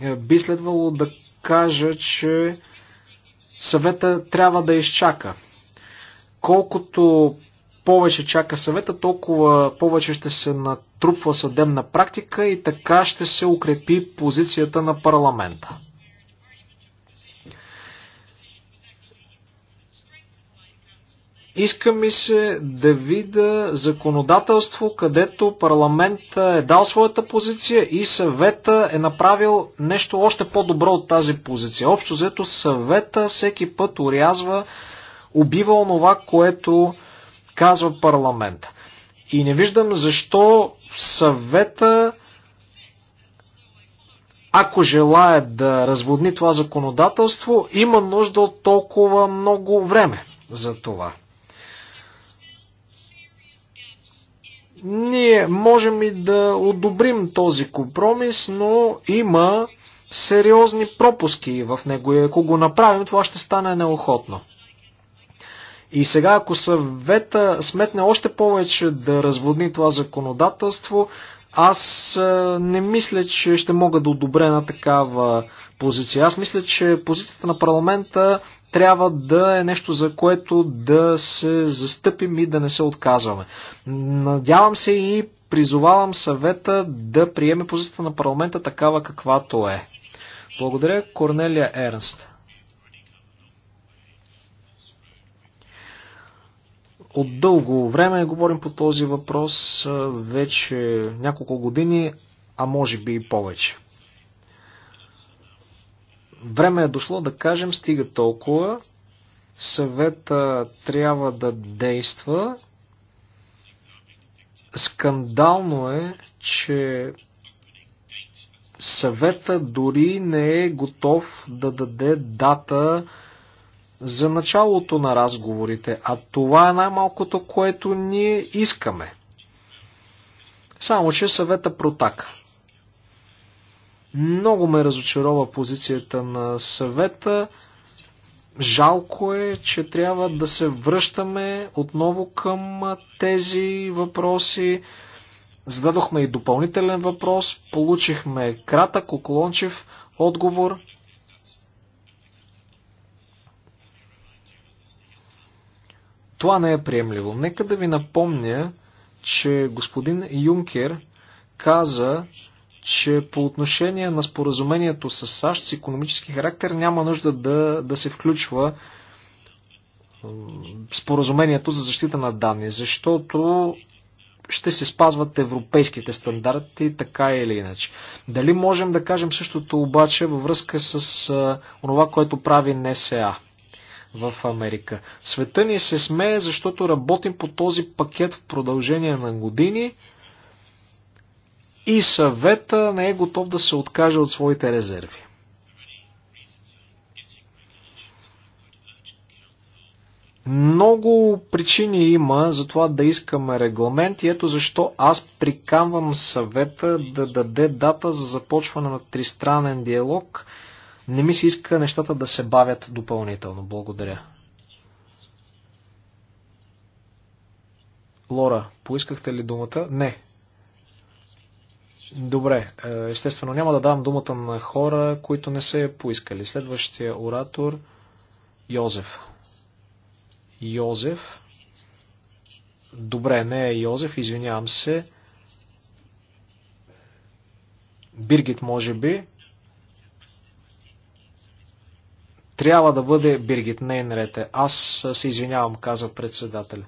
е, би следвало да кажа, че съвета трябва да изчака. Колкото повече чака съвета, толкова повече ще се натрупва съдебна практика и така ще се укрепи позицията на парламента. Иска ми се да видя законодателство, където парламент е дал своята позиция и съвета е направил нещо още по-добро от тази позиция. Общо взето съвета всеки път урязва, убива онова, което казва парламент. И не виждам защо съвета, ако желая да разводни това законодателство, има нужда от толкова много време за това. Ние можем и да одобрим този компромис, но има сериозни пропуски в него и ако го направим, това ще стане неохотно. И сега, ако съвета сметне още повече да разводни това законодателство, аз е, не мисля, че ще мога да одобря на такава позиция. Аз мисля, че позицията на парламента трябва да е нещо, за което да се застъпим и да не се отказваме. Надявам се и призовавам съвета да приеме позицията на парламента такава каквато е. Благодаря, Корнелия Ернст. От дълго време говорим по този въпрос, вече няколко години, а може би и повече време е дошло да кажем, стига толкова, съвета трябва да действа. Скандално е, че съвета дори не е готов да даде дата за началото на разговорите, а това е най-малкото, което ние искаме. Само, че съвета протака. Много ме разочарова позицията на съвета. Жалко е, че трябва да се връщаме отново към тези въпроси. Зададохме и допълнителен въпрос, получихме кратък, уклончив отговор. Това не е приемливо. Нека да ви напомня, че господин Юнкер каза, че по отношение на споразумението с САЩ с економически характер няма нужда да, да се включва споразумението за защита на данни, защото ще се спазват европейските стандарти, така или иначе. Дали можем да кажем същото обаче във връзка с а, това, което прави НСА в Америка? Света ни се смее, защото работим по този пакет в продължение на години – и съвета не е готов да се откаже от своите резерви. Много причини има за това да искаме регламент и ето защо аз приканвам съвета да даде дата за започване на тристранен диалог. Не ми се иска нещата да се бавят допълнително. Благодаря. Лора, поискахте ли думата? Не, Добре, е, естествено няма да давам думата на хора, които не са поискали. Следващия оратор Йозеф. Йозеф. Добре, не е Йозеф, извинявам се. Биргит, може би. Трябва да бъде Биргит, не е наред. Аз се извинявам, каза председателя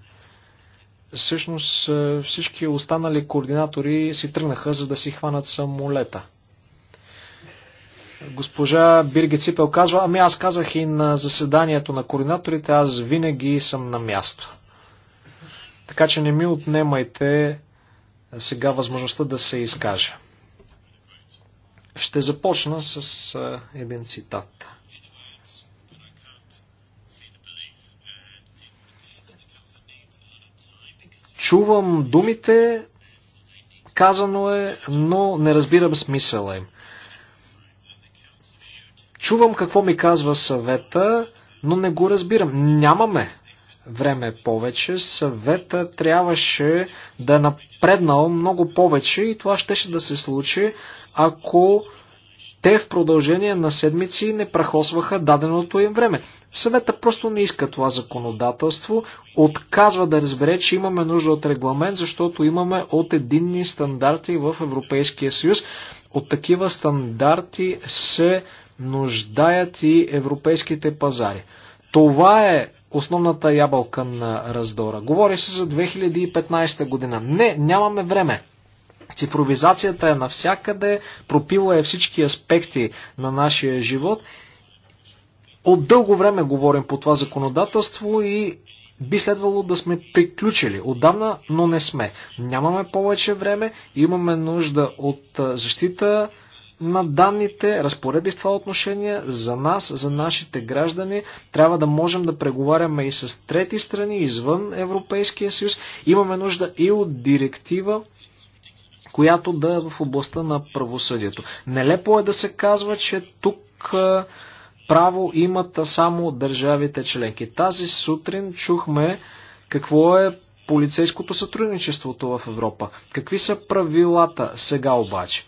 всъщност е, всички останали координатори си тръгнаха, за да си хванат самолета. Госпожа Бирги Ципел казва, ами аз казах и на заседанието на координаторите, аз винаги съм на място. Така че не ми отнемайте сега възможността да се изкажа. Ще започна с е, един цитат. Чувам думите, казано е, но не разбирам смисъла им. Чувам какво ми казва съвета, но не го разбирам. Нямаме време повече. Съвета трябваше да е напреднал много повече и това щеше да се случи, ако те в продължение на седмици не прахосваха даденото им време. Съвета просто не иска това законодателство, отказва да разбере, че имаме нужда от регламент, защото имаме от единни стандарти в Европейския съюз. От такива стандарти се нуждаят и европейските пазари. Това е основната ябълка на раздора. Говори се за 2015 година. Не, нямаме време. Цифровизацията значи, е навсякъде, пропила е всички аспекти на нашия живот. От дълго време говорим по това законодателство и би следвало да сме приключили отдавна, но не сме. Нямаме повече време, имаме нужда от защита на данните, разпореди в това отношение за нас, за нашите граждани. Трябва да можем да преговаряме и с трети страни извън Европейския съюз. Имаме нужда и от директива която да е в областта на правосъдието. Нелепо е да се казва, че тук право имат само държавите членки. Тази сутрин чухме какво е полицейското сътрудничеството в Европа. Какви са правилата сега обаче?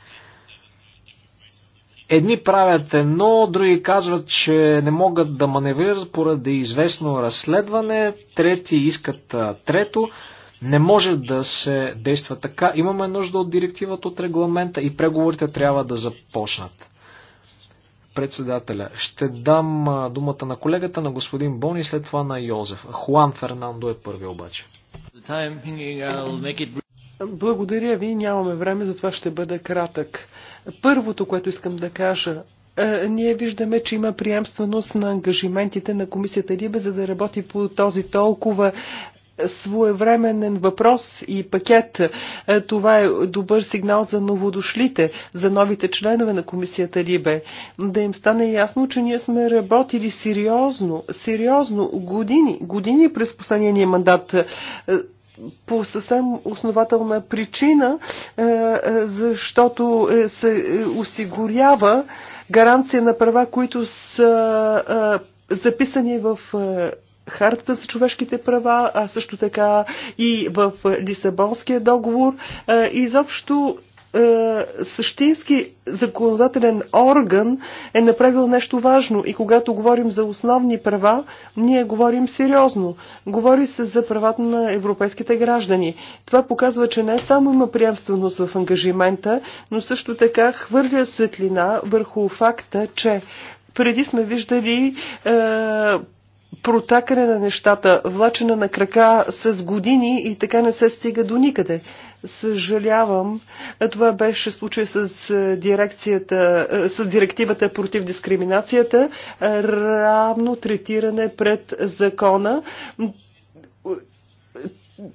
Едни правят едно, други казват, че не могат да маневрират поради известно разследване, трети искат трето. Не може да се действа така. Имаме нужда от директивата, от регламента и преговорите трябва да започнат. Председателя, ще дам думата на колегата, на господин Бони, след това на Йозеф. Хуан Фернандо е първи обаче. Благодаря ви, нямаме време, затова ще бъда кратък. Първото, което искам да кажа, е, ние виждаме, че има приемственост на ангажиментите на комисията Либе, за да работи по този толкова е, своевременен въпрос и пакет. Е, това е добър сигнал за новодошлите, за новите членове на комисията Либе. Да им стане ясно, че ние сме работили сериозно, сериозно години, години през последния мандат е, по съвсем основателна причина, е, защото се осигурява гаранция на права, които са записани в Хартата за човешките права, а също така и в Лисабонския договор. Изобщо същински законодателен орган е направил нещо важно и когато говорим за основни права, ние говорим сериозно. Говори се за правата на европейските граждани. Това показва, че не само има приемственост в ангажимента, но също така хвърля светлина върху факта, че преди сме виждали е, протакане на нещата, влачена на крака с години и така не се стига до никъде. Съжалявам, това беше случай с, дирекцията, с директивата против дискриминацията, равно третиране пред закона.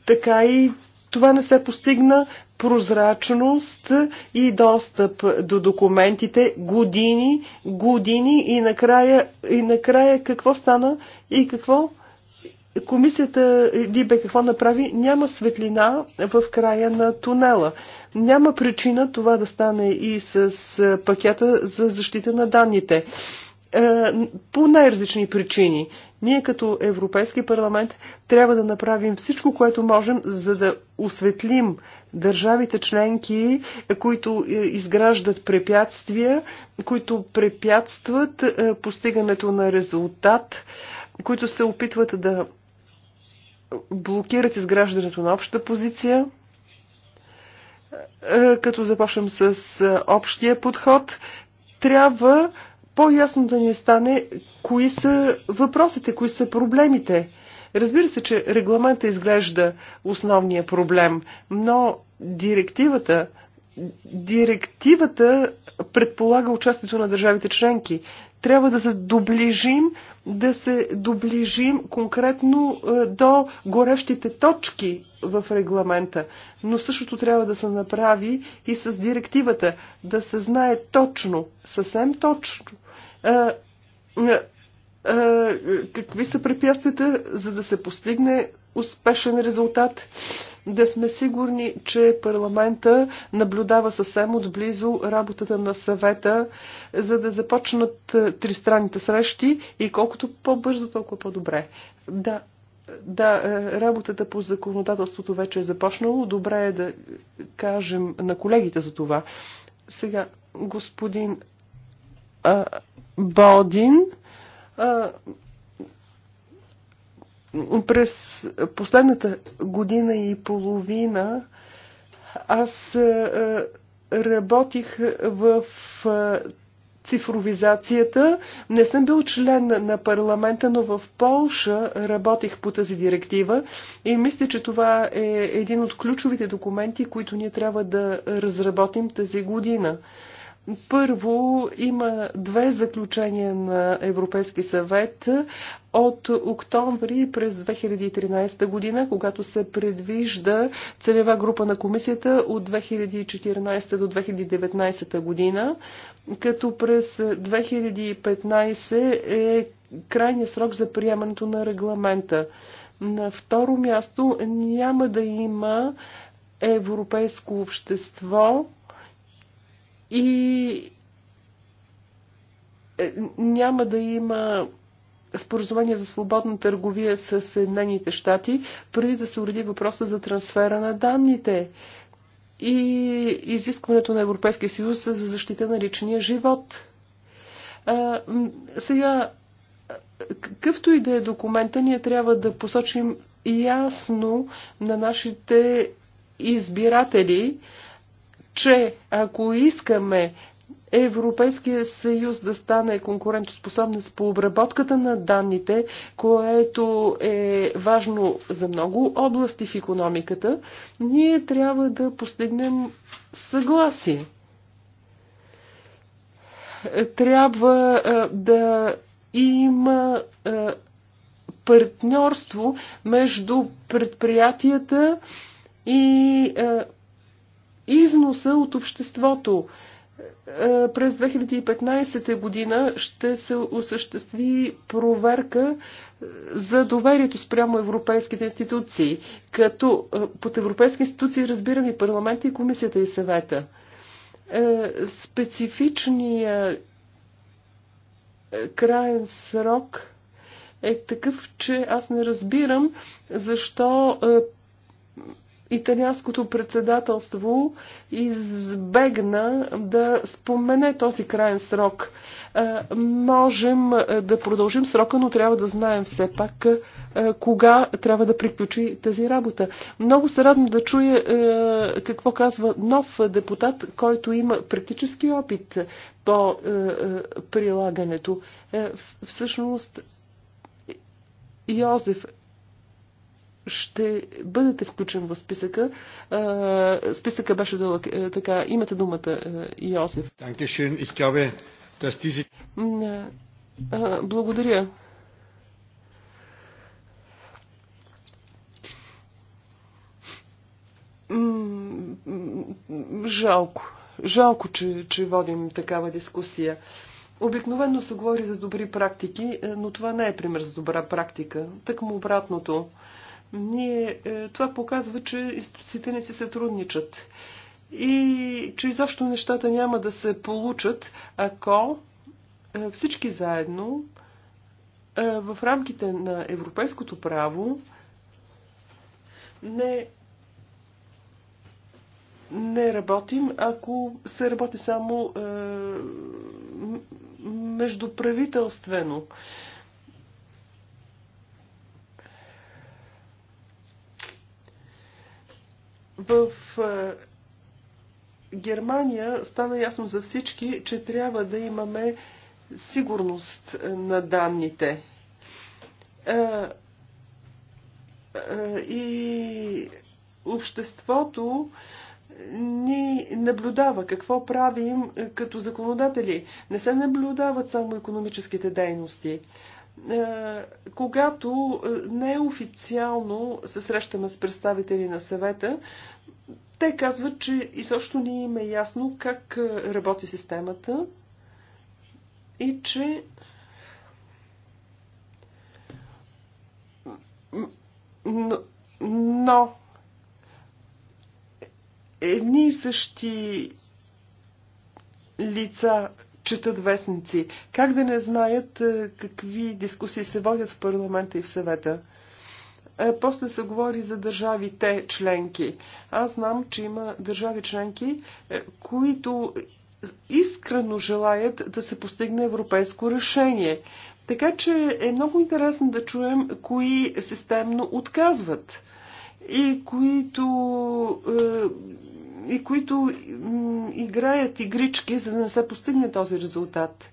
Така и това не се постигна прозрачност и достъп до документите години, години и накрая, и накрая какво стана и какво комисията Либе какво направи, няма светлина в края на тунела. Няма причина това да стане и с пакета за защита на данните. Е, по най-различни причини. Ние като Европейски парламент трябва да направим всичко, което можем, за да осветлим държавите членки, които е, изграждат препятствия, които препятстват е, постигането на резултат, които се опитват да блокират изграждането на обща позиция е, като започнем с общия подход, трябва по-ясно да ни стане кои са въпросите, кои са проблемите. Разбира се, че регламента изглежда основния проблем, но директивата, директивата предполага участието на държавите членки. Трябва да се доближим, да се доближим конкретно е, до горещите точки в регламента. Но същото трябва да се направи и с директивата, да се знае точно, съвсем точно какви са препятствията, за да се постигне успешен резултат, да сме сигурни, че парламента наблюдава съвсем отблизо работата на съвета, за да започнат тристранните срещи и колкото по-бързо, толкова по-добре. Да, да, работата по законодателството вече е започнало. Добре е да кажем на колегите за това. Сега, господин а, Бодин. През последната година и половина аз работих в цифровизацията. Не съм бил член на парламента, но в Полша работих по тази директива и мисля, че това е един от ключовите документи, които ние трябва да разработим тази година. Първо, има две заключения на Европейски съвет от октомври през 2013 година, когато се предвижда целева група на комисията от 2014 до 2019 година, като през 2015 е крайният срок за приемането на регламента. На второ място няма да има европейско общество, и е, няма да има споразумение за свободна търговия с Съединените щати, преди да се уреди въпроса за трансфера на данните и изискването на Европейския съюз за защита на личния живот. А, сега, какъвто и да е документа, ние трябва да посочим ясно на нашите избиратели, че ако искаме Европейския съюз да стане конкурентоспособен по обработката на данните, което е важно за много области в економиката, ние трябва да постигнем съгласие. Трябва да има партньорство между предприятията и износа от обществото. Е, през 2015 година ще се осъществи проверка е, за доверието спрямо европейските институции, като е, под европейски институции разбирам и парламента, и комисията, и съвета. Специфичният краен срок е такъв, че аз не разбирам защо италианското председателство избегна да спомене този крайен срок. Е, можем е, да продължим срока, но трябва да знаем все пак е, кога трябва да приключи тази работа. Много се радвам да чуя какво казва нов депутат, който има практически опит по прилагането. Всъщност, Йозеф ще бъдете включен в списъка. Списъка беше дълъг. Е, така, имате думата, е, Йосиф. Благодаря. Жалко. Жалко, че, че водим такава дискусия. Обикновено се говори за добри практики, е, но това не е пример за добра практика. Тъкмо обратното. Uh, ние, е, това показва, че институциите не се сътрудничат и че изобщо нещата няма да се получат, ако е, всички заедно е, в рамките на европейското право не, не работим, ако се работи само е, междуправителствено. В е, Германия стана ясно за всички, че трябва да имаме сигурност на данните. Е, е, и обществото ни наблюдава какво правим като законодатели. Не се наблюдават само економическите дейности. Е, когато е, неофициално се срещаме с представители на съвета, те казват, че изобщо ни им е ясно как е, работи системата и че но, но едни и същи лица четат вестници. Как да не знаят е, какви дискусии се водят в парламента и в съвета? Е, после се говори за държавите членки. Аз знам, че има държави членки, е, които искрено желаят да се постигне европейско решение. Така че е много интересно да чуем кои системно отказват и които и които играят игрички, за да не се постигне този резултат.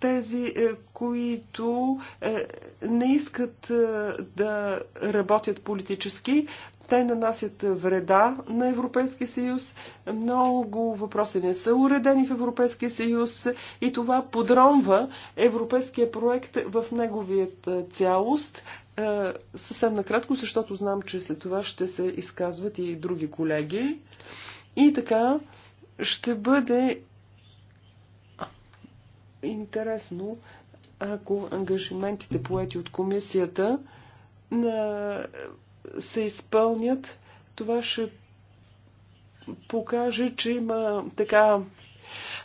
Тези, е, които е, не искат е, да работят политически, те нанасят вреда на Европейския съюз. Много въпроси не са уредени в Европейския съюз и това подронва европейския проект в неговият цялост. Съвсем накратко, защото знам, че след това ще се изказват и други колеги. И така ще бъде интересно, ако ангажиментите поети от комисията на се изпълнят, това ще покаже, че има така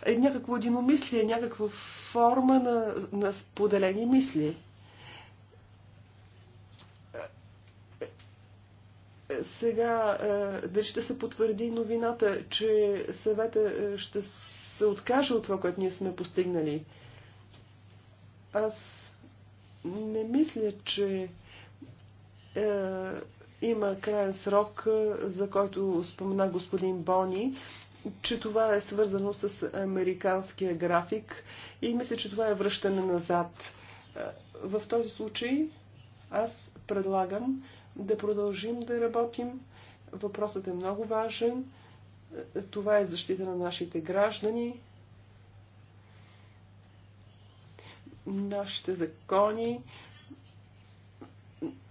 е, някакво единомислие, някаква форма на, на споделени мисли. Е, е, сега, дали ще се потвърди новината, че съвета ще се откаже от това, което ние сме постигнали? Аз не мисля, че е, има крайен срок, е, за който спомена господин Бони, че това е свързано с американския график и мисля, че това е връщане назад. Е, в този случай аз предлагам да продължим да работим. Въпросът е много важен. Това е защита на нашите граждани, нашите закони,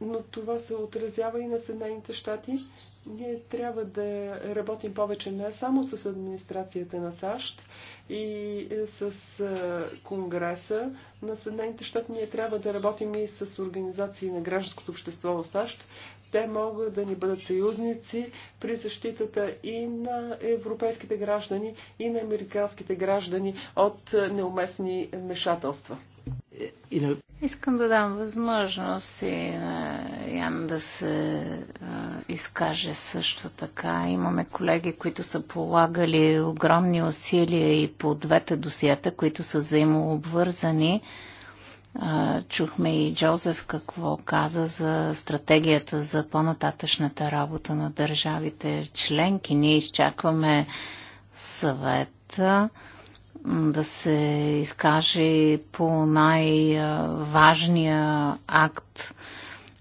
но това се отразява и на Съединените щати. Ние трябва да работим повече не само с администрацията на САЩ и е, с е, Конгреса на Съединените щати. Ние трябва да работим и с организации на гражданското общество в САЩ. Те могат да ни бъдат съюзници при защитата и на европейските граждани, и на американските граждани от е, неуместни вмешателства. Искам да дам възможност и на Ян да се изкаже също така. Имаме колеги, които са полагали огромни усилия и по двете досията, които са взаимообвързани. чухме и Джозеф какво каза за стратегията за по-нататъчната работа на държавите членки. Ние изчакваме съвета да се изкаже по най-важния акт.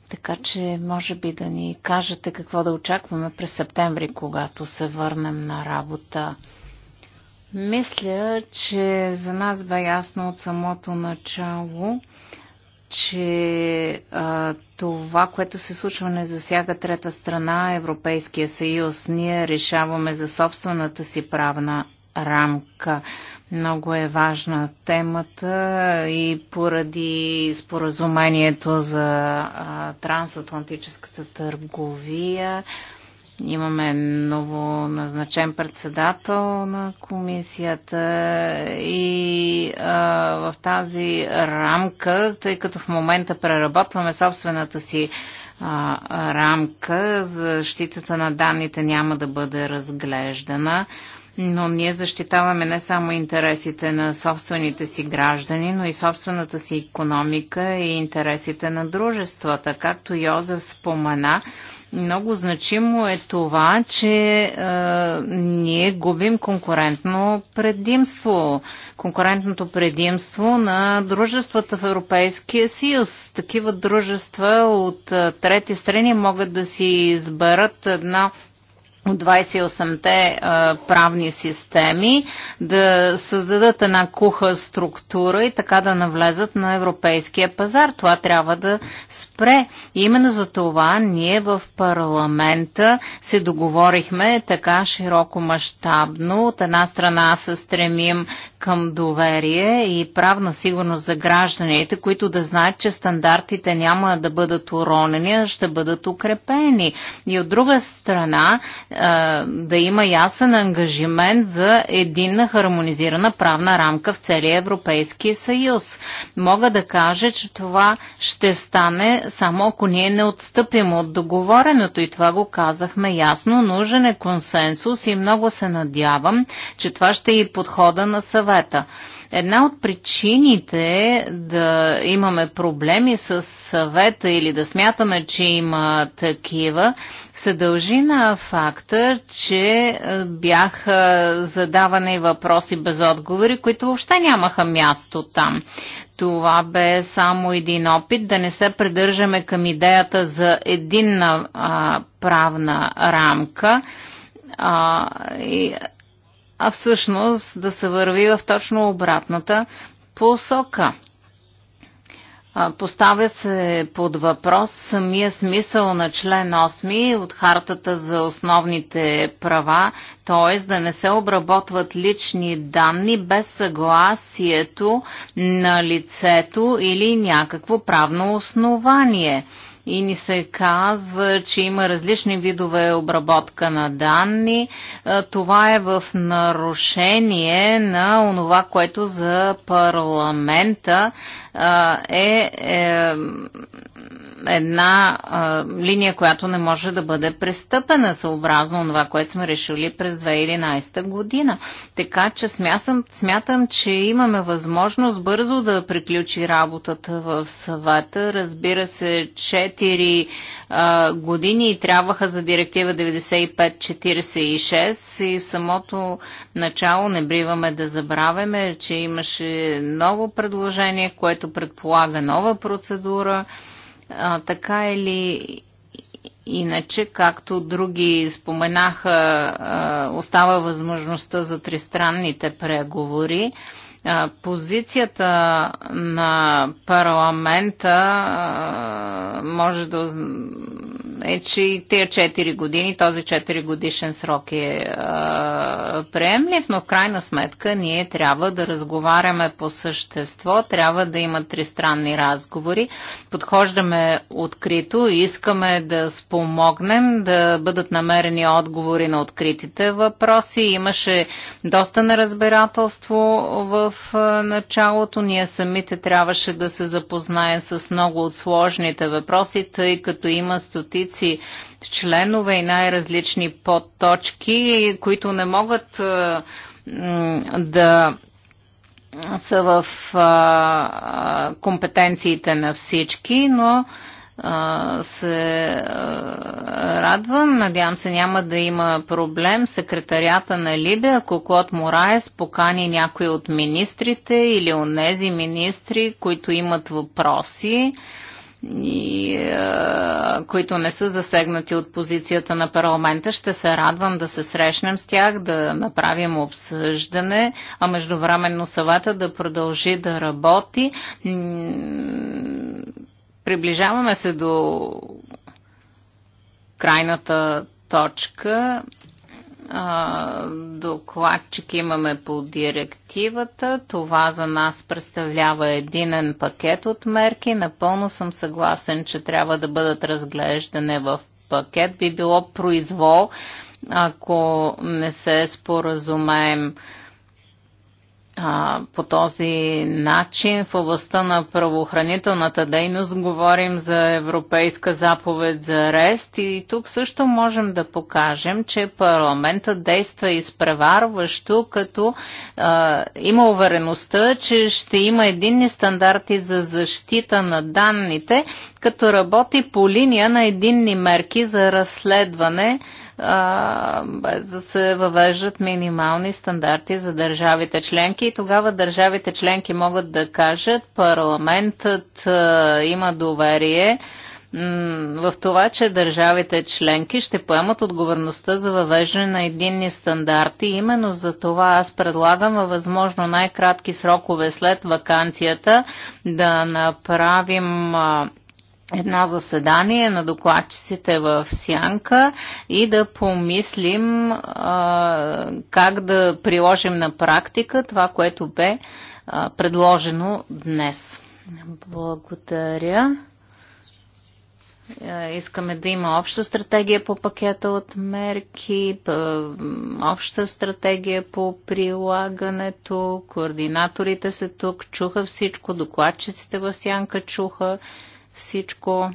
Така че може би да ни кажете какво да очакваме през септември, когато се върнем на работа. Мисля, че за нас бе ясно от самото начало, че а, това, което се случва, не засяга трета страна, Европейския съюз. Ние решаваме за собствената си правна рамка. Много е важна темата и поради споразумението за а, трансатлантическата търговия имаме ново назначен председател на комисията и а, в тази рамка, тъй като в момента преработваме собствената си а, рамка, защитата на данните няма да бъде разглеждана. А, но ние защитаваме не само интересите на собствените си граждани, но и собствената си економика и интересите на дружествата. Както Йозеф спомена, много значимо е това, че е, ние губим конкурентно предимство. Конкурентното предимство на дружествата в Европейския съюз. Такива дружества от е, трети страни могат да си изберат една от 28-те правни системи да създадат една куха структура и така да навлезат на европейския пазар. Това трябва да спре. И именно за това ние в парламента се договорихме така широко мащабно. От една страна се стремим към доверие и правна сигурност за гражданите, които да знаят, че стандартите няма да бъдат уронени, а ще бъдат укрепени. И от друга страна да има ясен ангажимент за единна хармонизирана правна рамка в целия Европейски съюз. Мога да кажа, че това ще стане само ако ние не отстъпим от договореното и това го казахме ясно. Нужен е консенсус и много се надявам, че това ще е и подхода на съвета. Една от причините да имаме проблеми с съвета или да смятаме, че има такива, се дължи на факта, че е, бяха задавани въпроси без отговори, които въобще нямаха място там. Това бе само един опит да не се придържаме към идеята за единна а, правна рамка. А, и, а всъщност да се върви в точно обратната посока. Поставя се под въпрос самия смисъл на член 8 от Хартата за основните права, т.е. да не се обработват лични данни без съгласието на лицето или някакво правно основание и ни се казва, че има различни видове обработка на данни. Е, това е в нарушение на онова, което за парламента е, е една а, линия, която не може да бъде престъпена съобразно това, което сме решили през 2011 година. Така че смятам, смятам, че имаме възможност бързо да приключи работата в съвета. Разбира се, 4 а, години трябваха за директива 95-46 и в самото начало не бриваме да забравяме, че имаше ново предложение, което предполага нова процедура. А, така или иначе, както други споменаха, а, остава възможността за тристранните преговори. А, позицията на парламента а, може да е, че тези 4 години, този 4 годишен срок е е приемлив, но в крайна сметка ние трябва да разговаряме по същество, трябва да има тристранни разговори, подхождаме открито и искаме да спомогнем да бъдат намерени отговори на откритите въпроси. Имаше доста неразбирателство в е, началото, ние самите трябваше да се запознаем с много от сложните въпроси, тъй като има стотици стотици членове и най-различни подточки, които не могат да са в компетенциите на всички, но се радвам. Надявам се няма да има проблем. Секретарията на Либе, ако Клод Мораес покани някои от министрите или онези министри, които имат въпроси, и, а, е, които не са засегнати от позицията на парламента. Ще се радвам да се срещнем с тях, да направим обсъждане, а междувременно съвета да продължи да работи. Приближаваме се до крайната точка докладчик имаме по директивата. Това за нас представлява единен пакет от мерки. Напълно съм съгласен, че трябва да бъдат разглеждане в пакет. Би било произвол, ако не се споразумеем по този начин в областта на правоохранителната дейност говорим за Европейска заповед за арест и тук също можем да покажем, че парламентът действа изпреварващо, като а, има увереността, че ще има единни стандарти за защита на данните, като работи по линия на единни мерки за разследване а, без да се въвеждат минимални стандарти за държавите членки и тогава държавите членки могат да кажат парламентът а, има доверие в това, че държавите членки ще поемат отговорността за въвеждане на единни стандарти. Именно за това аз предлагам във възможно най-кратки срокове след вакансията да направим едно заседание на докладчиците в Сянка и да помислим а, как да приложим на практика това, което бе а, предложено днес. Благодаря. Искаме да има обща стратегия по пакета от мерки, обща стратегия по прилагането. Координаторите са тук, чуха всичко, докладчиците в сянка чуха всичко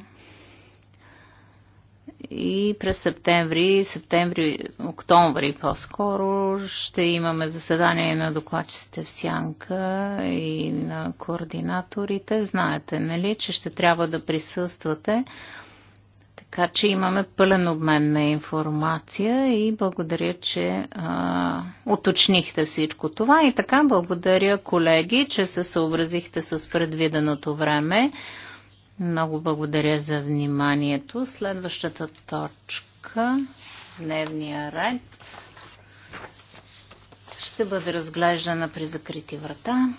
и през септември, септември, октомври по-скоро ще имаме заседание на докладчиците в Сянка и на координаторите. Знаете, нали, че ще трябва да присъствате. Така че имаме пълен обмен на информация и благодаря, че а, уточнихте всичко това. И така, благодаря, колеги, че се съобразихте с предвиденото време. Много благодаря за вниманието. Следващата точка, дневния ред, ще бъде разглеждана при закрити врата.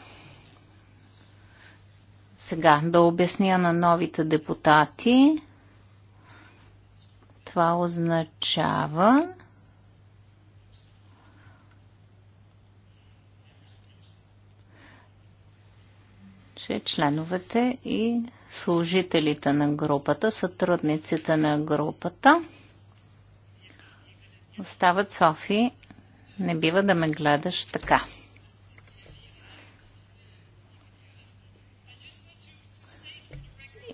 Сега да обясня на новите депутати. Това означава, че членовете и служителите на групата, сътрудниците на групата, остават Софи. Не бива да ме гледаш така.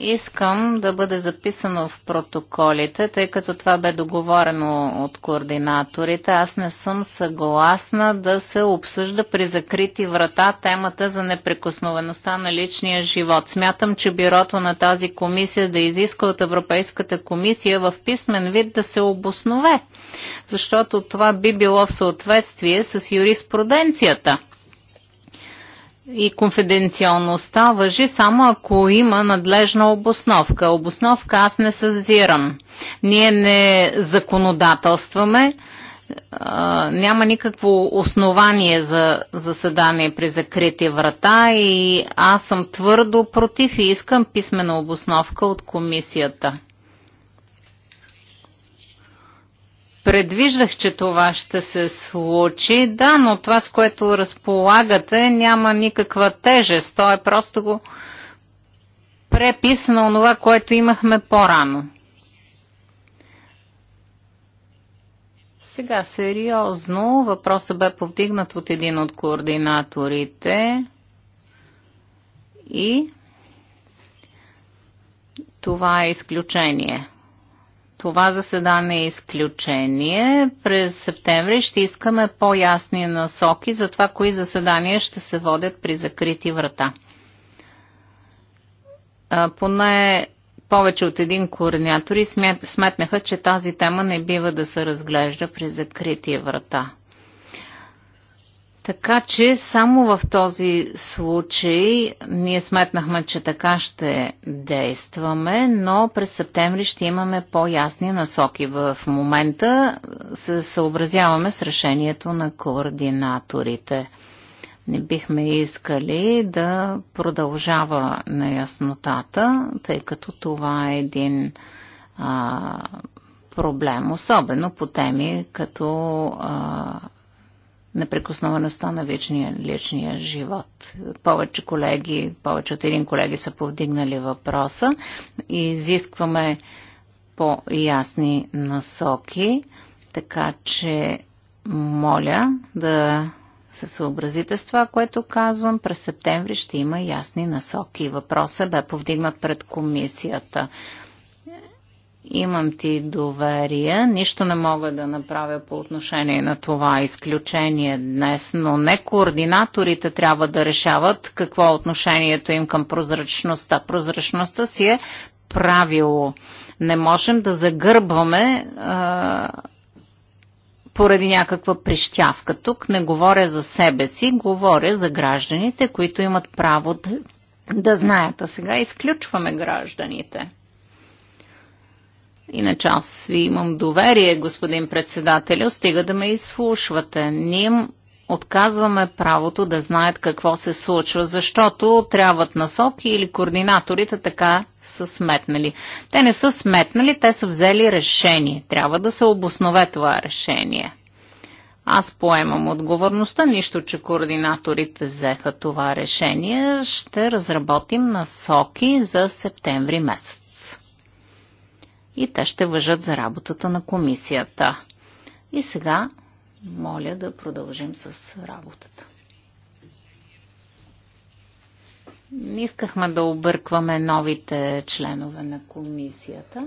Искам да бъде записано в протоколите, тъй като това бе договорено от координаторите. Аз не съм съгласна да се обсъжда при закрити врата темата за неприкосновеността на личния живот. Смятам, че бюрото на тази комисия да изиска от Европейската комисия в писмен вид да се обоснове, защото това би било в съответствие с юриспруденцията и конфиденциалността въжи само ако има надлежна обосновка. Обосновка аз не съзирам. Ние не законодателстваме. А, няма никакво основание за заседание при закрити врата и аз съм твърдо против и искам писмена обосновка от комисията. Предвиждах, че това ще се случи, да, но това, с което разполагате, няма никаква тежест. То е просто го препис на това, което имахме по-рано. Сега сериозно, въпросът бе повдигнат от един от координаторите и това е изключение. Това заседание е изключение. През септември ще искаме по-ясни насоки за това, кои заседания ще се водят при закрити врата. Поне повече от един координатори сметнаха, че тази тема не бива да се разглежда при закрити врата. Така че само в този случай ние сметнахме, че така ще действаме, но през септември ще имаме по-ясни насоки. В момента се съобразяваме с решението на координаторите. Не бихме искали да продължава неяснотата, тъй като това е един а, проблем, особено по теми като а, неприкосновеността на вечния личния живот. Повече колеги, повече от един колеги са повдигнали въпроса и изискваме по-ясни насоки, така че моля да се съобразите с това, което казвам. През септември ще има ясни насоки. Въпросът бе повдигнат пред комисията. Имам ти доверие. Нищо не мога да направя по отношение на това изключение днес, но не координаторите трябва да решават какво е отношението им към прозрачността. Прозрачността си е правило. Не можем да загърбваме а, поради някаква прищявка. Тук не говоря за себе си, говоря за гражданите, които имат право да, да знаят. А сега изключваме гражданите. Иначе аз ви имам доверие, господин председател, стига да ме изслушвате. Ние отказваме правото да знаят какво се случва, защото трябват насоки или координаторите така са сметнали. Те не са сметнали, те са взели решение. Трябва да се обоснове това решение. Аз поемам отговорността, нищо, че координаторите взеха това решение. Ще разработим насоки за септември месец и те ще въжат за работата на комисията. И сега моля да продължим с работата. Не искахме да объркваме новите членове на комисията.